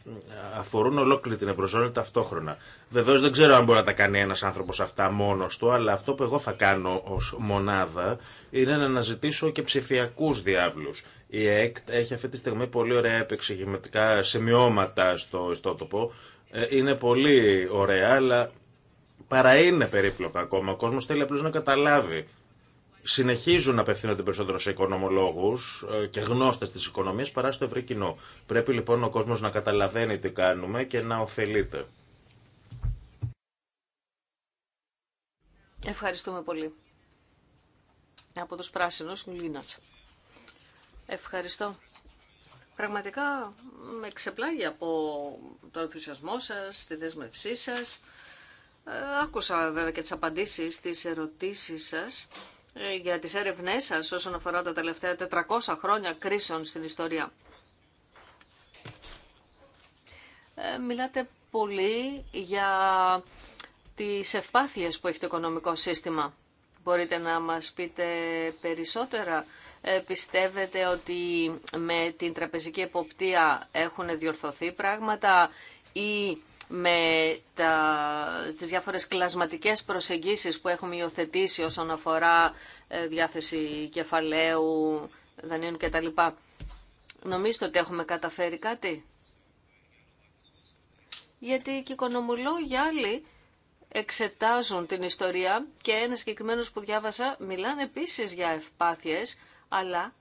Speaker 2: αφορούν ολόκληρη την Ευρωζώνη ταυτόχρονα. Βεβαίω δεν ξέρω αν μπορεί να τα κάνει ένα άνθρωπο αυτά μόνο του, αλλά αυτό που εγώ θα κάνω ω μονάδα είναι να αναζητήσω και ψηφιακού διάβλου. Η ΕΚΤ έχει αυτή τη στιγμή πολύ ωραία επεξηγηματικά σημειώματα στο ιστότοπο ε, είναι πολύ ωραία, αλλά παρά είναι περίπλοκα ακόμα. Ο κόσμος θέλει απλώ να καταλάβει. Συνεχίζουν να απευθύνονται περισσότερο σε οικονομολόγου ε, και γνώστε τη οικονομία παρά στο ευρύ κοινό. Πρέπει λοιπόν ο κόσμο να καταλαβαίνει τι κάνουμε και να ωφελείται.
Speaker 1: Ευχαριστούμε πολύ. Από τους πράσινους, Λίνας. Ευχαριστώ. Πραγματικά με ξεπλάγει από τον ενθουσιασμό σας, τη δέσμευσή σας. Ε, άκουσα βέβαια και τις απαντήσεις τις ερωτήσεις σας ε, για τις έρευνές σας όσον αφορά τα τελευταία 400 χρόνια κρίσεων στην ιστορία. Ε, μιλάτε πολύ για τις ευπάθειες που έχει το οικονομικό σύστημα. Μπορείτε να μας πείτε περισσότερα ε, πιστεύετε ότι με την τραπεζική εποπτεία έχουν διορθωθεί πράγματα ή με τα, τις διάφορες κλασματικές προσεγγίσεις που έχουμε υιοθετήσει όσον αφορά ε, διάθεση κεφαλαίου, δανείων κτλ. Νομίζετε ότι έχουμε καταφέρει κάτι? Γιατί και οικονομολόγοι άλλοι εξετάζουν την ιστορία και ένας συγκεκριμένο που διάβασα μιλάνε επίσης για ευπάθειες αλλά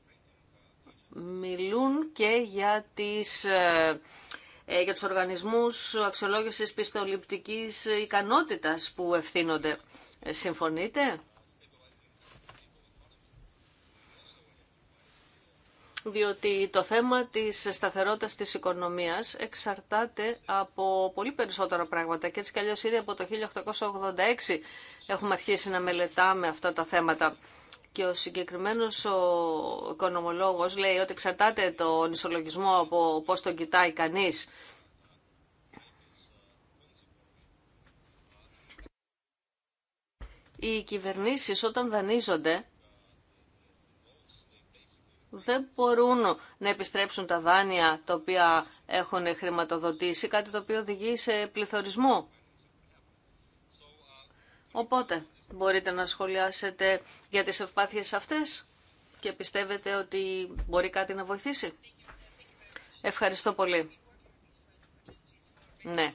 Speaker 1: μιλούν και για, τις, ε, ε, για τους οργανισμούς αξιολόγησης πιστοληπτικής ικανότητας που ευθύνονται. Ε, συμφωνείτε? διότι το θέμα της σταθερότητας της οικονομίας εξαρτάται από πολύ περισσότερα πράγματα και έτσι κι ήδη από το 1886 έχουμε αρχίσει να μελετάμε αυτά τα θέματα. Και ο συγκεκριμένο ο οικονομολόγος λέει ότι εξαρτάται τον ισολογισμό από πώ τον κοιτάει κανεί, Οι κυβερνήσεις όταν δανείζονται δεν μπορούν να επιστρέψουν τα δάνεια τα οποία έχουν χρηματοδοτήσει, κάτι το οποίο οδηγεί σε πληθωρισμό. Οπότε, Μπορείτε να σχολιάσετε για τις ευπάθειες αυτές και πιστεύετε ότι μπορεί κάτι να βοηθήσει. Ευχαριστώ πολύ. Ναι.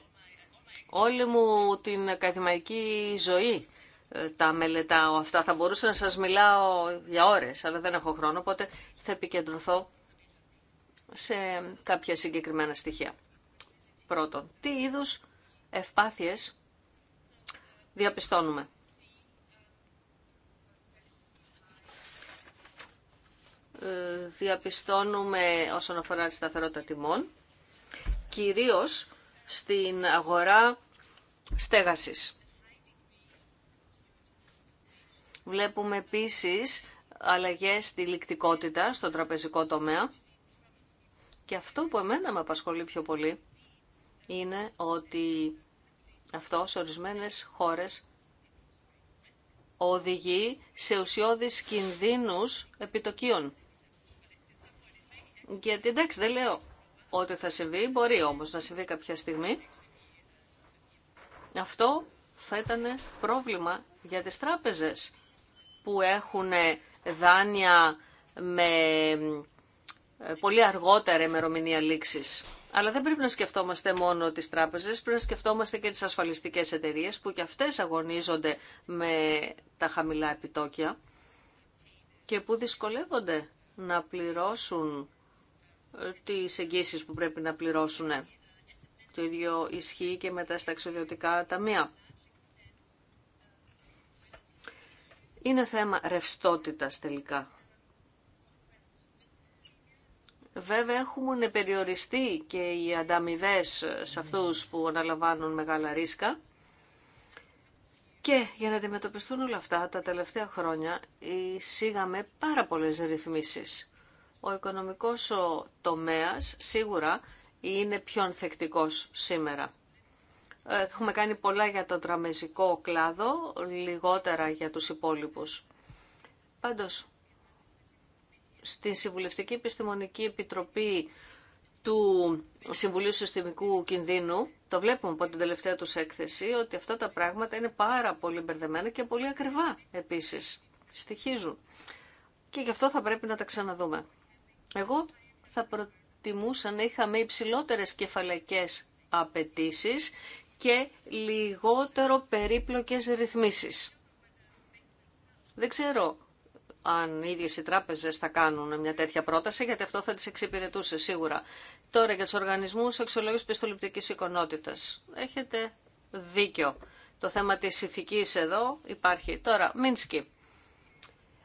Speaker 1: Όλη μου την ακαδημαϊκή ζωή ε, τα μελετάω αυτά. Θα μπορούσα να σας μιλάω για ώρες, αλλά δεν έχω χρόνο, οπότε θα επικεντρωθώ σε κάποια συγκεκριμένα στοιχεία. Πρώτον, τι είδους ευπάθειες διαπιστώνουμε. Ε, διαπιστώνουμε όσον αφορά τη σταθερότητα τιμών, κυρίως στην αγορά στέγασης. Βλέπουμε επίσης αλλαγές στη λικτικότητα στον τραπεζικό τομέα και αυτό που εμένα με απασχολεί πιο πολύ είναι ότι αυτό σε ορισμένες χώρες οδηγεί σε ουσιώδεις κινδύνους επιτοκίων. Γιατί εντάξει δεν λέω ότι θα συμβεί, μπορεί όμως να συμβεί κάποια στιγμή. Αυτό θα ήταν πρόβλημα για τις τράπεζες που έχουν δάνεια με ε, πολύ αργότερα ημερομηνία λήξης. Αλλά δεν πρέπει να σκεφτόμαστε μόνο τις τράπεζες, πρέπει να σκεφτόμαστε και τις ασφαλιστικές εταιρείες που και αυτές αγωνίζονται με τα χαμηλά επιτόκια και που δυσκολεύονται να πληρώσουν τις εγγύσεις που πρέπει να πληρώσουν. Το ίδιο ισχύει και μετά στα εξωδιωτικά ταμεία. Είναι θέμα ρευστότητας τελικά. Βέβαια έχουν περιοριστεί και οι ανταμοιβέ σε αυτούς που αναλαμβάνουν μεγάλα ρίσκα. Και για να αντιμετωπιστούν όλα αυτά, τα τελευταία χρόνια εισήγαμε πάρα πολλές ρυθμίσεις. Ο οικονομικός τομέας σίγουρα είναι πιο ανθεκτικός σήμερα. Έχουμε κάνει πολλά για τον τραμεζικό κλάδο, λιγότερα για τους υπόλοιπους. Πάντως, στη Συμβουλευτική Επιστημονική Επιτροπή του Συμβουλίου Συστημικού Κινδύνου, το βλέπουμε από την τελευταία τους έκθεση, ότι αυτά τα πράγματα είναι πάρα πολύ μπερδεμένα και πολύ ακριβά επίσης. Στοιχίζουν. Και γι' αυτό θα πρέπει να τα ξαναδούμε. Εγώ θα προτιμούσα να είχαμε υψηλότερες κεφαλαϊκές απαιτήσει και λιγότερο περίπλοκες ρυθμίσεις. Δεν ξέρω αν οι ίδιες οι τράπεζες θα κάνουν μια τέτοια πρόταση, γιατί αυτό θα τις εξυπηρετούσε σίγουρα. Τώρα για τους οργανισμούς αξιολόγηση πιστοληπτικής εικονότητας. Έχετε δίκιο. Το θέμα της ηθικής εδώ υπάρχει. Τώρα, Μίνσκι.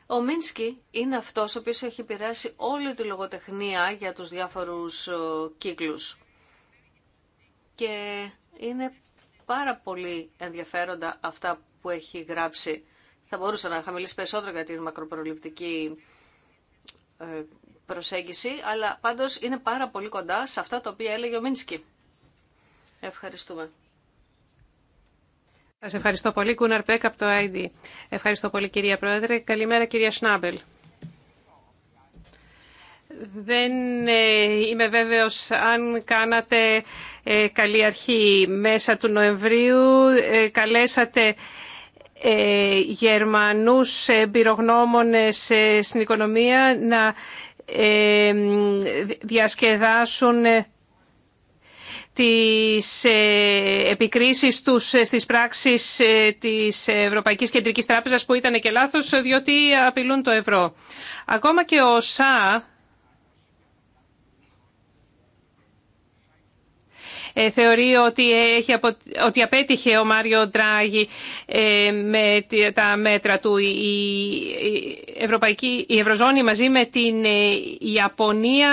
Speaker 1: Ο Μίνσκι είναι αυτός ο οποίος έχει επηρεάσει όλη τη λογοτεχνία για τους διάφορους ε, κύκλους. Και είναι πάρα πολύ ενδιαφέροντα αυτά που έχει γράψει. Θα μπορούσα να είχα μιλήσει περισσότερο για την μακροπροληπτική ε, προσέγγιση, αλλά πάντως είναι πάρα πολύ κοντά σε αυτά τα οποία έλεγε ο Μίνσκι. Ευχαριστούμε.
Speaker 3: Σας ευχαριστώ πολύ. Κούναρ Πέκ από το ID. Ευχαριστώ πολύ κυρία Πρόεδρε. Καλημέρα κυρία Σνάμπελ. Δεν ε, είμαι βέβαιος αν κάνατε ε, καλή αρχή. Μέσα του Νοεμβρίου ε, καλέσατε Γερμανούς εμπειρογνώμονες στην οικονομία να διασκεδάσουν τις ε, επικρίσεις τους ε, στις πράξεις ε, της Ευρωπαϊκής Κεντρικής Τράπεζας που ήταν και λάθος διότι απειλούν το ευρώ. Ακόμα και ο ΣΑ Ε, θεωρεί ότι, έχει απο... ότι απέτυχε ο Μάριο Ντράγη ε, με τα μέτρα του. Η, Ευρωπαϊκή... η Ευρωζώνη μαζί με την ε, Ιαπωνία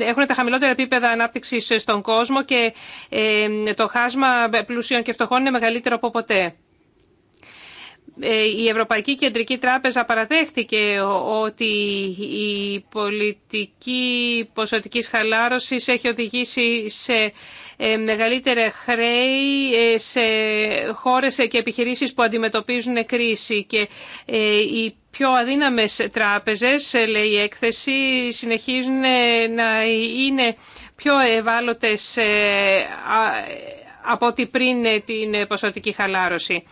Speaker 3: έχουν τα χαμηλότερα επίπεδα ανάπτυξης στον κόσμο και το χάσμα πλουσίων και φτωχών είναι μεγαλύτερο από ποτέ. Ε, η Ευρωπαϊκή Κεντρική Τράπεζα παραδέχτηκε ότι η πολιτική ποσοτική χαλάρωσης έχει οδηγήσει σε ε, μεγαλύτερα χρέη ε, σε χώρες και επιχειρήσεις που αντιμετωπίζουν κρίση και οι πιο αδύναμες τράπεζες, λέει η έκθεση, συνεχίζουν να είναι πιο ευάλωτες από ό,τι πριν την ποσοτική χαλάρωση.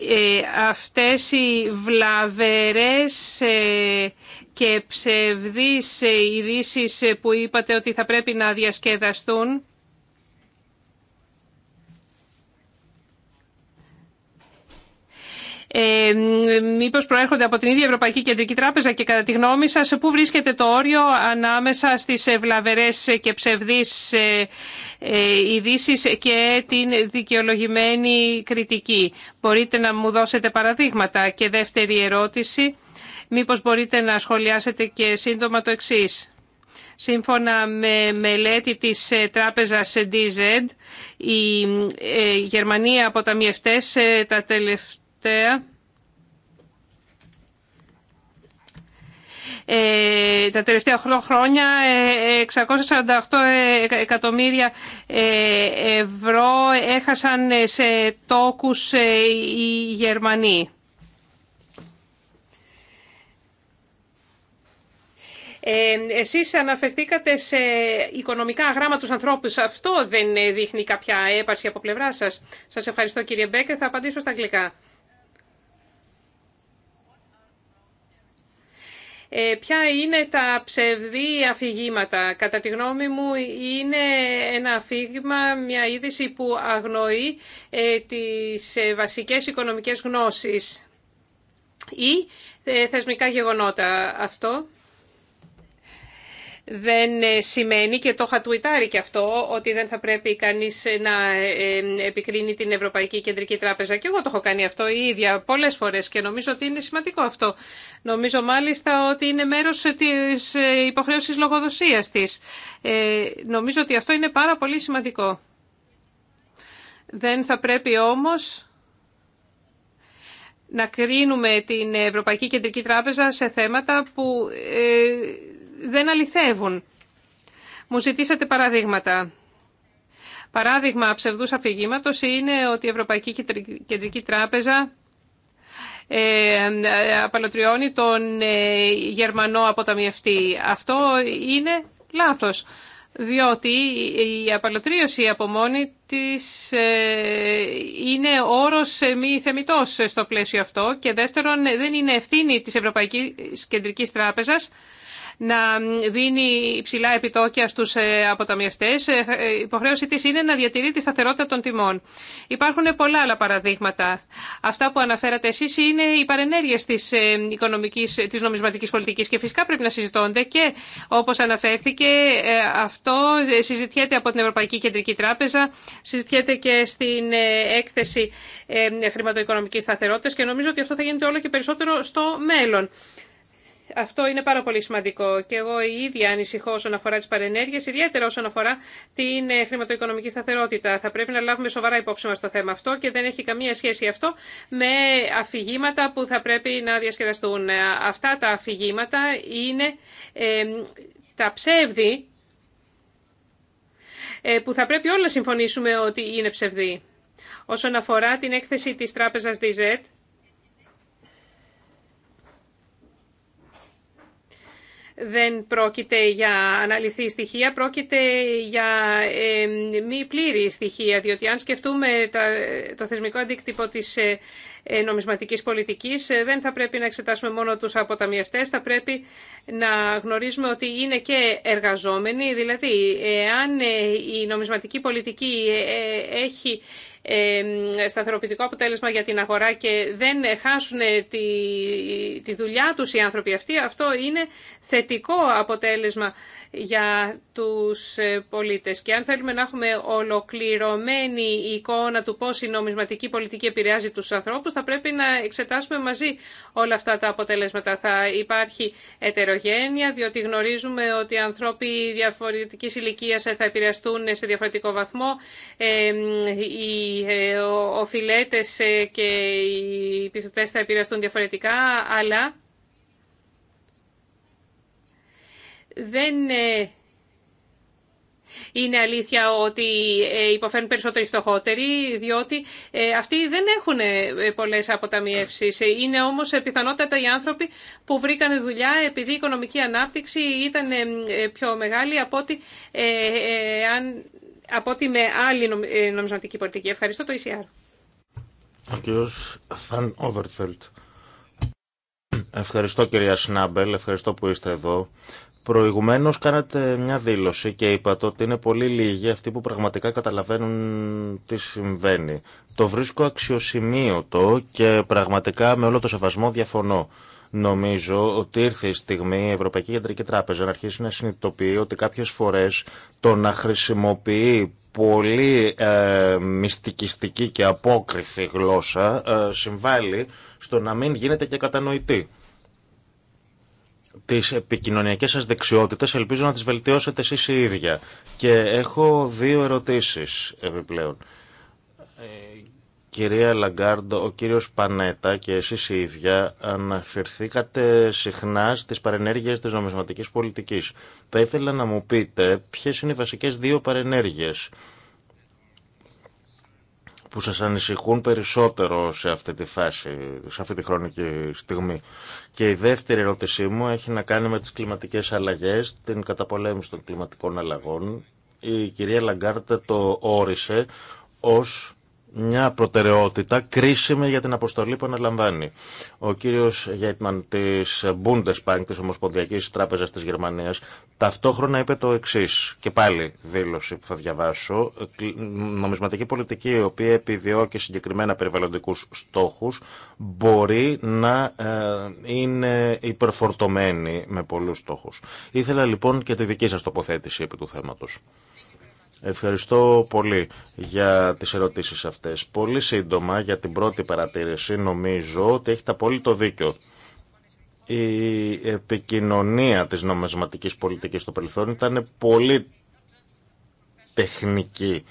Speaker 3: Ε, αυτές οι βλαβερές ε, και ψευδείς ε, ειδήσει που είπατε ότι θα πρέπει να διασκεδαστούν Ε, μήπως προέρχονται από την ίδια Ευρωπαϊκή Κεντρική Τράπεζα και κατά τη γνώμη σας πού βρίσκεται το όριο ανάμεσα στις ευλαβερές και ψευδείς ε, ε, ειδήσει και την δικαιολογημένη κριτική. Μπορείτε να μου δώσετε παραδείγματα. Και δεύτερη ερώτηση, μήπως μπορείτε να σχολιάσετε και σύντομα το εξής. Σύμφωνα με μελέτη της τράπεζας DZ, η Γερμανία αποταμιευτές τα τελευταία ε, τα τελευταία χρόνια 648 ε, ε, εκατομμύρια ευρώ έχασαν σε τόκους οι Γερμανοί. Ε, εσείς αναφερθήκατε σε οικονομικά αγράμματους ανθρώπους. Αυτό δεν δείχνει κάποια έπαρση από πλευρά σας. Σας ευχαριστώ κύριε Μπέκε. Θα απαντήσω στα αγγλικά. Ε, ποια είναι τα ψευδή αφηγήματα. Κατά τη γνώμη μου είναι ένα αφήγημα, μια είδηση που αγνοεί ε, τις ε, βασικές οικονομικές γνώσεις ή θεσμικά γεγονότα. Αυτό δεν ε, σημαίνει, και το είχα τουιτάρει και αυτό, ότι δεν θα πρέπει κανείς ε, να ε, επικρίνει την Ευρωπαϊκή Κεντρική Τράπεζα. Και εγώ το έχω κάνει αυτό η ίδια πολλές φορές και νομίζω ότι είναι σημαντικό αυτό. Νομίζω μάλιστα ότι είναι μέρος της υποχρέωσης λογοδοσίας της. Νομίζω ότι αυτό είναι πάρα πολύ σημαντικό. Δεν θα πρέπει όμως να κρίνουμε την Ευρωπαϊκή Κεντρική Τράπεζα σε θέματα που δεν αληθεύουν. Μου ζητήσατε παραδείγματα. Παράδειγμα ψευδούς αφηγήματος είναι ότι η Ευρωπαϊκή Κεντρική Τράπεζα ε, ε, απαλωτριώνει τον ε, Γερμανό αποταμιευτή. Αυτό είναι λάθος, διότι η απαλωτρίωση από μόνη της ε, είναι όρος μη θεμητός στο πλαίσιο αυτό και δεύτερον δεν είναι ευθύνη της Ευρωπαϊκής Κεντρικής Τράπεζας να δίνει υψηλά επιτόκια στου ε, αποταμιευτέ. Ε, ε, η Υποχρέωση τη είναι να διατηρεί τη σταθερότητα των τιμών. Υπάρχουν πολλά άλλα παραδείγματα. Αυτά που αναφέρατε εσεί είναι οι παρενέργειε τη οικονομική, της νομισματική πολιτική και φυσικά πρέπει να συζητώνται και όπω αναφέρθηκε αυτό συζητιέται από την Ευρωπαϊκή Κεντρική Τράπεζα, συζητιέται και στην έκθεση χρηματοοικονομικής σταθερότητα και νομίζω ότι αυτό θα γίνεται όλο και περισσότερο στο μέλλον. Αυτό είναι πάρα πολύ σημαντικό και εγώ η ίδια ανησυχώ όσον αφορά τι παρενέργειε, ιδιαίτερα όσον αφορά την ε, χρηματοοικονομική σταθερότητα. Θα πρέπει να λάβουμε σοβαρά υπόψη μας το θέμα αυτό και δεν έχει καμία σχέση αυτό με αφηγήματα που θα πρέπει να διασκεδαστούν. Ε, αυτά τα αφηγήματα είναι ε, τα ψεύδη που θα πρέπει όλοι να συμφωνήσουμε ότι είναι ψευδή. Όσον αφορά την έκθεση της τράπεζας DZ, δεν πρόκειται για αναλυθή στοιχεία, πρόκειται για μη πλήρη στοιχεία, διότι αν σκεφτούμε το θεσμικό αντίκτυπο της ε, ε, νομισματικής πολιτικής, ε, δεν θα πρέπει να εξετάσουμε μόνο τους αποταμιευτές, θα πρέπει να γνωρίζουμε ότι είναι και εργαζόμενοι, δηλαδή αν η νομισματική πολιτική έχει σταθεροποιητικό αποτέλεσμα για την αγορά και δεν χάσουν τη, τη δουλειά τους οι άνθρωποι αυτοί, αυτό είναι θετικό αποτέλεσμα για τους ε, πολίτες. Και αν θέλουμε να έχουμε ολοκληρωμένη εικόνα του πώς η νομισματική πολιτική επηρεάζει τους ανθρώπους, θα πρέπει να εξετάσουμε μαζί όλα αυτά τα αποτελέσματα. Θα υπάρχει ετερογένεια, διότι γνωρίζουμε ότι οι ανθρώποι διαφορετικής ηλικίας ε, θα επηρεαστούν σε διαφορετικό βαθμό. Ε, οι οφειλέτες και οι πιστωτές θα επηρεαστούν διαφορετικά, αλλά δεν ε, είναι αλήθεια ότι ε, υποφέρουν περισσότεροι στοχότεροι, διότι ε, αυτοί δεν έχουν πολλές αποταμιεύσεις. Είναι όμως πιθανότατα οι άνθρωποι που βρήκαν δουλειά επειδή η οικονομική ανάπτυξη ήταν πιο μεγάλη από ότι, από με άλλη νομισματική πολιτική. Ευχαριστώ το ECR.
Speaker 2: Ο κύριος Φαν Όβερτφελτ. Ευχαριστώ κυρία Σνάμπελ, ευχαριστώ που είστε εδώ. Προηγουμένως κάνατε μια δήλωση και είπατε ότι είναι πολύ λίγοι αυτοί που πραγματικά καταλαβαίνουν τι συμβαίνει. Το βρίσκω αξιοσημείωτο και πραγματικά με όλο το σεβασμό διαφωνώ. Νομίζω ότι ήρθε η στιγμή η Ευρωπαϊκή Κεντρική Τράπεζα να αρχίσει να συνειδητοποιεί ότι κάποιες φορές το να χρησιμοποιεί πολύ ε, μυστικιστική και απόκριφη γλώσσα ε, συμβάλλει στο να μην γίνεται και κατανοητή τις επικοινωνιακές σας δεξιότητες ελπίζω να τις βελτιώσετε εσείς οι ίδια. Και έχω δύο ερωτήσεις επιπλέον. Ε, κυρία Λαγκάρντο, ο κύριος Πανέτα και εσείς οι ίδια αναφερθήκατε συχνά στις παρενέργειες της νομισματικής πολιτικής. Θα ήθελα να μου πείτε ποιες είναι οι βασικές δύο παρενέργειες που σας ανησυχούν περισσότερο σε αυτή τη φάση, σε αυτή τη χρονική στιγμή. Και η δεύτερη ερώτησή μου έχει να κάνει με τις κλιματικές αλλαγές, την καταπολέμηση των κλιματικών αλλαγών. Η κυρία Λαγκάρτα το όρισε ως μια προτεραιότητα κρίσιμη για την αποστολή που αναλαμβάνει. Ο κύριο Γέιτμαν τη Bundesbank, τη Ομοσπονδιακή Τράπεζα τη Γερμανία, ταυτόχρονα είπε το εξή και πάλι δήλωση που θα διαβάσω, νομισματική πολιτική η οποία επιδιώκει συγκεκριμένα περιβαλλοντικού στόχου, μπορεί να ε, είναι υπερφορτωμένη με πολλού στόχου. Ήθελα λοιπόν και τη δική σα τοποθέτηση επί του θέματο. Ευχαριστώ πολύ για τις ερωτήσεις αυτές. Πολύ σύντομα για την πρώτη παρατήρηση νομίζω ότι έχετε το δίκιο. Η επικοινωνία της νομισματικής πολιτικής στο παρελθόν ήταν πολύ τεχνική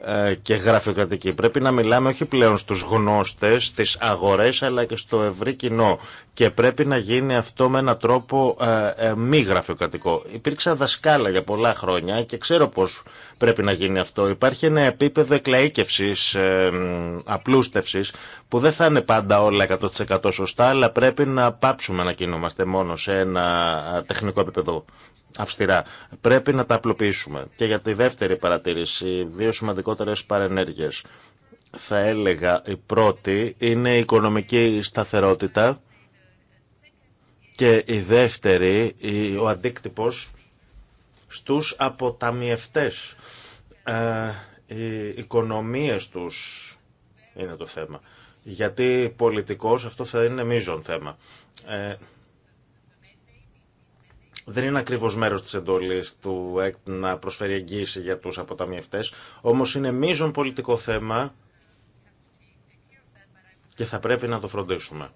Speaker 2: ε, και γραφειοκρατική. Πρέπει να μιλάμε όχι πλέον στους γνώστες, στις αγορές, αλλά και στο ευρύ κοινό. Και πρέπει να γίνει αυτό με έναν τρόπο ε, ε, μη γραφειοκρατικό. Υπήρξα δασκάλα για πολλά χρόνια και ξέρω πώς πρέπει να γίνει αυτό. Υπάρχει ένα επίπεδο εκλαίκευσης, απλούστευσης, που δεν θα είναι πάντα όλα 100% σωστά, αλλά πρέπει να πάψουμε να κινούμαστε μόνο σε ένα τεχνικό επίπεδο αυστηρά. Πρέπει να τα απλοποιήσουμε. Και για τη δεύτερη παρατήρηση, δύο σημαντικότερες παρενέργειες. Θα έλεγα η πρώτη είναι η οικονομική σταθερότητα και η δεύτερη, ο αντίκτυπος στους αποταμιευτές. Ε, οι οικονομίες τους είναι το θέμα. Γιατί πολιτικός αυτό θα είναι μείζον θέμα. Ε, δεν είναι ακριβώ μέρο τη εντολή του ΕΚΤ να προσφέρει εγγύηση για του αποταμιευτέ, όμω είναι μείζον πολιτικό θέμα και θα πρέπει να το φροντίσουμε.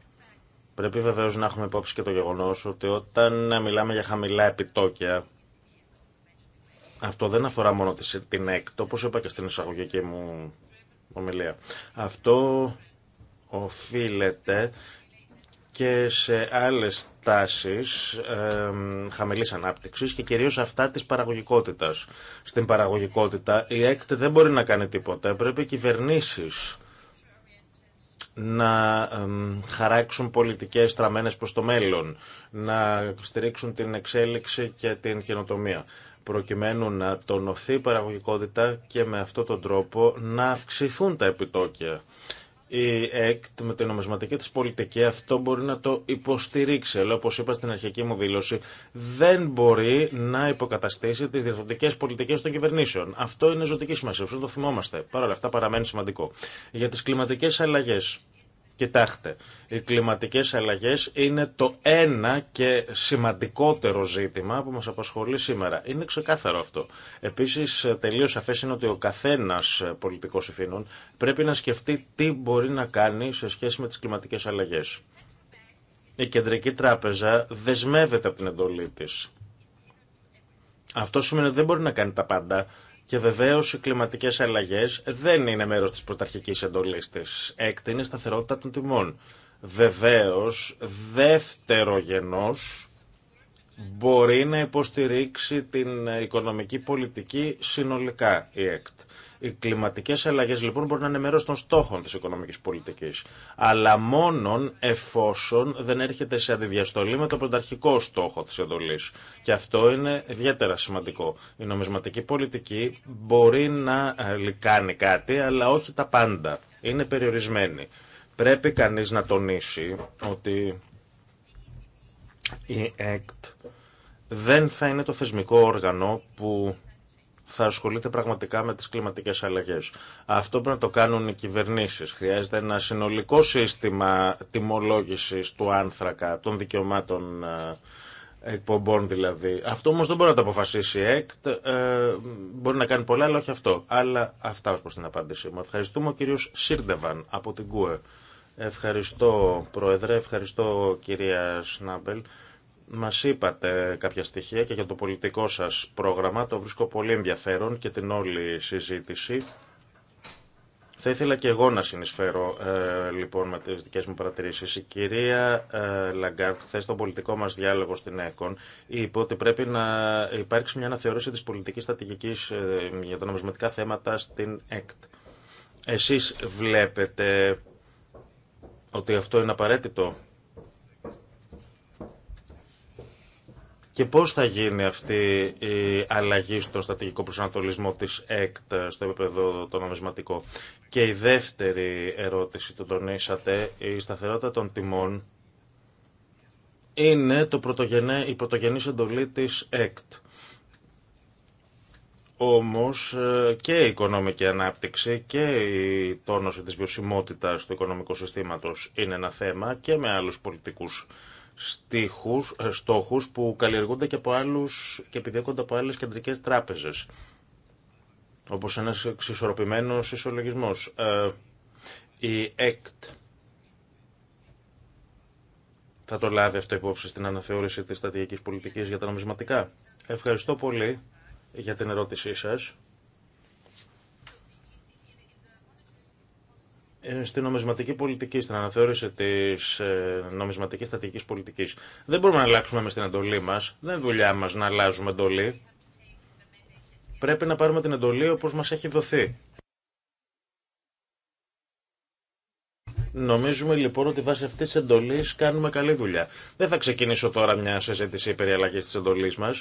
Speaker 2: Πρέπει βεβαίω να έχουμε υπόψη και το γεγονό ότι όταν μιλάμε για χαμηλά επιτόκια, αυτό δεν αφορά μόνο την ΕΚΤ, όπω είπα και στην εισαγωγική μου ομιλία. Αυτό οφείλεται και σε άλλες τάσεις ε, χαμηλής ανάπτυξης και κυρίως αυτά της παραγωγικότητας. Στην παραγωγικότητα η ΕΚΤ δεν μπορεί να κάνει τίποτα. Πρέπει οι κυβερνήσεις να χαράξουν πολιτικές στραμμένες προς το μέλλον, να στηρίξουν την εξέλιξη και την καινοτομία προκειμένου να τονωθεί η παραγωγικότητα και με αυτόν τον τρόπο να αυξηθούν τα επιτόκια η ΕΚΤ με την νομισματική της πολιτική αυτό μπορεί να το υποστηρίξει. Αλλά όπως είπα στην αρχική μου δήλωση δεν μπορεί να υποκαταστήσει τις διευθυντικές πολιτικές των κυβερνήσεων. Αυτό είναι ζωτική σημασία, αυτό το θυμόμαστε. Παρ' όλα αυτά παραμένει σημαντικό. Για τις κλιματικές αλλαγές Κοιτάξτε, οι κλιματικές αλλαγές είναι το ένα και σημαντικότερο ζήτημα που μας απασχολεί σήμερα. Είναι ξεκάθαρο αυτό. Επίσης, τελείως σαφές είναι ότι ο καθένας πολιτικός ευθύνων πρέπει να σκεφτεί τι μπορεί να κάνει σε σχέση με τις κλιματικές αλλαγές. Η Κεντρική Τράπεζα δεσμεύεται από την εντολή τη Αυτό σημαίνει ότι δεν μπορεί να κάνει τα πάντα και βεβαίω οι κλιματικέ αλλαγέ δεν είναι μέρο τη πρωταρχική εντολή τη. Έκτη είναι σταθερότητα των τιμών. Βεβαίω, δεύτερο γενός μπορεί να υποστηρίξει την οικονομική πολιτική συνολικά η ΕΚΤ. Οι κλιματικέ αλλαγέ λοιπόν μπορεί να είναι μέρο των στόχων τη οικονομική πολιτική. Αλλά μόνον εφόσον δεν έρχεται σε αντιδιαστολή με τον πρωταρχικό στόχο τη εντολή. Και αυτό είναι ιδιαίτερα σημαντικό. Η νομισματική πολιτική μπορεί να ε, κάνει κάτι, αλλά όχι τα πάντα. Είναι περιορισμένη. Πρέπει κανείς να τονίσει ότι η ΕΚΤ δεν θα είναι το θεσμικό όργανο που θα ασχολείται πραγματικά με τις κλιματικές αλλαγές. Αυτό πρέπει να το κάνουν οι κυβερνήσεις. Χρειάζεται ένα συνολικό σύστημα τιμολόγησης του άνθρακα, των δικαιωμάτων ε, εκπομπών δηλαδή. Αυτό όμως δεν μπορεί να το αποφασίσει η ΕΚΤ. Ε, μπορεί να κάνει πολλά, αλλά όχι αυτό. Αλλά αυτά ως προς την απάντησή μου. Ευχαριστούμε ο κύριος Σίρντεβαν από την ΚΟΕ. Ευχαριστώ Πρόεδρε, ευχαριστώ κυρία Σνάμπελ. Μας είπατε κάποια στοιχεία και για το πολιτικό σας πρόγραμμα. Το βρίσκω πολύ ενδιαφέρον και την όλη συζήτηση. Θα ήθελα και εγώ να συνεισφέρω ε, λοιπόν με τις δικές μου παρατηρήσεις. Η κυρία ε, Λαγκάρτ, χθε στον πολιτικό μας διάλογο στην ΕΚΟΝ, είπε ότι πρέπει να υπάρξει μια αναθεώρηση της πολιτικής στρατηγικής ε, για τα νομισματικά θέματα στην ΕΚΤ. Εσείς βλέπετε ότι αυτό είναι απαραίτητο Και πώς θα γίνει αυτή η αλλαγή στο στατικικό προσανατολισμό της ΕΚΤ στο επίπεδο το νομισματικό. Και η δεύτερη ερώτηση που τονίσατε, η σταθερότητα των τιμών είναι το πρωτογενέ, η πρωτογενής εντολή της ΕΚΤ. Όμως ε, και η οικονομική ανάπτυξη και η τόνωση της βιωσιμότητας του οικονομικού συστήματος είναι ένα θέμα και με άλλους πολιτικούς στίχους, ε, στόχους που καλλιεργούνται και, από και επιδιώκονται από άλλες κεντρικές τράπεζες. Όπως ένας εξισορροπημένος ισολογισμός. Ε, η ΕΚΤ θα το λάβει αυτό υπόψη στην αναθεώρηση της στρατηγικής πολιτικής για τα νομισματικά. Ευχαριστώ πολύ για την ερώτησή σας. στην νομισματική πολιτική, στην αναθεώρηση τη ε, νομισματική στατική πολιτική. Δεν μπορούμε να αλλάξουμε με στην εντολή μα. Δεν είναι δουλειά μα να αλλάζουμε εντολή. Πρέπει να πάρουμε την εντολή όπω μα έχει δοθεί. Νομίζουμε λοιπόν ότι βάσει αυτή τη εντολή κάνουμε καλή δουλειά. Δεν θα ξεκινήσω τώρα μια συζήτηση περί αλλαγή τη εντολή μα.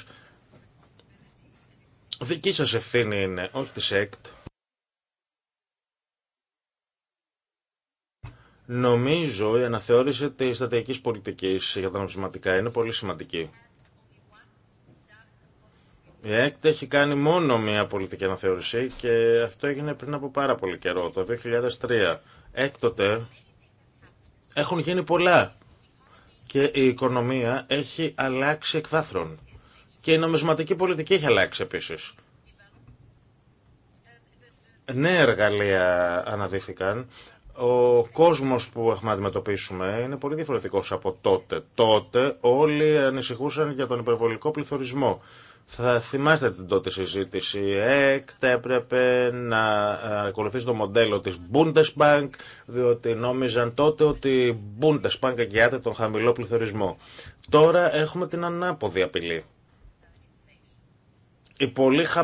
Speaker 2: Δική σα ευθύνη είναι, όχι τη ΕΚΤ. Νομίζω η αναθεώρηση τη στρατηγική πολιτική για τα νομισματικά είναι πολύ σημαντική. Η ΕΚΤ έχει κάνει μόνο μία πολιτική αναθεώρηση και αυτό έγινε πριν από πάρα πολύ καιρό, το 2003. Έκτοτε έχουν γίνει πολλά και η οικονομία έχει αλλάξει εκβάθρων. Και η νομισματική πολιτική έχει αλλάξει επίσης. Νέα εργαλεία αναδύθηκαν ο κόσμος που έχουμε να αντιμετωπίσουμε είναι πολύ διαφορετικός από τότε. Τότε όλοι ανησυχούσαν για τον υπερβολικό πληθωρισμό. Θα θυμάστε την τότε συζήτηση. Η ε, έπρεπε να ακολουθήσει το μοντέλο της Bundesbank, διότι νόμιζαν τότε ότι η Bundesbank αγκιάται τον χαμηλό πληθωρισμό. Τώρα έχουμε την ανάποδη απειλή.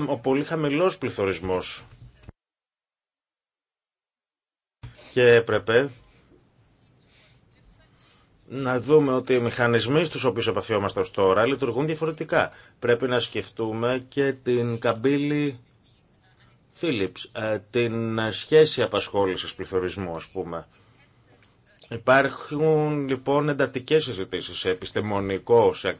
Speaker 2: ο πολύ χαμηλός πληθωρισμός Και έπρεπε να δούμε ότι οι μηχανισμοί στους οποίους επαφιόμαστε ως τώρα λειτουργούν διαφορετικά. Πρέπει να σκεφτούμε και την καμπύλη Φιλίπς, ε, την σχέση απασχόλησης πληθωρισμού ας πούμε. Υπάρχουν λοιπόν εντατικέ συζητήσει σε επιστημονικό, σε, ε,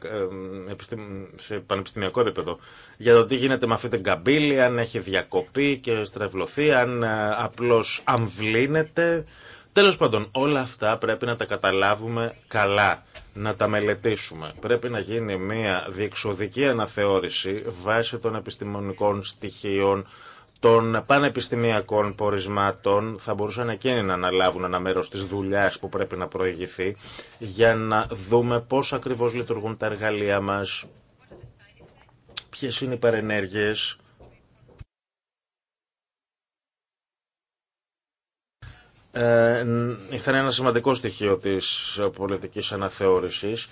Speaker 2: ε, σε πανεπιστημιακό επίπεδο για το τι γίνεται με αυτή την καμπύλη, αν έχει διακοπεί και στρεβλωθεί, αν ε, απλώ αμβλύνεται. Τέλο πάντων, όλα αυτά πρέπει να τα καταλάβουμε καλά, να τα μελετήσουμε. Πρέπει να γίνει μια διεξοδική αναθεώρηση βάσει των επιστημονικών στοιχείων των πανεπιστημιακών πορισμάτων θα μπορούσαν εκείνοι να αναλάβουν ένα μέρος της δουλειάς που πρέπει να προηγηθεί για να δούμε πώς ακριβώς λειτουργούν τα εργαλεία μας, ποιες είναι οι παρενέργειες, Ε, ήταν ένα σημαντικό στοιχείο της πολιτικής αναθεώρησης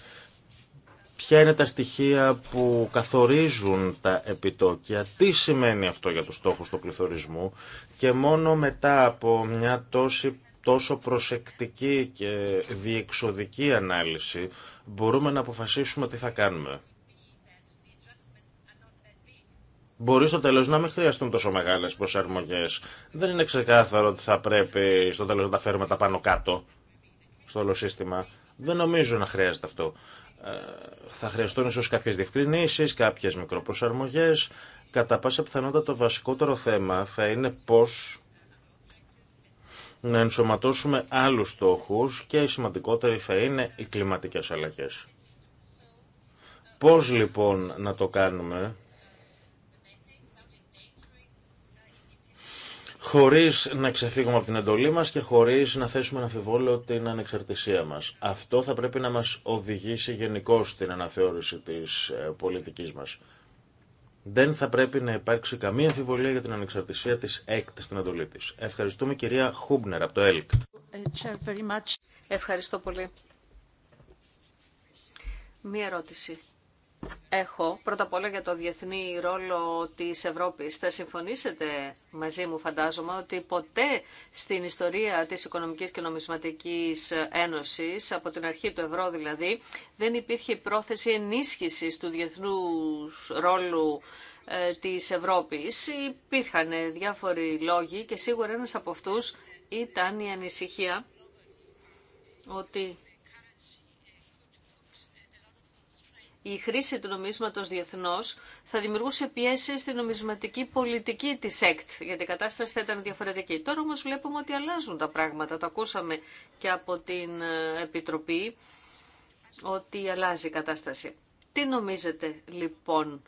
Speaker 2: Ποια είναι τα στοιχεία που καθορίζουν τα επιτόκια, τι σημαίνει αυτό για τους στόχους του πληθωρισμού και μόνο μετά από μια τόση, τόσο προσεκτική και διεξοδική ανάλυση μπορούμε να αποφασίσουμε τι θα κάνουμε. Μπορεί στο τέλος να μην χρειαστούν τόσο μεγάλες προσαρμογές. Δεν είναι ξεκάθαρο ότι θα πρέπει στο τέλο να τα φέρουμε τα πάνω κάτω στο όλο σύστημα. Δεν νομίζω να χρειάζεται αυτό. Ε, θα χρειαστούν ίσως κάποιες διευκρινήσεις, κάποιες μικροπροσαρμογές. Κατά πάσα πιθανότητα το βασικότερο θέμα θα είναι πώς να ενσωματώσουμε άλλους στόχους και οι σημαντικότεροι θα είναι οι κλιματικές αλλαγές. Πώς λοιπόν να το κάνουμε χωρίς να ξεφύγουμε από την εντολή μας και χωρίς να θέσουμε να αμφιβόλο την ανεξαρτησία μας. Αυτό θα πρέπει να μας οδηγήσει γενικώ στην αναθεώρηση της ε, πολιτικής μας. Δεν θα πρέπει να υπάρξει καμία αμφιβολία για την ανεξαρτησία της ΕΚΤ στην εντολή τη. Ευχαριστούμε κυρία Χούμπνερ από το ΕΛΚ.
Speaker 1: Ε, Ευχαριστώ πολύ. Μία ερώτηση έχω πρώτα απ' όλα για το διεθνή ρόλο της Ευρώπης. Θα συμφωνήσετε μαζί μου φαντάζομαι ότι ποτέ στην ιστορία της Οικονομικής και Νομισματικής Ένωσης, από την αρχή του ευρώ δηλαδή, δεν υπήρχε πρόθεση ενίσχυσης του διεθνούς ρόλου ε, της Ευρώπης. Υπήρχαν διάφοροι λόγοι και σίγουρα ένας από αυτούς ήταν η ανησυχία ότι η χρήση του νομίσματος διεθνώς θα δημιουργούσε πιέσει στην νομισματική πολιτική της ΕΚΤ, γιατί η κατάσταση θα ήταν διαφορετική. Τώρα όμως βλέπουμε ότι αλλάζουν τα πράγματα. Το ακούσαμε και από την ε, Επιτροπή ότι αλλάζει η κατάσταση. Τι νομίζετε λοιπόν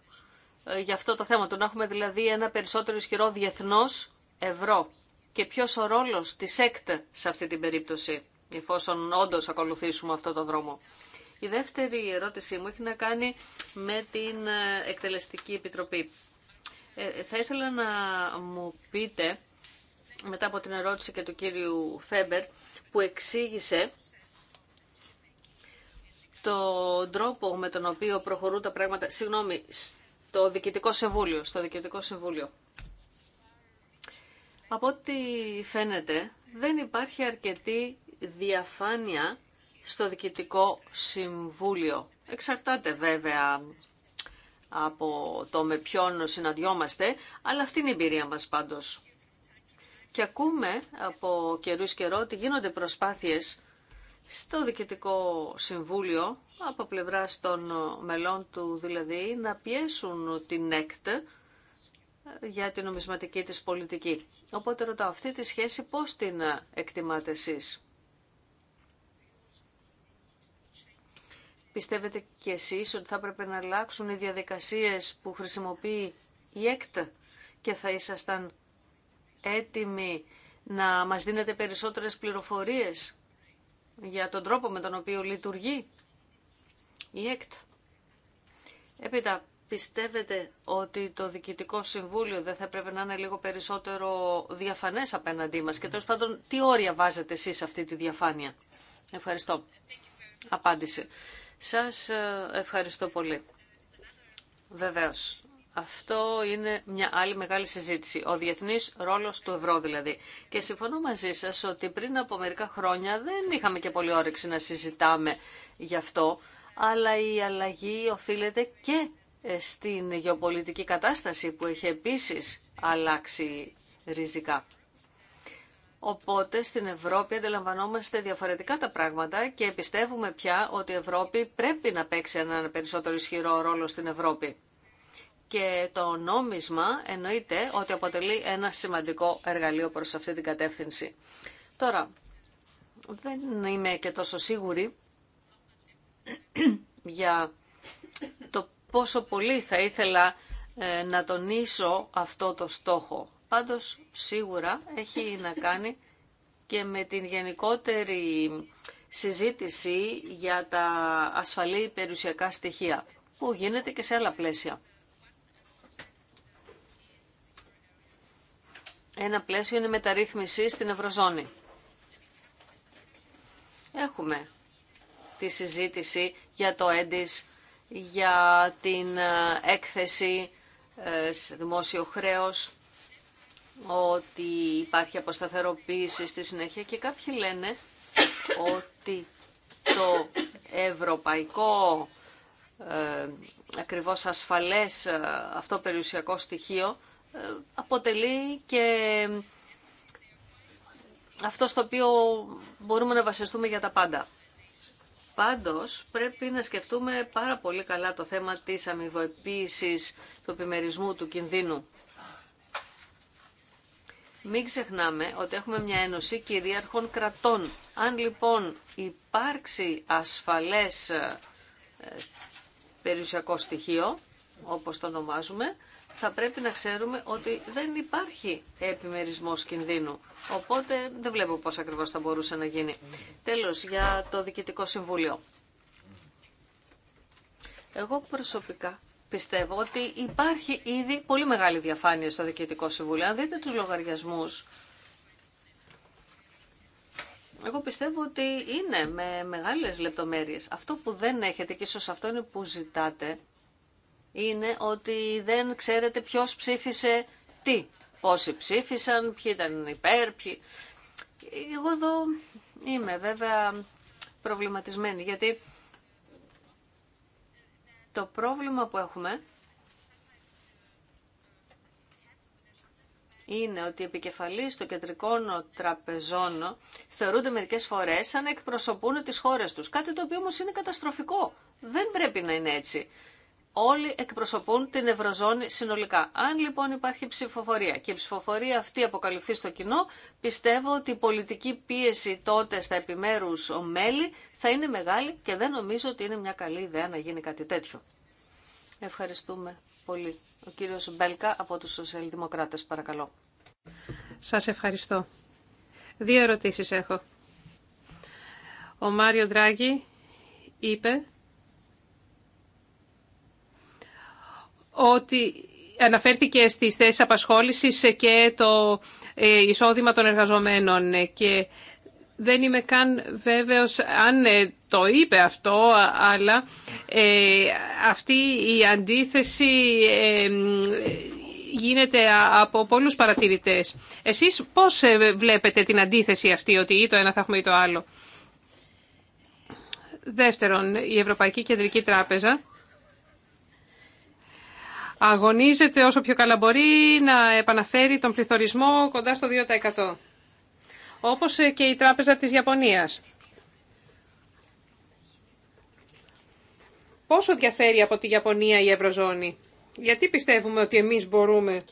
Speaker 1: ε, για αυτό το θέμα, το να έχουμε δηλαδή ένα περισσότερο ισχυρό διεθνώς ευρώ και ποιος ο ρόλος της ΕΚΤ σε αυτή την περίπτωση, εφόσον όντως ακολουθήσουμε αυτό το δρόμο. Η δεύτερη ερώτησή μου έχει να κάνει με την ε, Εκτελεστική Επιτροπή. Ε, ε, θα ήθελα να μου πείτε, μετά από την ερώτηση και του κύριου Φέμπερ, που εξήγησε τον τρόπο με τον οποίο προχωρούν τα πράγματα, συγγνώμη, στο Διοικητικό Συμβούλιο, στο Διοικητικό Συμβούλιο. Από ό,τι φαίνεται, δεν υπάρχει αρκετή διαφάνεια στο Διοικητικό Συμβούλιο. Εξαρτάται βέβαια από το με ποιον συναντιόμαστε, αλλά αυτή είναι η εμπειρία μας πάντως. Και ακούμε από καιρού καιρό ότι γίνονται προσπάθειες στο Διοικητικό Συμβούλιο από πλευρά των μελών του δηλαδή να πιέσουν την ΕΚΤ για την νομισματική της πολιτική. Οπότε ρωτάω αυτή τη σχέση πώς την εκτιμάτε εσείς. Πιστεύετε κι εσείς ότι θα έπρεπε να αλλάξουν οι διαδικασίες που χρησιμοποιεί η ΕΚΤ και θα ήσασταν έτοιμοι να μας δίνετε περισσότερες πληροφορίες για τον τρόπο με τον οποίο λειτουργεί η ΕΚΤ. Έπειτα, πιστεύετε ότι το Διοικητικό Συμβούλιο δεν θα έπρεπε να είναι λίγο περισσότερο διαφανές απέναντί μας και τέλος πάντων τι όρια βάζετε εσείς αυτή τη διαφάνεια. Ευχαριστώ. Απάντηση. Σας ε, ευχαριστώ πολύ. Βεβαίως. Αυτό είναι μια άλλη μεγάλη συζήτηση. Ο διεθνής ρόλος του ευρώ δηλαδή. Και συμφωνώ μαζί σας ότι πριν από μερικά χρόνια δεν είχαμε και πολύ όρεξη να συζητάμε γι' αυτό. Αλλά η αλλαγή οφείλεται και ε, στην γεωπολιτική κατάσταση που έχει επίσης αλλάξει ριζικά. Οπότε στην Ευρώπη αντιλαμβανόμαστε διαφορετικά τα πράγματα και πιστεύουμε πια ότι η Ευρώπη πρέπει να παίξει έναν περισσότερο ισχυρό ρόλο στην Ευρώπη. Και το νόμισμα εννοείται ότι αποτελεί ένα σημαντικό εργαλείο προς αυτή την κατεύθυνση. Τώρα, δεν είμαι και τόσο σίγουρη για το πόσο πολύ θα ήθελα ε, να τονίσω αυτό το στόχο Πάντως σίγουρα έχει να κάνει και με την γενικότερη συζήτηση για τα ασφαλή περιουσιακά στοιχεία, που γίνεται και σε άλλα πλαίσια. Ένα πλαίσιο είναι μεταρρύθμιση στην Ευρωζώνη. Έχουμε τη συζήτηση για το έντις, για την ε, έκθεση ε, σε δημόσιο χρέος ότι υπάρχει αποσταθεροποίηση στη συνέχεια και κάποιοι λένε ότι το ευρωπαϊκό ε, ακριβώς ασφαλές ε, αυτό περιουσιακό στοιχείο ε, αποτελεί και αυτό στο οποίο μπορούμε να βασιστούμε για τα πάντα. Πάντως πρέπει να σκεφτούμε πάρα πολύ καλά το θέμα της αμοιβοποίησης του επιμερισμού του κινδύνου. Μην ξεχνάμε ότι έχουμε μια ένωση κυρίαρχων κρατών. Αν λοιπόν υπάρξει ασφαλές ε, περιουσιακό στοιχείο, όπως το ονομάζουμε, θα πρέπει να ξέρουμε ότι δεν υπάρχει επιμερισμός κινδύνου. Οπότε δεν βλέπω πώς ακριβώς θα μπορούσε να γίνει. Τέλος, για το Διοικητικό Συμβούλιο. Εγώ προσωπικά πιστεύω ότι υπάρχει ήδη πολύ μεγάλη διαφάνεια στο Διοικητικό Συμβούλιο. Αν δείτε τους λογαριασμούς, εγώ πιστεύω ότι είναι με μεγάλες λεπτομέρειες. Αυτό που δεν έχετε και ίσως αυτό είναι που ζητάτε, είναι ότι δεν ξέρετε ποιος ψήφισε τι. Πόσοι ψήφισαν, ποιοι ήταν υπέρ, ποιοι... Εγώ εδώ είμαι βέβαια προβληματισμένη, γιατί το πρόβλημα που έχουμε είναι ότι οι επικεφαλείς των κεντρικών τραπεζών θεωρούνται μερικές φορές σαν να εκπροσωπούν τις χώρες τους. Κάτι το οποίο όμως είναι καταστροφικό. Δεν πρέπει να είναι έτσι όλοι εκπροσωπούν την Ευρωζώνη συνολικά. Αν λοιπόν υπάρχει ψηφοφορία και η ψηφοφορία αυτή αποκαλυφθεί στο κοινό, πιστεύω ότι η πολιτική πίεση τότε στα επιμέρους μέλη θα είναι μεγάλη και δεν νομίζω ότι είναι μια καλή ιδέα να γίνει κάτι τέτοιο. Ευχαριστούμε πολύ. Ο κύριος Μπέλκα από τους Σοσιαλδημοκράτες, παρακαλώ.
Speaker 3: Σας ευχαριστώ. Δύο ερωτήσεις έχω. Ο Μάριο Ντράγκη είπε ότι αναφέρθηκε στις θέσεις απασχόλησης και το ε, εισόδημα των εργαζομένων και δεν είμαι καν βέβαιος αν ε, το είπε αυτό, αλλά ε, αυτή η αντίθεση γίνεται από πολλούς παρατηρητές. Εσείς πώς βλέπετε την αντίθεση αυτή, ότι ή το ένα θα έχουμε ή το άλλο. Δεύτερον, η Ευρωπαϊκή Κεντρική Τράπεζα αγωνίζεται όσο πιο καλά μπορεί να επαναφέρει τον πληθωρισμό κοντά στο 2%. Όπως ε, και η Τράπεζα της Ιαπωνίας. Πόσο διαφέρει από τη Ιαπωνία η Ευρωζώνη. Γιατί πιστεύουμε ότι εμείς μπορούμε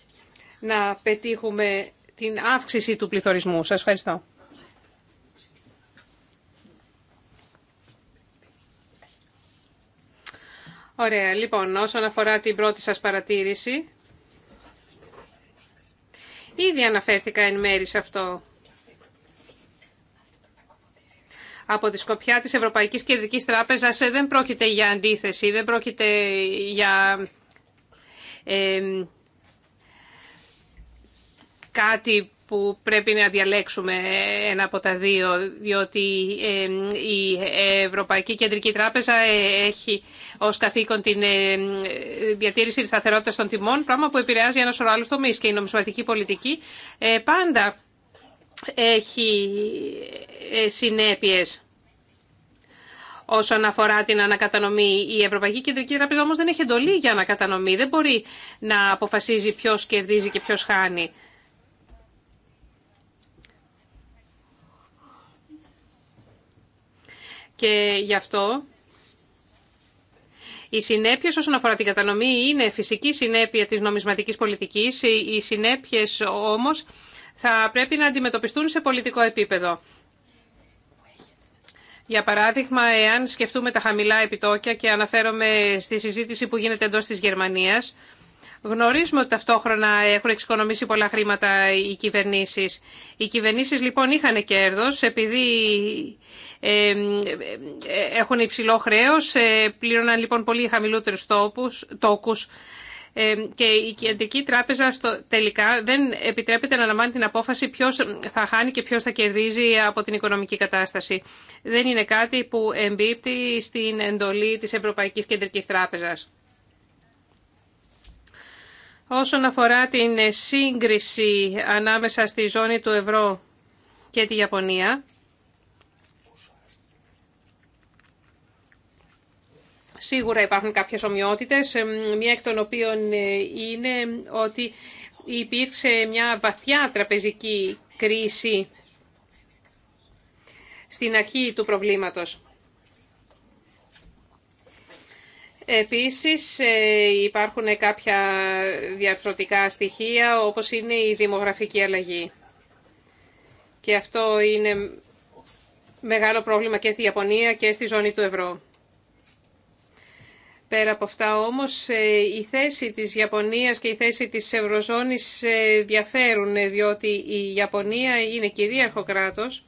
Speaker 3: να πετύχουμε την αύξηση του πληθωρισμού. Σας ευχαριστώ. Ωραία. Λοιπόν, όσον αφορά την πρώτη σας παρατήρηση, ήδη αναφέρθηκα εν μέρη σε αυτό. Από τη σκοπιά της Ευρωπαϊκής Κεντρικής Τράπεζας ε, δεν πρόκειται για αντίθεση, δεν πρόκειται για ε, κάτι που πρέπει να διαλέξουμε ένα από τα δύο, διότι η Ευρωπαϊκή Κεντρική Τράπεζα ε, έχει ως καθήκον την ε, διατήρηση της σταθερότητας των τιμών, πράγμα που επηρεάζει ένα σωρό άλλους τομείς και η νομισματική πολιτική ε, πάντα έχει συνέπειες. Όσον αφορά την ανακατανομή, η Ευρωπαϊκή Κεντρική Τράπεζα όμως δεν έχει εντολή για ανακατανομή. Δεν μπορεί να αποφασίζει ποιος κερδίζει και ποιος χάνει. Και γι' αυτό οι συνέπειε όσον αφορά την κατανομή είναι φυσική συνέπεια της νομισματικής πολιτικής. Οι συνέπειε όμως θα πρέπει να αντιμετωπιστούν σε πολιτικό επίπεδο. Για παράδειγμα, εάν σκεφτούμε τα χαμηλά επιτόκια και αναφέρομαι στη συζήτηση που γίνεται εντός της Γερμανίας, Γνωρίζουμε ότι ταυτόχρονα έχουν εξοικονομήσει πολλά χρήματα οι κυβερνήσεις. Οι κυβερνήσεις λοιπόν είχαν κέρδος επειδή ε, ε, έχουν υψηλό χρέος, ε, πλήρωναν λοιπόν πολύ χαμηλότερους τόπους, τόκους και η Κεντρική Τράπεζα στο, τελικά δεν επιτρέπεται να λαμβάνει την απόφαση ποιος θα χάνει και ποιος θα κερδίζει από την οικονομική κατάσταση. Δεν είναι κάτι που εμπίπτει στην εντολή της Ευρωπαϊκής Κεντρικής Τράπεζας. Όσον αφορά την σύγκριση ανάμεσα στη ζώνη του ευρώ και τη Ιαπωνία, σίγουρα υπάρχουν κάποιες ομοιότητες, μία εκ των οποίων ε, είναι ότι υπήρξε μια βαθιά τραπεζική κρίση στην αρχή του προβλήματος. Επίσης ε, υπάρχουν κάποια διαρθρωτικά στοιχεία όπως είναι η δημογραφική αλλαγή. Και αυτό είναι μεγάλο πρόβλημα και στη Ιαπωνία και στη ζώνη του ευρώ. Πέρα από αυτά όμως ε, η θέση της Ιαπωνίας και η θέση της Ευρωζώνης ε, διαφέρουν διότι η Ιαπωνία είναι κυρίαρχο κράτος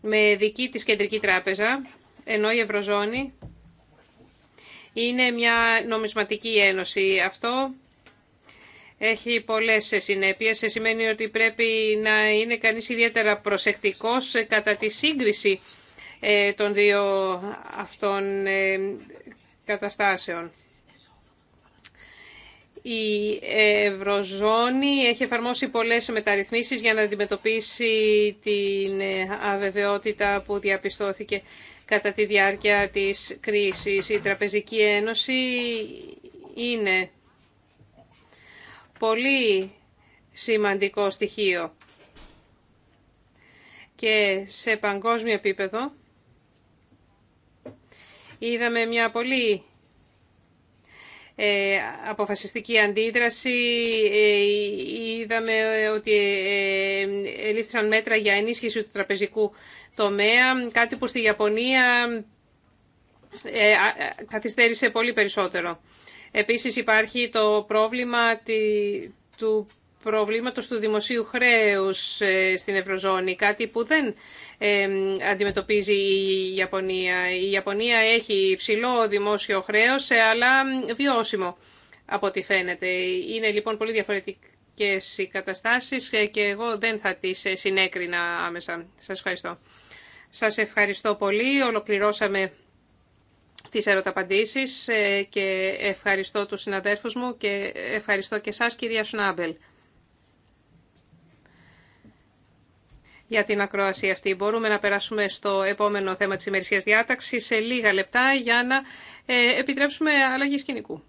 Speaker 3: με δική της κεντρική τράπεζα ενώ η Ευρωζώνη είναι μια νομισματική ένωση. Αυτό έχει πολλές συνέπειες. Σημαίνει ότι πρέπει να είναι κανείς ιδιαίτερα προσεκτικός κατά τη σύγκριση ε, των δύο αυτών ε, καταστάσεων. Η Ευρωζώνη έχει εφαρμόσει πολλές μεταρρυθμίσεις για να αντιμετωπίσει την ε, αβεβαιότητα που διαπιστώθηκε κατά τη διάρκεια της κρίσης. Η Τραπεζική Ένωση είναι πολύ σημαντικό στοιχείο και σε παγκόσμιο επίπεδο είδαμε μια πολύ ε, αποφασιστική αντίδραση. Ε, είδαμε ότι ε, ελήφθησαν μέτρα για ενίσχυση του τραπεζικού τομέα, κάτι που στη Ιαπωνία καθυστέρησε πολύ περισσότερο. Επίσης υπάρχει το πρόβλημα του προβλήματος του δημοσίου χρέους ε, στην Ευρωζώνη, κάτι που δεν ε, αντιμετωπίζει η Ιαπωνία. Η Ιαπωνία έχει υψηλό δημόσιο χρέος, ε, αλλά βιώσιμο από ό,τι φαίνεται. Είναι λοιπόν πολύ διαφορετικές οι καταστάσεις και εγώ δεν θα τις συνέκρινα άμεσα. Σας ευχαριστώ. Σας ευχαριστώ πολύ. Ολοκληρώσαμε τις ερωταπαντήσεις και ευχαριστώ τους συναδέρφους μου και ευχαριστώ και σας κυρία Σνάμπελ. για την ακρόαση αυτή. Μπορούμε να περάσουμε στο επόμενο θέμα της ημερησίας διάταξης σε λίγα λεπτά για να ε, επιτρέψουμε αλλαγή σκηνικού.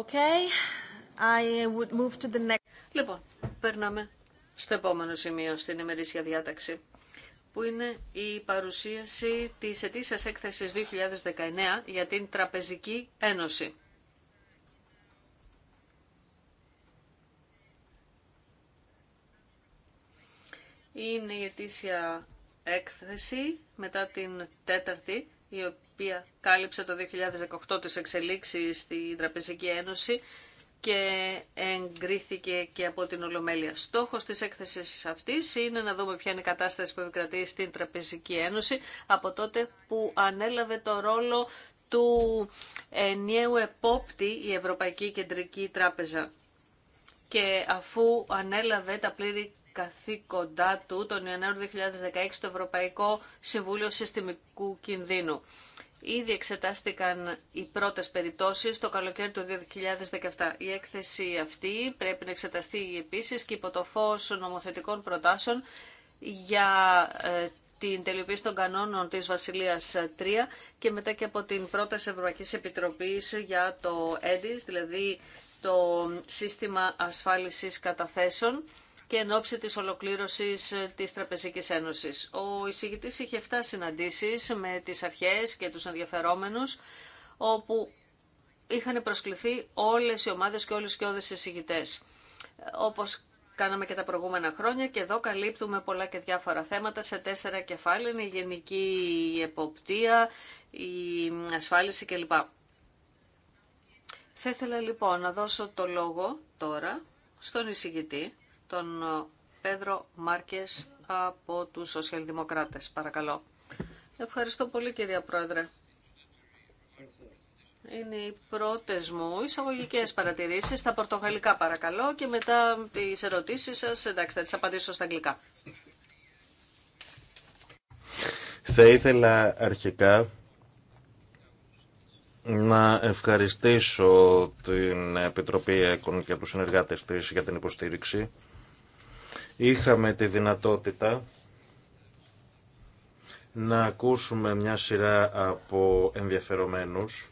Speaker 1: Okay. I would move to the next... Λοιπόν, περνάμε στο επόμενο σημείο στην ημερήσια διάταξη, που είναι η παρουσίαση της ετήσιας έκθεσης 2019 για την Τραπεζική Ένωση. Είναι η ετήσια έκθεση μετά την τέταρτη η οποία κάλυψε το 2018 τις εξελίξεις στη Τραπεζική Ένωση και εγκρίθηκε και από την Ολομέλεια. Στόχος της έκθεσης αυτής είναι να δούμε ποια είναι η κατάσταση που επικρατεί στην Τραπεζική Ένωση από τότε που ανέλαβε το ρόλο του ενιαίου επόπτη η Ευρωπαϊκή Κεντρική Τράπεζα και αφού ανέλαβε τα πλήρη καθήκοντά του τον Ιανουάριο 2016 στο Ευρωπαϊκό Συμβούλιο Συστημικού Κινδύνου. Ήδη εξετάστηκαν οι πρώτες περιπτώσεις το καλοκαίρι του 2017. Η έκθεση αυτή πρέπει να εξεταστεί επίσης και υπό το φως νομοθετικών προτάσεων για ε, την τελειοποίηση των κανόνων της Βασιλείας 3 και μετά και από την πρώτη Ευρωπαϊκή Επιτροπής για το ΕΔΙΣ, δηλαδή το Σύστημα Ασφάλισης Καταθέσεων και εν ώψη της ολοκλήρωσης ε, της Τραπεζικής Ένωσης. Ο εισηγητής είχε 7 συναντήσεις με τις αρχές και τους ενδιαφερόμενους, όπου είχαν προσκληθεί όλες οι ομάδες και όλες και όλες οι εισηγητές. Όπως κάναμε και τα προηγούμενα χρόνια και εδώ καλύπτουμε πολλά και διάφορα θέματα σε τέσσερα κεφάλαια, η γενική εποπτεία, η ασφάλιση κλπ. Θα ήθελα λοιπόν να δώσω το λόγο τώρα στον εισηγητή τον ε, Πέδρο Μάρκες από τους Σοσιαλδημοκράτες. Παρακαλώ. Ευχαριστώ πολύ κυρία Πρόεδρε. Είναι οι πρώτες μου εισαγωγικέ παρατηρήσεις στα πορτογαλικά παρακαλώ και μετά τις ερωτήσεις σας, εντάξει θα τις απαντήσω στα αγγλικά.
Speaker 2: Θα ήθελα αρχικά να ευχαριστήσω την Επιτροπή ΕΚΟΝ και τους συνεργάτες της για την υποστήριξη είχαμε τη δυνατότητα να ακούσουμε μια σειρά από ενδιαφερομένους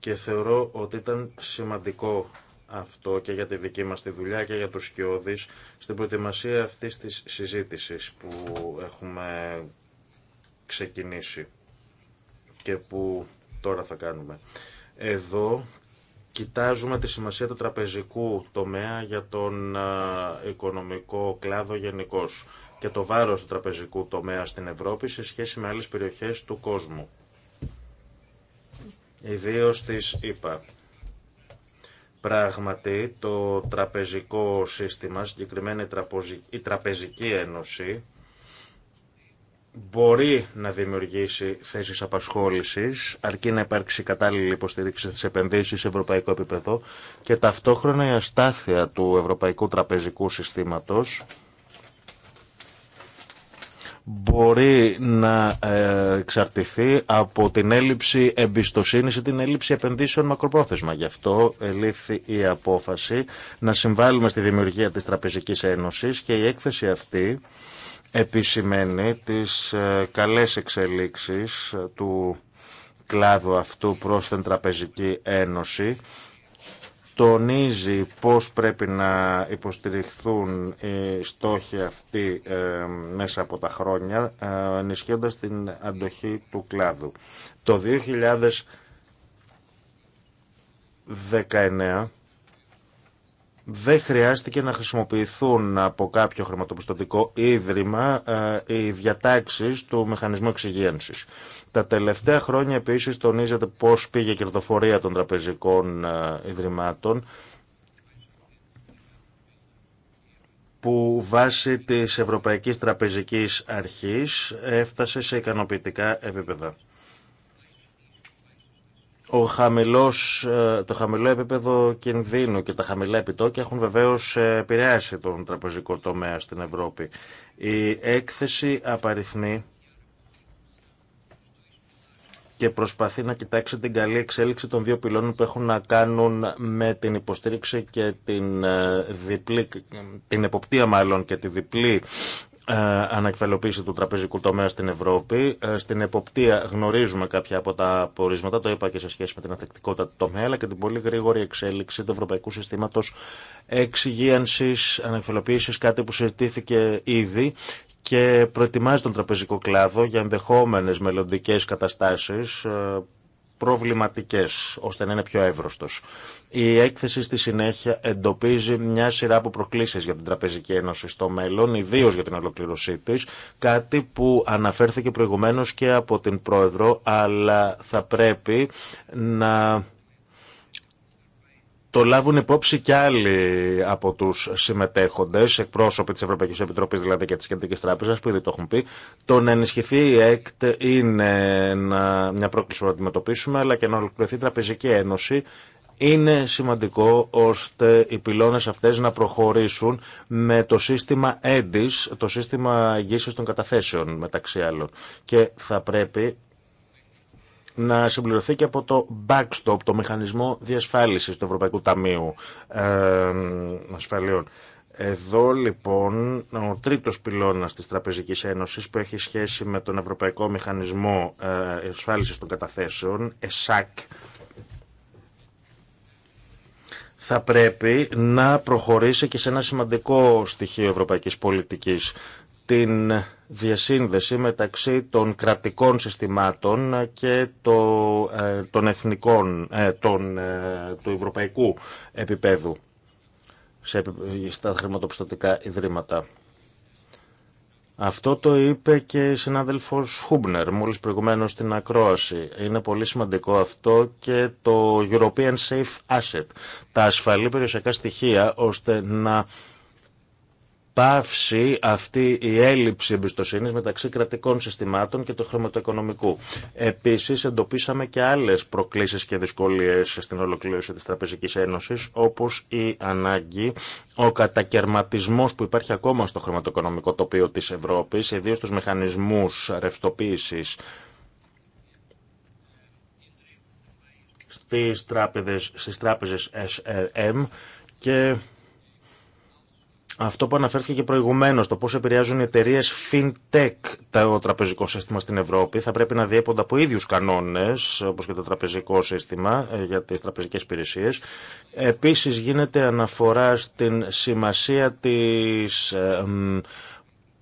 Speaker 2: και θεωρώ ότι ήταν σημαντικό αυτό και για τη δική μας τη δουλειά και για τους σκιώδεις στην προετοιμασία αυτής της συζήτησης που έχουμε ξεκινήσει και που τώρα θα κάνουμε. Εδώ κοιτάζουμε τη σημασία του τραπεζικού τομέα για τον οικονομικό κλάδο γενικώ και το βάρος του τραπεζικού τομέα στην Ευρώπη σε σχέση με άλλες περιοχές του κόσμου. Ιδίω της ΕΠΑ. Πράγματι, το τραπεζικό σύστημα, συγκεκριμένα η Τραπεζική Ένωση, μπορεί να δημιουργήσει θέσεις απασχόλησης αρκεί να υπάρξει κατάλληλη υποστήριξη στις επενδύσεις σε ευρωπαϊκό επίπεδο και ταυτόχρονα η αστάθεια του ευρωπαϊκού τραπεζικού συστήματος μπορεί να ε, εξαρτηθεί από την έλλειψη εμπιστοσύνης ή την έλλειψη επενδύσεων μακροπρόθεσμα. Γι' αυτό ελήφθη η απόφαση να συμβάλλουμε στη δημιουργία της Τραπεζικής Ένωσης και η έκθεση αυτή επισημαίνει τις ε, καλές εξελίξεις ε, του κλάδου αυτού προς την Τραπεζική Ένωση τονίζει πώς πρέπει να υποστηριχθούν οι στόχοι αυτοί ε, μέσα από τα χρόνια, ενισχύοντας την αντοχή του κλάδου. Το 2019 δεν χρειάστηκε να χρησιμοποιηθούν από κάποιο χρηματοπιστωτικό ίδρυμα ε, οι διατάξεις του μηχανισμού εξυγένσης. Τα τελευταία χρόνια επίσης τονίζεται πώς πήγε η κερδοφορία των τραπεζικών ε, ιδρυμάτων που βάσει της Ευρωπαϊκής Τραπεζικής Αρχής έφτασε σε ικανοποιητικά επίπεδα ο χαμηλός, ε, το χαμηλό επίπεδο κινδύνου και τα χαμηλά επιτόκια έχουν βεβαίως ε, επηρεάσει τον τραπεζικό τομέα στην Ευρώπη. Η έκθεση απαριθμεί και προσπαθεί να κοιτάξει την καλή εξέλιξη των δύο πυλών που έχουν να κάνουν με την υποστήριξη και την, ε, διπλή, την εποπτεία μάλλον και τη διπλή ε, ανακεφαλοποίηση του τραπεζικού τομέα στην Ευρώπη. Ε, στην εποπτεία γνωρίζουμε κάποια από τα πορίσματα, το είπα και σε σχέση με την αθεκτικότητα του τομέα, αλλά και την πολύ γρήγορη εξέλιξη του Ευρωπαϊκού Συστήματο Εξυγίανση Ανακεφαλοποίηση, κάτι που συζητήθηκε ήδη και προετοιμάζει τον τραπεζικό κλάδο για ενδεχομένε μελλοντικέ καταστάσεις ε, προβληματικές, ώστε να είναι πιο εύρωστος. Η έκθεση στη συνέχεια εντοπίζει μια σειρά από προκλήσει για την Τραπεζική Ένωση στο μέλλον, ιδίω για την ολοκλήρωσή τη, κάτι που αναφέρθηκε προηγουμένω και από την Πρόεδρο, αλλά θα πρέπει να το λάβουν υπόψη και άλλοι από του συμμετέχοντε, εκπρόσωποι τη Ευρωπαϊκή Επιτροπή δηλαδή και τη Κεντρική Τράπεζα, που ήδη το έχουν πει. Το να ενισχυθεί η ΕΚΤ είναι μια πρόκληση που να αντιμετωπίσουμε, αλλά και να ολοκληρωθεί η Τραπεζική Ένωση είναι σημαντικό ώστε οι πυλώνες αυτές να προχωρήσουν με το σύστημα έντις, το σύστημα εγγύησης των καταθέσεων μεταξύ άλλων. Και θα πρέπει να συμπληρωθεί και από το backstop, το μηχανισμό διασφάλισης του Ευρωπαϊκού Ταμείου Ασφαλείων. Εδώ λοιπόν ο τρίτος πυλώνας της Τραπεζικής Ένωσης που έχει σχέση με τον Ευρωπαϊκό Μηχανισμό ε, Ασφάλισης των Καταθέσεων, ΕΣΑΚ, θα πρέπει να προχωρήσει και σε ένα σημαντικό στοιχείο ευρωπαϊκής πολιτικής την διασύνδεση μεταξύ των κρατικών συστημάτων και το, ε, των εθνικών, ε, των, ε, του ευρωπαϊκού επίπεδου σε, στα χρηματοπιστωτικά ιδρύματα. Αυτό το είπε και η συνάδελφος Χούμπνερ μόλις προηγουμένως στην ακρόαση. Είναι πολύ σημαντικό αυτό και το European Safe Asset, τα ασφαλή περιουσιακά στοιχεία ώστε να πάυσει αυτή η έλλειψη εμπιστοσύνη μεταξύ κρατικών συστημάτων και του χρηματοοικονομικού. Επίση, εντοπίσαμε και άλλε προκλήσει και δυσκολίε στην ολοκλήρωση τη Τραπεζική Ένωση, όπω η ανάγκη, ο κατακαιρματισμό που υπάρχει ακόμα στο χρηματοοικονομικό τοπίο τη Ευρώπη, ιδίω στου μηχανισμού ρευστοποίηση στις τράπεζες, SRM και αυτό που αναφέρθηκε και προηγουμένως, το πώς επηρεάζουν οι εταιρείε FinTech το τραπεζικό σύστημα στην Ευρώπη, θα πρέπει να διέπονται από ίδιους κανόνες, όπως και το τραπεζικό σύστημα ε, για τις τραπεζικές υπηρεσίε. Επίσης γίνεται αναφορά στην σημασία της ε,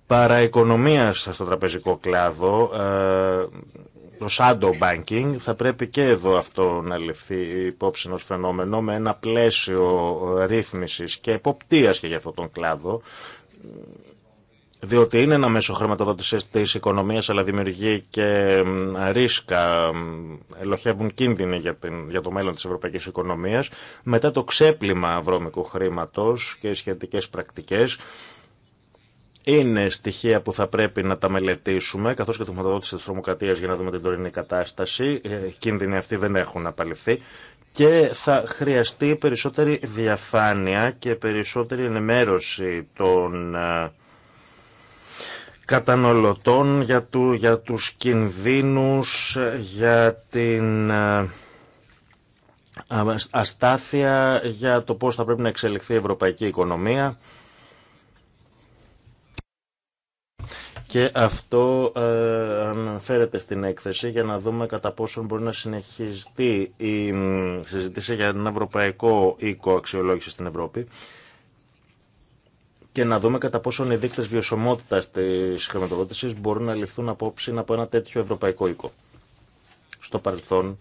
Speaker 2: παραοικονομίας στο τραπεζικό κλάδο, ε, το shadow banking θα πρέπει και εδώ αυτό να ληφθεί υπόψη ως φαινόμενο με ένα πλαίσιο ρύθμισης και εποπτείας και για αυτόν τον κλάδο διότι είναι ένα μέσο χρηματοδότησης της οικονομίας αλλά δημιουργεί και ρίσκα, ελοχεύουν κίνδυνοι για, για το μέλλον της ευρωπαϊκής οικονομίας μετά το ξέπλυμα βρώμικου χρήματος και σχετικές πρακτικές είναι στοιχεία που θα πρέπει να τα μελετήσουμε, καθώς και το χρηματοδότηση της τρομοκρατίας για να δούμε την τωρινή κατάσταση. Ε, κίνδυνοι αυτοί δεν έχουν απαλληφθεί και θα χρειαστεί περισσότερη διαφάνεια και περισσότερη ενημέρωση των ε, καταναλωτών για, του, για τους κινδύνους, ε, για την αστάθεια, για το πώς θα πρέπει να εξελιχθεί η ευρωπαϊκή οικονομία. Και αυτό ε, αναφέρεται στην έκθεση για να δούμε κατά πόσον μπορεί να συνεχιστεί η συζήτηση για ένα ευρωπαϊκό οίκο αξιολόγηση στην Ευρώπη και να δούμε κατά πόσο οι δείκτες βιωσιμότητας της χρηματοδότησης μπορούν να ληφθούν απόψη από ένα τέτοιο ευρωπαϊκό οίκο. Στο παρελθόν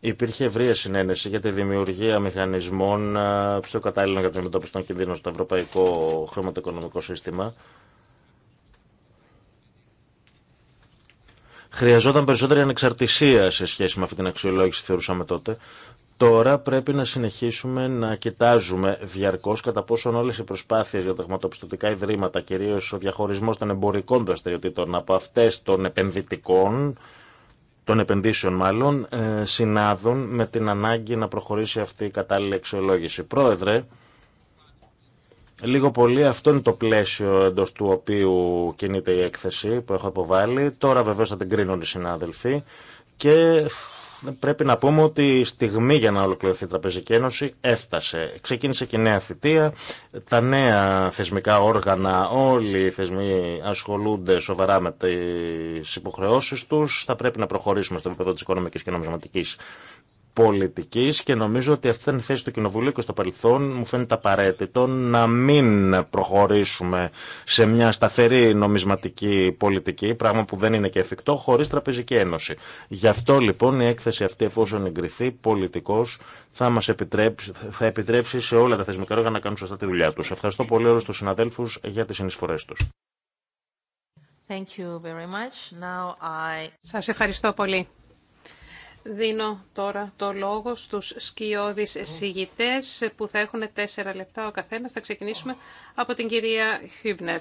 Speaker 2: υπήρχε ευρία συνένεση για τη δημιουργία μηχανισμών ε, πιο κατάλληλων για την αντιμετώπιση των κινδύνων στο ευρωπαϊκό χρηματοοικονομικό σύστημα Χρειαζόταν περισσότερη ανεξαρτησία σε σχέση με αυτή την αξιολόγηση, θεωρούσαμε τότε. Τώρα πρέπει να συνεχίσουμε να κοιτάζουμε διαρκώ κατά πόσον όλε οι προσπάθειε για τα χρηματοπιστωτικά ιδρύματα, κυρίω ο διαχωρισμό των εμπορικών δραστηριοτήτων από αυτέ των επενδυτικών, των επενδύσεων μάλλον, ε, συνάδουν με την ανάγκη να προχωρήσει αυτή η κατάλληλη αξιολόγηση. Πρόεδρε, Λίγο πολύ αυτό είναι το πλαίσιο εντό του οποίου κινείται η έκθεση που έχω αποβάλει. Τώρα βεβαίω θα την κρίνουν οι συνάδελφοι και πρέπει να πούμε ότι η στιγμή για να ολοκληρωθεί η Τραπεζική Ένωση έφτασε. Ξεκίνησε και η νέα θητεία, τα νέα θεσμικά όργανα, όλοι οι θεσμοί ασχολούνται σοβαρά με τι υποχρεώσει του. Θα πρέπει να προχωρήσουμε στο επίπεδο τη Οικονομική και Νομισματική και νομίζω ότι αυτή ήταν η θέση του Κοινοβουλίου και στο παρελθόν μου φαίνεται απαραίτητο να μην προχωρήσουμε σε μια σταθερή νομισματική πολιτική, πράγμα που δεν είναι και εφικτό, χωρί τραπεζική ένωση. Γι' αυτό λοιπόν η έκθεση αυτή εφόσον εγκριθεί πολιτικώ, θα μα επιτρέψει, επιτρέψει σε όλα τα θεσμικά όργανα να κάνουν σωστά τη δουλειά του. Ευχαριστώ πολύ όλου του συναδέλφου για τι συνεισφορέ του.
Speaker 3: Thank Σας ευχαριστώ πολύ. Δίνω τώρα το λόγο στους σκιώδεις συγητές που θα έχουν τέσσερα λεπτά ο καθένας. Θα ξεκινήσουμε από την κυρία Χίμπνερ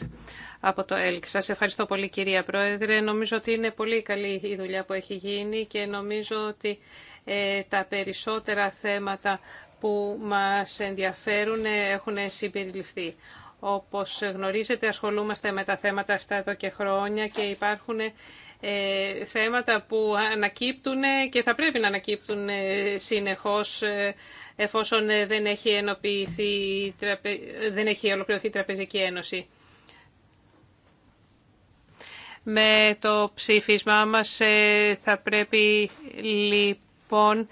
Speaker 3: από το ΕΛΚ. Σας ευχαριστώ πολύ κυρία Πρόεδρε. Νομίζω ότι είναι πολύ καλή η δουλειά που έχει γίνει και νομίζω ότι ε, τα περισσότερα θέματα που μας ενδιαφέρουν ε, έχουν συμπεριληφθεί. Όπως γνωρίζετε ασχολούμαστε με τα θέματα αυτά εδώ και χρόνια και υπάρχουν ε, ε, θέματα που ανακύπτουν και θα πρέπει να ανακύπτουν ε, συνεχώς ε, εφόσον δεν έχει, ενοποιηθεί, δεν έχει ολοκληρωθεί η Τραπεζική Ένωση. Με το ψήφισμά μας θα πρέπει λοιπόν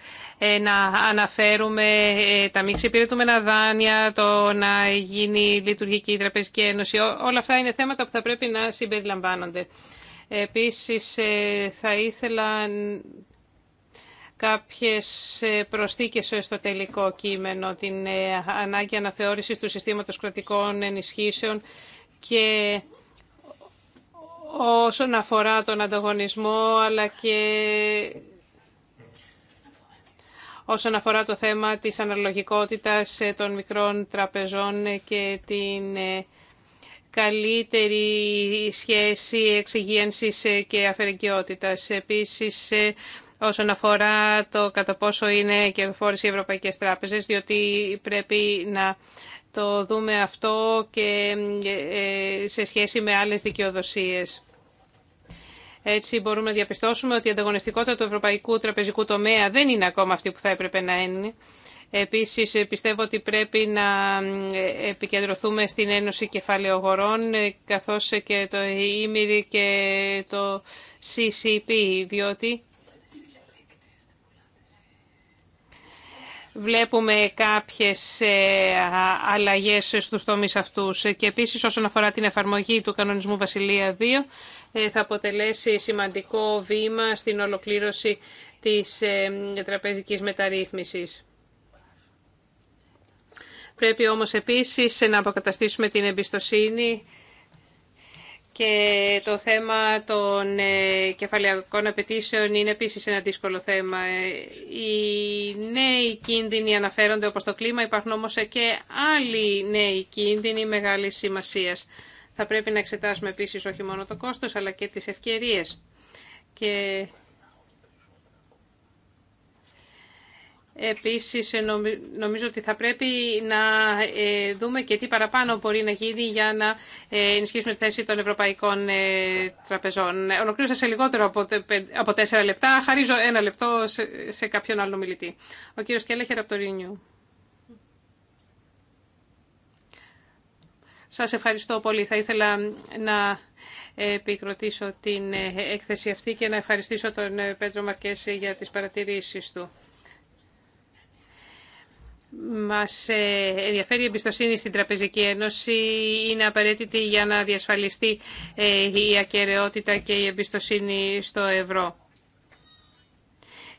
Speaker 3: να αναφέρουμε τα μη ξυπηρετούμενα δάνεια, το να γίνει λειτουργική η Τραπεζική Ένωση. Όλα αυτά είναι θέματα που θα πρέπει να συμπεριλαμβάνονται. Επίσης ε, θα ήθελα κάποιες ε, προσθήκες στο τελικό κείμενο, την ε, ανάγκη αναθεώρησης του συστήματος κρατικών ενισχύσεων και όσον αφορά τον ανταγωνισμό, αλλά και όσον αφορά το θέμα της αναλογικότητας των μικρών τραπεζών και την καλύτερη σχέση εξυγίανσης ε, και αφαιρεγκαιότητας. Επίσης, ε, όσον αφορά το κατά πόσο είναι και οι ευρωπαϊκές τράπεζες, διότι πρέπει να το δούμε αυτό και ε, σε σχέση με άλλες δικαιοδοσίες. Έτσι μπορούμε να διαπιστώσουμε ότι η ανταγωνιστικότητα του ευρωπαϊκού τραπεζικού τομέα δεν είναι ακόμα αυτή που θα έπρεπε να είναι Επίσης, πιστεύω ότι πρέπει να επικεντρωθούμε στην Ένωση Κεφαλαιογορών, καθώς και το ΙΜΙΡΙ και το CCP, διότι βλέπουμε κάποιες ε, αλλαγές στους τομείς αυτούς. Και επίσης, όσον αφορά την εφαρμογή του κανονισμού Βασιλεία 2, ε, θα αποτελέσει σημαντικό βήμα στην ολοκλήρωση της ε, τραπεζικής μεταρρύθμισης. Πρέπει όμως επίσης να αποκαταστήσουμε την εμπιστοσύνη και το θέμα των ε, κεφαλαιακών απαιτήσεων είναι επίσης ένα δύσκολο θέμα. Ε, οι νέοι κίνδυνοι αναφέρονται όπως το κλίμα, υπάρχουν όμως και άλλοι νέοι κίνδυνοι μεγάλης σημασίας. Θα πρέπει να εξετάσουμε επίσης όχι μόνο το κόστος αλλά και τις ευκαιρίες. Και Επίσης, ε, νομίζω ότι θα πρέπει να ε, δούμε και τι παραπάνω μπορεί να γίνει για να ε, ενισχύσουμε τη θέση των ευρωπαϊκών τραπεζών. Ολοκλήρωσα σε λιγότερο από τέσσερα λεπτά. Χαρίζω ένα λεπτό σε κάποιον άλλο μιλητή. Ο κύριος Κέλεχερ από το Ρήνιου. Σας ευχαριστώ πολύ. Θα ήθελα να επικροτήσω την έκθεση αυτή και να ευχαριστήσω τον Πέτρο Μαρκέση για τις παρατηρήσεις του. Μας ε, ενδιαφέρει η εμπιστοσύνη στην Τραπεζική Ένωση. Είναι απαραίτητη για να διασφαλιστεί ε, η ακαιρεότητα και η εμπιστοσύνη στο ευρώ.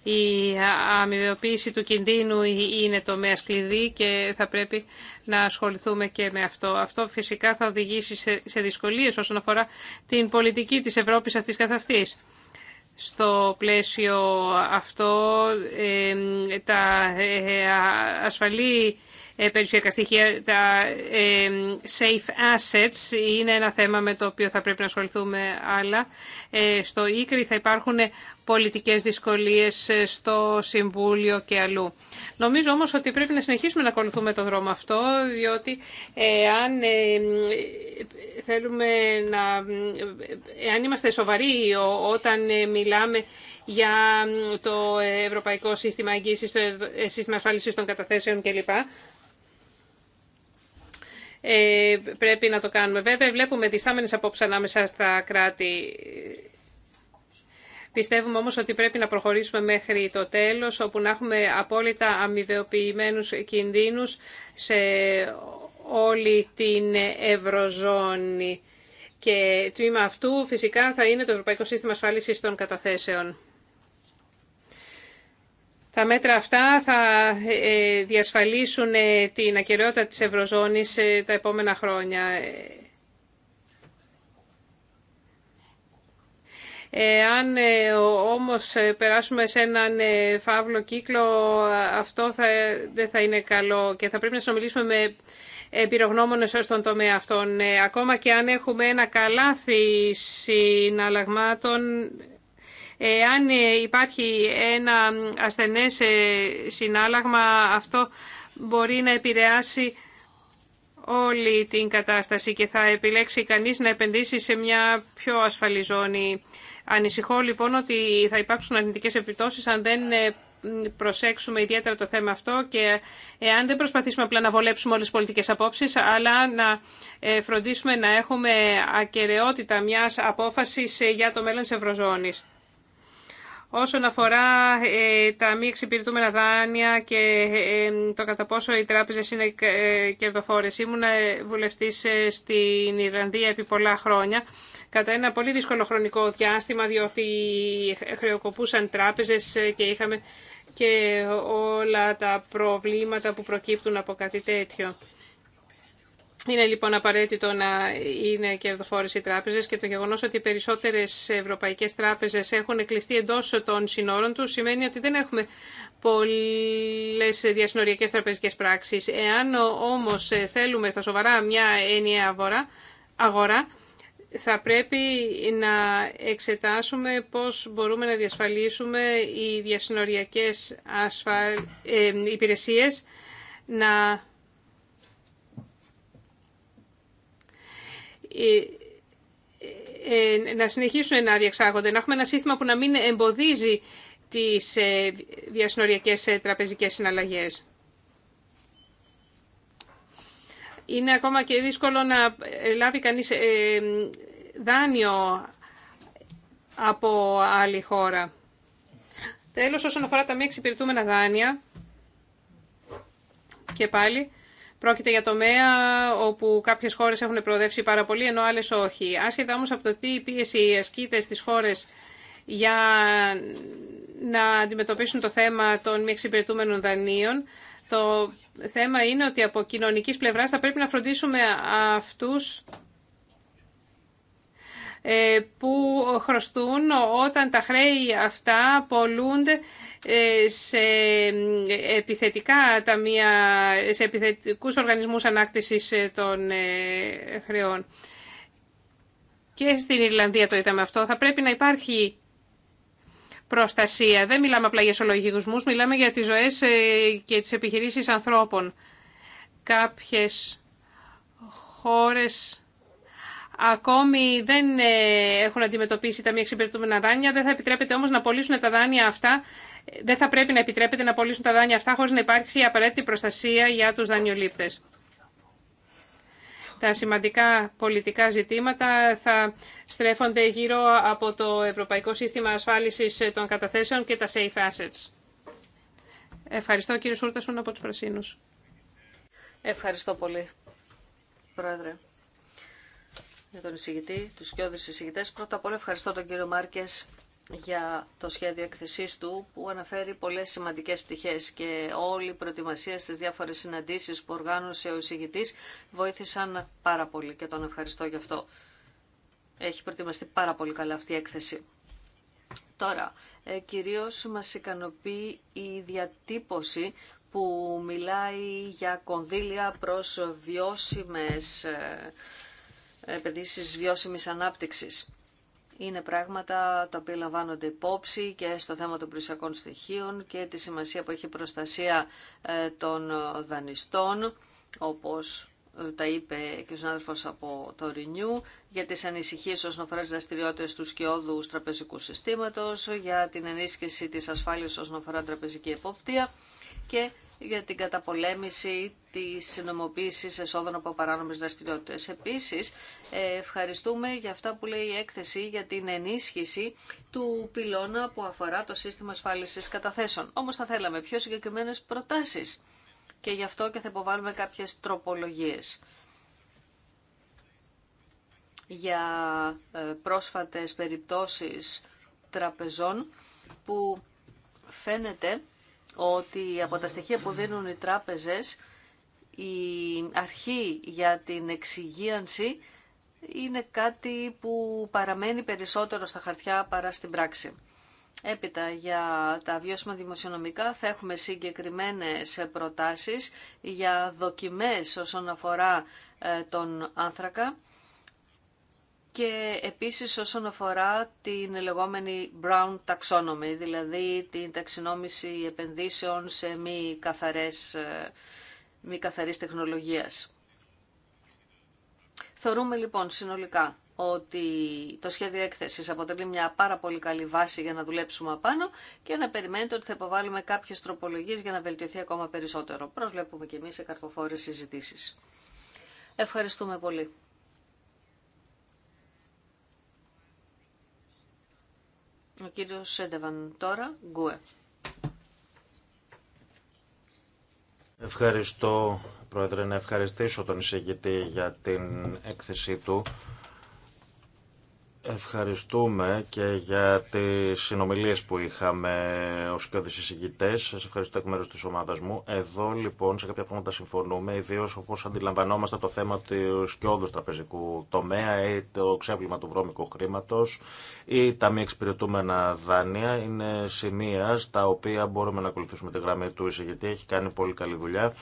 Speaker 3: Η αμοιβαιοποίηση του κινδύνου είναι τομέα κλειδί και θα πρέπει να ασχοληθούμε και με αυτό. Αυτό φυσικά θα οδηγήσει σε δυσκολίες όσον αφορά την πολιτική της Ευρώπης αυτής καθ' αυτής στο πλαίσιο αυτό τα ε, ασφαλή ε, περιουσιακά στοιχεία, τα safe assets είναι ένα θέμα με το οποίο θα πρέπει να ασχοληθούμε άλλα. Ε, στο Ίκρη e θα υπάρχουν πολιτικές δυσκολίες ε, στο Συμβούλιο και αλλού. Νομίζω όμως ότι πρέπει να συνεχίσουμε να ακολουθούμε τον δρόμο αυτό, διότι ε, αν ε, θέλουμε να... Εάν είμαστε σοβαροί όταν μιλάμε για το Ευρωπαϊκό Σύστημα Αγγίσης, Σύστημα Ασφάλισης των Καταθέσεων κλπ. Ε, πρέπει να το κάνουμε. Βέβαια, βλέπουμε διστάμενες απόψεις ανάμεσα στα κράτη Πιστεύουμε όμως ότι πρέπει να προχωρήσουμε μέχρι το τέλος, όπου να έχουμε απόλυτα αμοιβεοποιημένους κινδύνους σε όλη την Ευρωζώνη. Και τμήμα αυτού φυσικά θα είναι το Ευρωπαϊκό Σύστημα Ασφάλισης των Καταθέσεων. Τα μέτρα αυτά θα ε, διασφαλίσουν ε, την ακεραιότητα της Ευρωζώνης ε, τα επόμενα χρόνια. Αν ε, όμως ε, περάσουμε σε έναν ε, φαύλο κύκλο, αυτό θα, δεν θα είναι καλό και θα πρέπει να συνομιλήσουμε με ως τον τομέα αυτών. Ακόμα και αν έχουμε ένα καλάθι συναλλαγμάτων, αν υπάρχει ένα ασθενές συνάλλαγμα, αυτό μπορεί να επηρεάσει όλη την κατάσταση και θα επιλέξει κανείς να επενδύσει σε μια πιο ασφαλή ζώνη. Ανησυχώ λοιπόν ότι θα υπάρξουν αρνητικές επιπτώσεις αν δεν ε, προσέξουμε ιδιαίτερα το θέμα αυτό και εάν δεν προσπαθήσουμε απλά να βολέψουμε όλες τις πολιτικές απόψεις, αλλά να ε, φροντίσουμε να έχουμε ακαιρεότητα μιας απόφασης ε, για το μέλλον της Ευρωζώνης. Όσον αφορά τα μη εξυπηρετούμενα δάνεια και το κατά πόσο οι τράπεζες είναι κερδοφόρες, ήμουν βουλευτής στην Ιρλανδία επί πολλά χρόνια κατά ένα πολύ δύσκολο χρονικό διάστημα, διότι χρεοκοπούσαν τράπεζες και είχαμε και όλα τα προβλήματα που προκύπτουν από κάτι τέτοιο. Είναι λοιπόν απαραίτητο να είναι κερδοφόρες οι τράπεζες και το γεγονός ότι οι περισσότερες ευρωπαϊκές τράπεζες έχουν κλειστεί εντός των συνόρων τους σημαίνει ότι δεν έχουμε πολλές διασυνοριακές τραπεζικές πράξεις. Εάν όμως θέλουμε στα σοβαρά μια ενιαία αγορά θα πρέπει να εξετάσουμε πώς μπορούμε να διασφαλίσουμε οι διασυνοριακές ασφα... Ε, υπηρεσίες να ε, ε, να συνεχίσουν να διεξάγονται, να έχουμε ένα σύστημα που να μην εμποδίζει τις διασυνοριακές τραπεζικές συναλλαγές. είναι ακόμα και δύσκολο να ε, λάβει κανείς ε, δάνειο από άλλη χώρα. Τέλος, όσον αφορά τα μη εξυπηρετούμενα δάνεια, και πάλι, πρόκειται για τομέα όπου κάποιες χώρες έχουν προοδεύσει πάρα πολύ, ενώ άλλες όχι. Άσχετα όμως από το τι πίεση ασκείται στις χώρες για να αντιμετωπίσουν το θέμα των μη εξυπηρετούμενων δανείων, το θέμα είναι ότι από κοινωνικής πλευράς θα πρέπει να φροντίσουμε αυτούς ε, που χρωστούν όταν τα χρέη αυτά πολλούνται ε, σε επιθετικά ταμεία, σε επιθετικούς οργανισμούς ανάκτησης ε, των χρεών. Και στην Ιρλανδία το είδαμε αυτό. Θα πρέπει να υπάρχει προστασία. Δεν μιλάμε απλά για σολογισμούς, μιλάμε για τις ζωές ε, και τις επιχειρήσεις ανθρώπων. Κάποιες χώρες ακόμη δεν ε, έχουν αντιμετωπίσει τα μη εξυπηρετούμενα δάνεια, δεν θα επιτρέπεται όμως να πωλήσουν τα δάνεια αυτά ε, δεν θα πρέπει να επιτρέπεται να πωλήσουν τα δάνεια αυτά χωρίς να υπάρξει απαραίτητη προστασία για τους δανειολήπτες. Τα σημαντικά πολιτικά ζητήματα θα στρέφονται γύρω από το Ευρωπαϊκό Σύστημα Ασφάλισης των Καταθέσεων και τα Safe Assets. Ευχαριστώ κύριε Σούρτασον από τους Πρασίνους. Ευχαριστώ
Speaker 1: πολύ, Πρόεδρε. Για τον εισηγητή, τους κοιόδρους εισηγητές, πρώτα απ' όλα ευχαριστώ τον κύριο Μάρκες για το σχέδιο εκθεσής του που αναφέρει πολλές σημαντικές πτυχές και όλη η προετοιμασία στις διάφορες συναντήσεις που οργάνωσε ο εισηγητής βοήθησαν πάρα πολύ και τον ευχαριστώ γι' αυτό. Έχει προετοιμαστεί πάρα πολύ καλά αυτή η έκθεση. Τώρα, ε, κυρίως μας ικανοποιεί η διατύπωση που μιλάει για κονδύλια προς βιώσιμες ε, ε, επενδύσεις βιώσιμης ανάπτυξης είναι πράγματα τα οποία λαμβάνονται υπόψη και στο θέμα των πλουσιακών στοιχείων και τη σημασία που έχει η προστασία ε, των ε, δανειστών, όπως ε, τα είπε και ο συνάδελφος από το Ρηνιού, για τις ανησυχίες όσον αφορά τις δραστηριότητες του σκιώδου τραπεζικού συστήματος, για την ενίσχυση της ασφάλειας όσον αφορά τραπεζική εποπτεία και για την καταπολέμηση τη συνομοποίησης εσόδων από παράνομες δραστηριότητες. Επίσης, ε, ευχαριστούμε για αυτά που λέει η έκθεση για την ενίσχυση του πυλώνα που αφορά το σύστημα ασφάλιση καταθέσεων. Όμως θα θέλαμε πιο συγκεκριμένε προτάσεις και γι' αυτό και θα υποβάλουμε κάποιες τροπολογίες για ε, πρόσφατες περιπτώσεις τραπεζών που φαίνεται ότι από τα στοιχεία που δίνουν οι τράπεζες η αρχή για την εξυγίανση είναι κάτι που παραμένει περισσότερο στα χαρτιά παρά στην πράξη. Έπειτα για τα βιώσιμα δημοσιονομικά θα έχουμε συγκεκριμένες προτάσεις για δοκιμές όσον αφορά ε, τον άνθρακα και επίσης όσον αφορά την λεγόμενη brown taxonomy, δηλαδή την ταξινόμηση επενδύσεων σε μη, καθαρές, ε, μη καθαρής τεχνολογίας. Θεωρούμε λοιπόν συνολικά ότι το σχέδιο έκθεσης αποτελεί μια πάρα πολύ καλή βάση για να δουλέψουμε απάνω και να περιμένετε ότι θα υποβάλουμε κάποιες τροπολογίες για να βελτιωθεί ακόμα περισσότερο. Προσβλέπουμε και εμείς σε καρποφόρες συζητήσεις. Ευχαριστούμε πολύ. Ο κύριος Σέντεβαν τώρα, Γκουε.
Speaker 2: Ευχαριστώ, Πρόεδρε, να ευχαριστήσω τον εισηγητή για την έκθεσή του Ευχαριστούμε και για τι συνομιλίε που είχαμε ω και εισηγητές. Σας ευχαριστώ εκ μέρου τη ομάδα μου. Εδώ λοιπόν σε κάποια πράγματα συμφωνούμε, ιδίω όπω αντιλαμβανόμαστε το θέμα του σκιώδου τραπεζικού τομέα ή το ξέπλυμα του βρώμικου χρήματο ή τα μη εξυπηρετούμενα δάνεια. Είναι σημεία στα οποία μπορούμε να ακολουθήσουμε τη γραμμή του εισηγητή. Έχει κάνει πολύ καλή δουλειά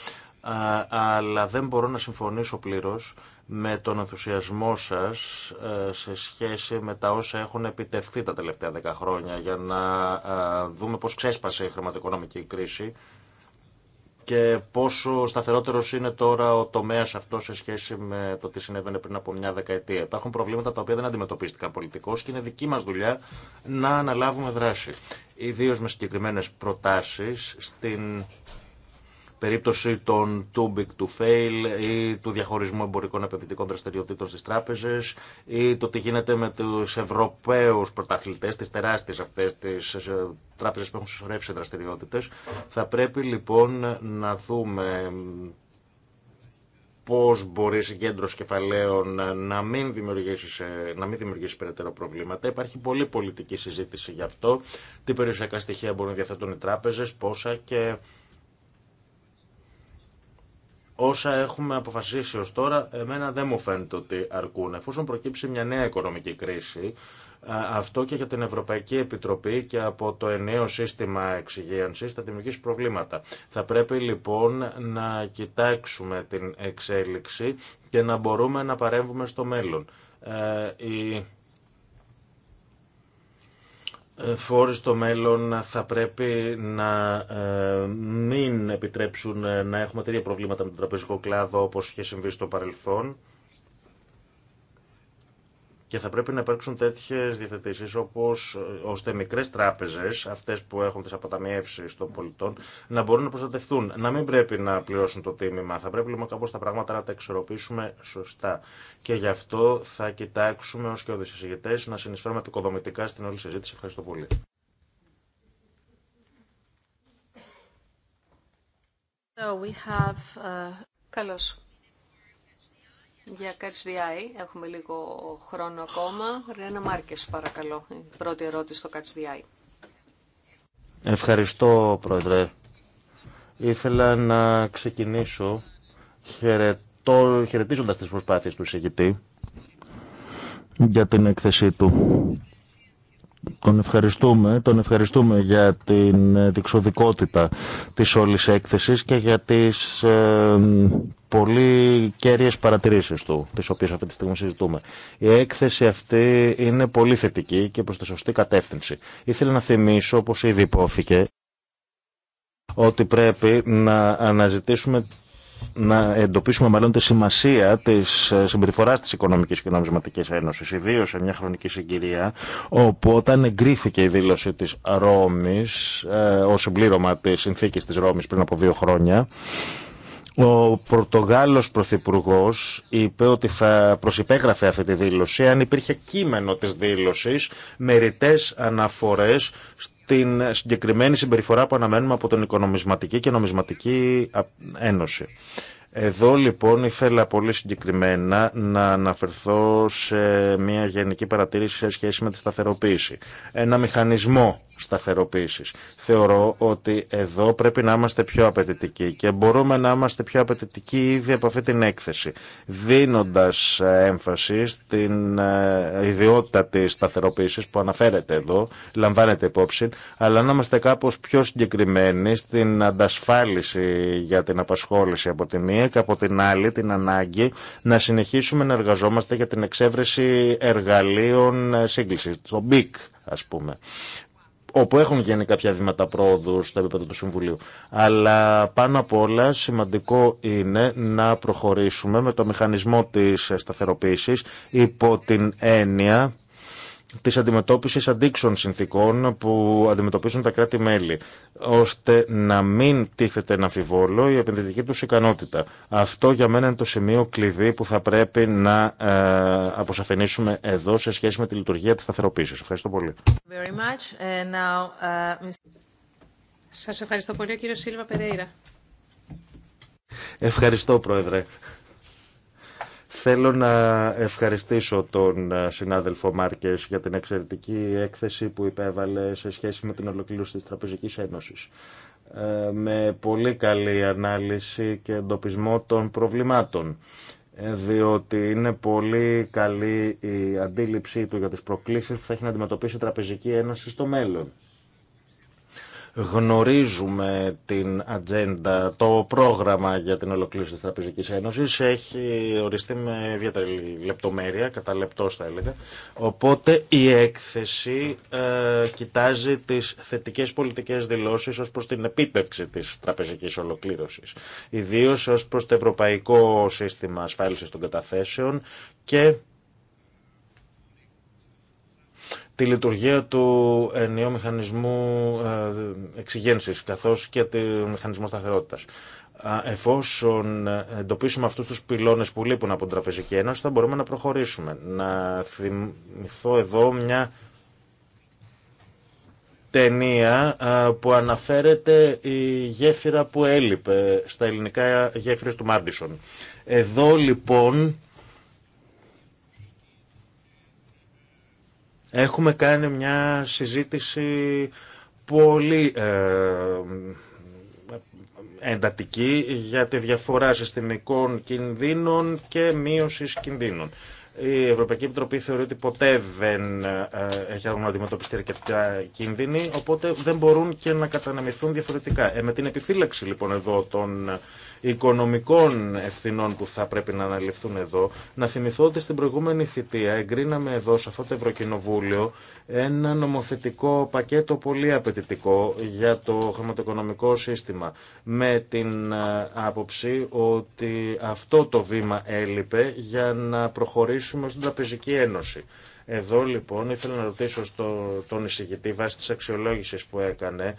Speaker 2: αλλά δεν μπορώ να συμφωνήσω πλήρω με τον ενθουσιασμό σας ε, σε σχέση με τα όσα έχουν επιτευχθεί τα τελευταία δέκα χρόνια για να ε, δούμε πώς ξέσπασε η χρηματοοικονομική κρίση και πόσο σταθερότερος είναι τώρα ο τομέας αυτό σε σχέση με το τι συνέβαινε πριν από μια δεκαετία. Υπάρχουν προβλήματα τα οποία δεν αντιμετωπίστηκαν πολιτικώς και είναι δική μα δουλειά να αναλάβουμε δράση. Ιδίω με συγκεκριμένε προτάσεις στην περίπτωση των too big to fail ή του διαχωρισμού εμπορικών επενδυτικών δραστηριοτήτων στις τράπεζες ή το τι γίνεται με τους Ευρωπαίους πρωταθλητές, τις τεράστιες αυτές τις ε, τράπεζες που έχουν συσσωρεύσει δραστηριότητες. Θα πρέπει λοιπόν να δούμε πώς μπορεί η συγκέντρωση κεφαλαίων να μην, δημιουργήσει, ε, να μην δημιουργήσει περαιτέρω προβλήματα. Υπάρχει πολύ πολιτική συζήτηση γι' αυτό. Τι περιουσιακά στοιχεία μπορούν να διαθέτουν οι τράπεζες, πόσα και όσα έχουμε αποφασίσει ως τώρα, εμένα δεν μου φαίνεται ότι αρκούν. Εφόσον προκύψει μια νέα οικονομική κρίση, αυτό και για την Ευρωπαϊκή Επιτροπή και από το νέο σύστημα εξυγίανσης θα δημιουργήσει προβλήματα. Θα πρέπει λοιπόν να κοιτάξουμε την εξέλιξη και να μπορούμε να παρέμβουμε στο μέλλον. Ε, η ε, Φόρες στο μέλλον θα πρέπει να ε, μην επιτρέψουν ε, να έχουμε τέτοια προβλήματα με τον τραπεζικό κλάδο όπως είχε συμβεί στο παρελθόν. Και θα πρέπει να υπάρξουν τέτοιε διευθετήσει, ώστε μικρέ τράπεζε, αυτέ που έχουν τι αποταμιεύσει των πολιτών, να μπορούν να προστατευτούν. Να μην πρέπει να πληρώσουν το τίμημα. Θα πρέπει λοιπόν κάπω τα πράγματα να τα εξορροπήσουμε σωστά. Και γι' αυτό θα κοιτάξουμε ω και ο να συνεισφέρουμε επικοδομητικά στην όλη συζήτηση. Ευχαριστώ πολύ.
Speaker 1: So we have, uh, Καλώς. Για Eye, έχουμε λίγο χρόνο ακόμα. Ρένα Μάρκες, παρακαλώ, η πρώτη ερώτηση στο Eye.
Speaker 2: Ευχαριστώ, Πρόεδρε. Ήθελα να ξεκινήσω χαιρετώ, χαιρετίζοντας τις προσπάθειες του εισηγητή για την έκθεσή του τον ευχαριστούμε, τον ευχαριστούμε για την ε, διξοδικότητα της όλης έκθεσης και για τις ε, πολύ κέρυες παρατηρήσεις του, τις οποίες αυτή τη στιγμή συζητούμε. Η έκθεση αυτή είναι πολύ θετική και προς τη σωστή κατεύθυνση. Ήθελα να θυμίσω, όπως ήδη υπόθηκε, ότι πρέπει να αναζητήσουμε να εντοπίσουμε μάλλον τη σημασία τη ε, συμπεριφορά τη Οικονομική και Νομισματική Ένωση, ιδίω σε μια χρονική συγκυρία, όπου όταν εγκρίθηκε η δήλωση τη Ρώμη ε, ω συμπλήρωμα τη συνθήκη τη Ρώμη πριν από δύο χρόνια, ο Πορτογάλος Πρωθυπουργό είπε ότι θα προσυπέγραφε αυτή τη δήλωση αν υπήρχε κείμενο της δήλωσης με ρητές αναφορές την συγκεκριμένη συμπεριφορά που αναμένουμε από την Οικονομισματική και Νομισματική Ένωση. Εδώ λοιπόν ήθελα πολύ συγκεκριμένα να αναφερθώ σε μια γενική παρατήρηση σε σχέση με τη σταθεροποίηση. Ένα μηχανισμό σταθεροποίησης. Θεωρώ ότι εδώ πρέπει να είμαστε πιο απαιτητικοί και μπορούμε να είμαστε πιο απαιτητικοί ήδη από αυτή την έκθεση, δίνοντας ε, έμφαση στην ε, ιδιότητα τη σταθεροποίησης που αναφέρεται εδώ, λαμβάνεται υπόψη, αλλά να είμαστε κάπως πιο συγκεκριμένοι στην αντασφάλιση για την απασχόληση από τη μία και από την άλλη την ανάγκη να συνεχίσουμε να εργαζόμαστε για την εξέβρεση εργαλείων ε, σύγκλησης, το BIC ας πούμε όπου έχουν γίνει κάποια βήματα πρόοδου στο επίπεδο του Συμβουλίου. Αλλά πάνω απ' όλα σημαντικό είναι να προχωρήσουμε με το μηχανισμό της σταθεροποίησης υπό την έννοια Τη αντιμετώπιση αντίξων συνθήκων που αντιμετωπίζουν τα κράτη-μέλη, ώστε να μην τίθεται να αμφιβόλο η επενδυτική τους ικανότητα. Αυτό για μένα είναι το σημείο κλειδί που θα πρέπει να ε, αποσαφηνίσουμε εδώ σε σχέση με τη λειτουργία της σταθεροποίηση. Ευχαριστώ πολύ.
Speaker 3: Very ε, ε, ευχαριστώ πολύ, κύριο Σίλβα Περέιρα.
Speaker 2: Ευχαριστώ, Πρόεδρε. Θέλω να ευχαριστήσω τον ε, συνάδελφο Μάρκε για την εξαιρετική έκθεση που υπέβαλε σε σχέση με την ολοκλήρωση τη Τραπεζική Ένωση. Ε, με πολύ καλή ανάλυση και εντοπισμό των προβλημάτων ε, διότι είναι πολύ καλή η αντίληψή του για τις προκλήσεις που θα έχει να αντιμετωπίσει η Τραπεζική Ένωση στο μέλλον γνωρίζουμε την ατζέντα, το πρόγραμμα για την ολοκλήρωση της Τραπεζικής Ένωσης έχει οριστεί με ιδιαίτερη λεπτομέρεια, κατά λεπτός θα έλεγα. Οπότε η έκθεση ε, κοιτάζει τις θετικές πολιτικές δηλώσεις ως προς την επίτευξη της τραπεζικής ολοκλήρωσης. Ιδίως ως προς το ευρωπαϊκό σύστημα ασφάλισης των καταθέσεων και τη λειτουργία του ενιαίου μηχανισμού ε, εξηγένση καθώς και του μηχανισμού σταθερότητας. Εφόσον ε, εντοπίσουμε αυτούς τους πυλώνες που λείπουν από την Τραπεζική Ένωση θα μπορούμε να προχωρήσουμε. Να θυμηθώ εδώ μια ταινία που αναφέρεται η γέφυρα που έλειπε στα ελληνικά γέφυρες του Μάρντισον. Εδώ λοιπόν Έχουμε κάνει μια συζήτηση πολύ ε, εντατική για τη διαφορά συστημικών κινδύνων και μείωσης κινδύνων. Η Ευρωπαϊκή Επιτροπή θεωρεί ότι ποτέ δεν ε, έχει να αντιμετωπιστεί αρκετά κίνδυνοι, οπότε δεν μπορούν και να κατανεμηθούν διαφορετικά. Ε, με την επιφύλαξη λοιπόν εδώ των οικονομικών ευθυνών που θα πρέπει να αναλυφθούν εδώ, να θυμηθώ ότι στην προηγούμενη θητεία εγκρίναμε εδώ σε αυτό το Ευρωκοινοβούλιο ένα νομοθετικό πακέτο πολύ απαιτητικό για το χρηματοοικονομικό σύστημα. Με την ε, άποψη ότι αυτό το βήμα έλειπε για να προχωρήσουμε στην Τραπεζική Ένωση. Εδώ λοιπόν ήθελα να ρωτήσω στο, τον εισηγητή βάσει της αξιολόγησης που έκανε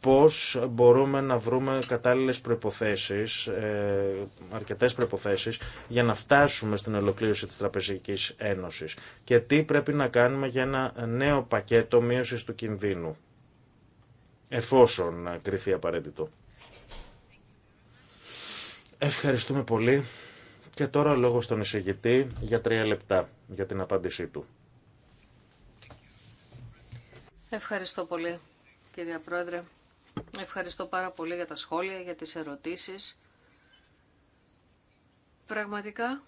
Speaker 2: πώς μπορούμε να βρούμε κατάλληλες προϋποθέσεις, ε, αρκετές προϋποθέσεις, για να φτάσουμε στην ολοκλήρωση της Τραπεζικής Ένωσης και τι πρέπει να κάνουμε για ένα νέο πακέτο μείωσης του κινδύνου, εφόσον κρυφεί απαραίτητο. Ευχαριστούμε πολύ. Και τώρα λόγο στον εισηγητή για τρία λεπτά για την απάντησή του.
Speaker 1: Ευχαριστώ πολύ, κυρία Πρόεδρε. Ευχαριστώ πάρα πολύ για τα σχόλια, για τις ερωτήσεις. Πραγματικά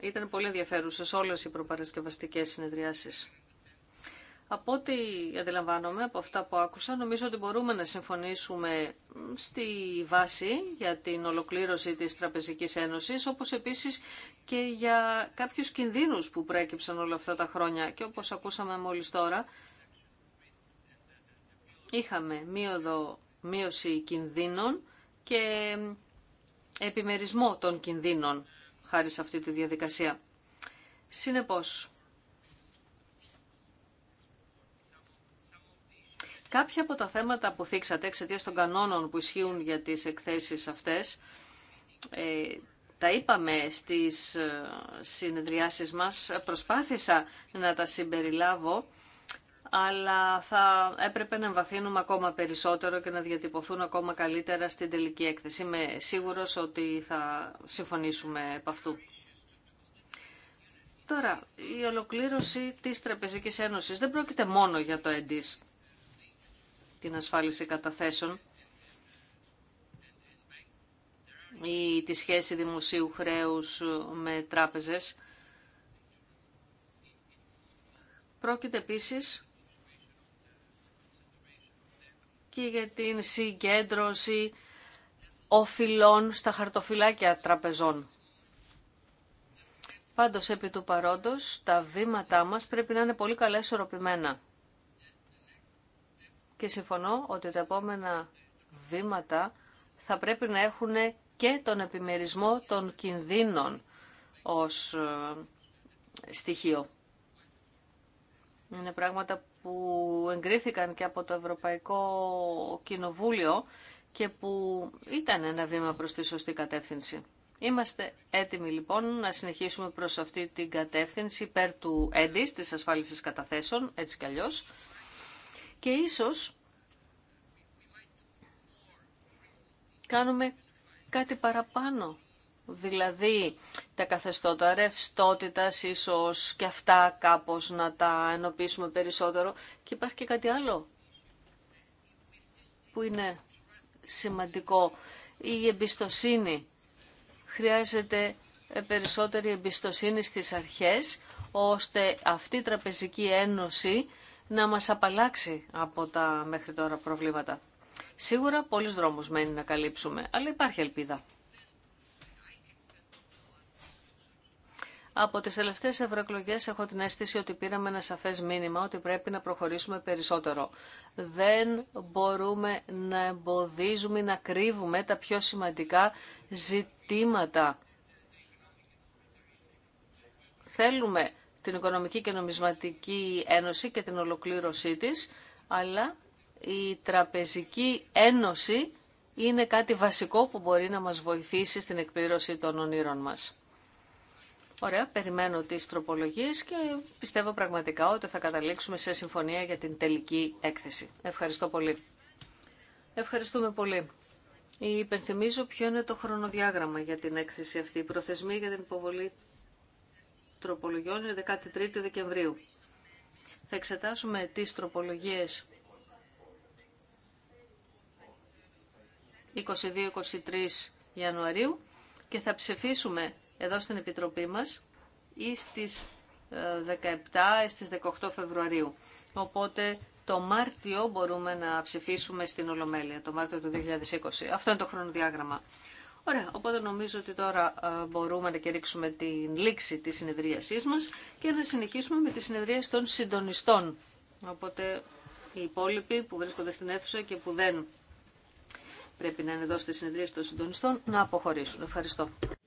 Speaker 1: ήταν πολύ ενδιαφέρουσες όλες οι προπαρασκευαστικές συνεδριάσεις. Από ό,τι αντιλαμβάνομαι από αυτά που άκουσα, νομίζω ότι μπορούμε να συμφωνήσουμε στη βάση για την ολοκλήρωση της Τραπεζικής Ένωσης, όπως επίσης και για κάποιους κινδύνους που προέκυψαν όλα αυτά τα χρόνια. Και όπως ακούσαμε μόλις τώρα, είχαμε μείωδο, μείωση κινδύνων και επιμερισμό των κινδύνων χάρη σε αυτή τη διαδικασία. Συνεπώς, Κάποια από τα θέματα που θίξατε εξαιτία των κανόνων που ισχύουν για τις εκθέσεις αυτές, ε, τα είπαμε στις ε, συνεδριάσεις μας, προσπάθησα να τα συμπεριλάβω, αλλά θα έπρεπε να εμβαθύνουμε ακόμα περισσότερο και να διατυπωθούν ακόμα καλύτερα στην τελική έκθεση. Είμαι σίγουρος ότι θα συμφωνήσουμε επ' αυτού. Τώρα, η ολοκλήρωση της Τραπεζικής Ένωσης δεν πρόκειται μόνο για το ΕΝΤΙΣ την ασφάλιση καταθέσεων ή τη σχέση δημοσίου χρέους με τράπεζες. Πρόκειται επίσης και για την συγκέντρωση οφειλών στα χαρτοφυλάκια τραπεζών. Πάντως, επί του παρόντος, τα βήματά μας πρέπει να είναι πολύ καλά ισορροπημένα και συμφωνώ ότι τα επόμενα βήματα θα πρέπει να έχουν και τον επιμερισμό των κινδύνων ως ε, στοιχείο. Είναι πράγματα που εγκρίθηκαν και από το Ευρωπαϊκό Κοινοβούλιο και που ήταν ένα βήμα προς τη σωστή κατεύθυνση. Είμαστε έτοιμοι λοιπόν να συνεχίσουμε προς αυτή την κατεύθυνση υπέρ του ΕΝΤΙΣ, της ασφάλισης καταθέσεων, έτσι κι αλλιώς και ίσως κάνουμε κάτι παραπάνω. Δηλαδή τα καθεστώτα ρευστότητα ίσως και αυτά κάπως να τα ενοποιήσουμε περισσότερο. Και υπάρχει και κάτι άλλο που είναι σημαντικό. Η εμπιστοσύνη. Χρειάζεται ε, περισσότερη εμπιστοσύνη στις αρχές, ώστε αυτή η τραπεζική ένωση να μας απαλλάξει από τα μέχρι τώρα προβλήματα. Σίγουρα πολλούς δρόμους μένει να καλύψουμε, αλλά υπάρχει ελπίδα. Από τις τελευταίες ευρωεκλογέ έχω την αίσθηση ότι πήραμε ένα σαφές μήνυμα ότι πρέπει να προχωρήσουμε περισσότερο. Δεν μπορούμε να εμποδίζουμε, να κρύβουμε τα πιο σημαντικά ζητήματα. Θέλουμε την Οικονομική και Νομισματική Ένωση και την ολοκλήρωσή της, αλλά η Τραπεζική Ένωση είναι κάτι βασικό που μπορεί να μας βοηθήσει στην εκπλήρωση των ονείρων μας. Ωραία, περιμένω τις τροπολογίες και πιστεύω πραγματικά ότι θα καταλήξουμε σε συμφωνία για την τελική έκθεση. Ευχαριστώ πολύ. Ευχαριστούμε πολύ. Υπενθυμίζω ποιο είναι το χρονοδιάγραμμα για την έκθεση αυτή. Η προθεσμία για την υποβολή τροπολογιών είναι 13 Δεκεμβρίου. Θα εξετάσουμε τις τροπολογίες 22-23 Ιανουαρίου και θα ψηφίσουμε εδώ στην Επιτροπή μας ή στις 17 ε, ή στις 18 Φεβρουαρίου. Οπότε το Μάρτιο μπορούμε να ψηφίσουμε στην Ολομέλεια, το Μάρτιο του 2020. Αυτό είναι το χρονοδιάγραμμα. Ωραία, οπότε νομίζω ότι τώρα ε, μπορούμε να κηρύξουμε την λήξη της συνεδρίασής μας και να συνεχίσουμε με τη συνεδρίαση των συντονιστών. Οπότε οι υπόλοιποι που βρίσκονται στην αίθουσα και που δεν πρέπει να είναι εδώ στη συνεδρίαση των συντονιστών να αποχωρήσουν. Ευχαριστώ.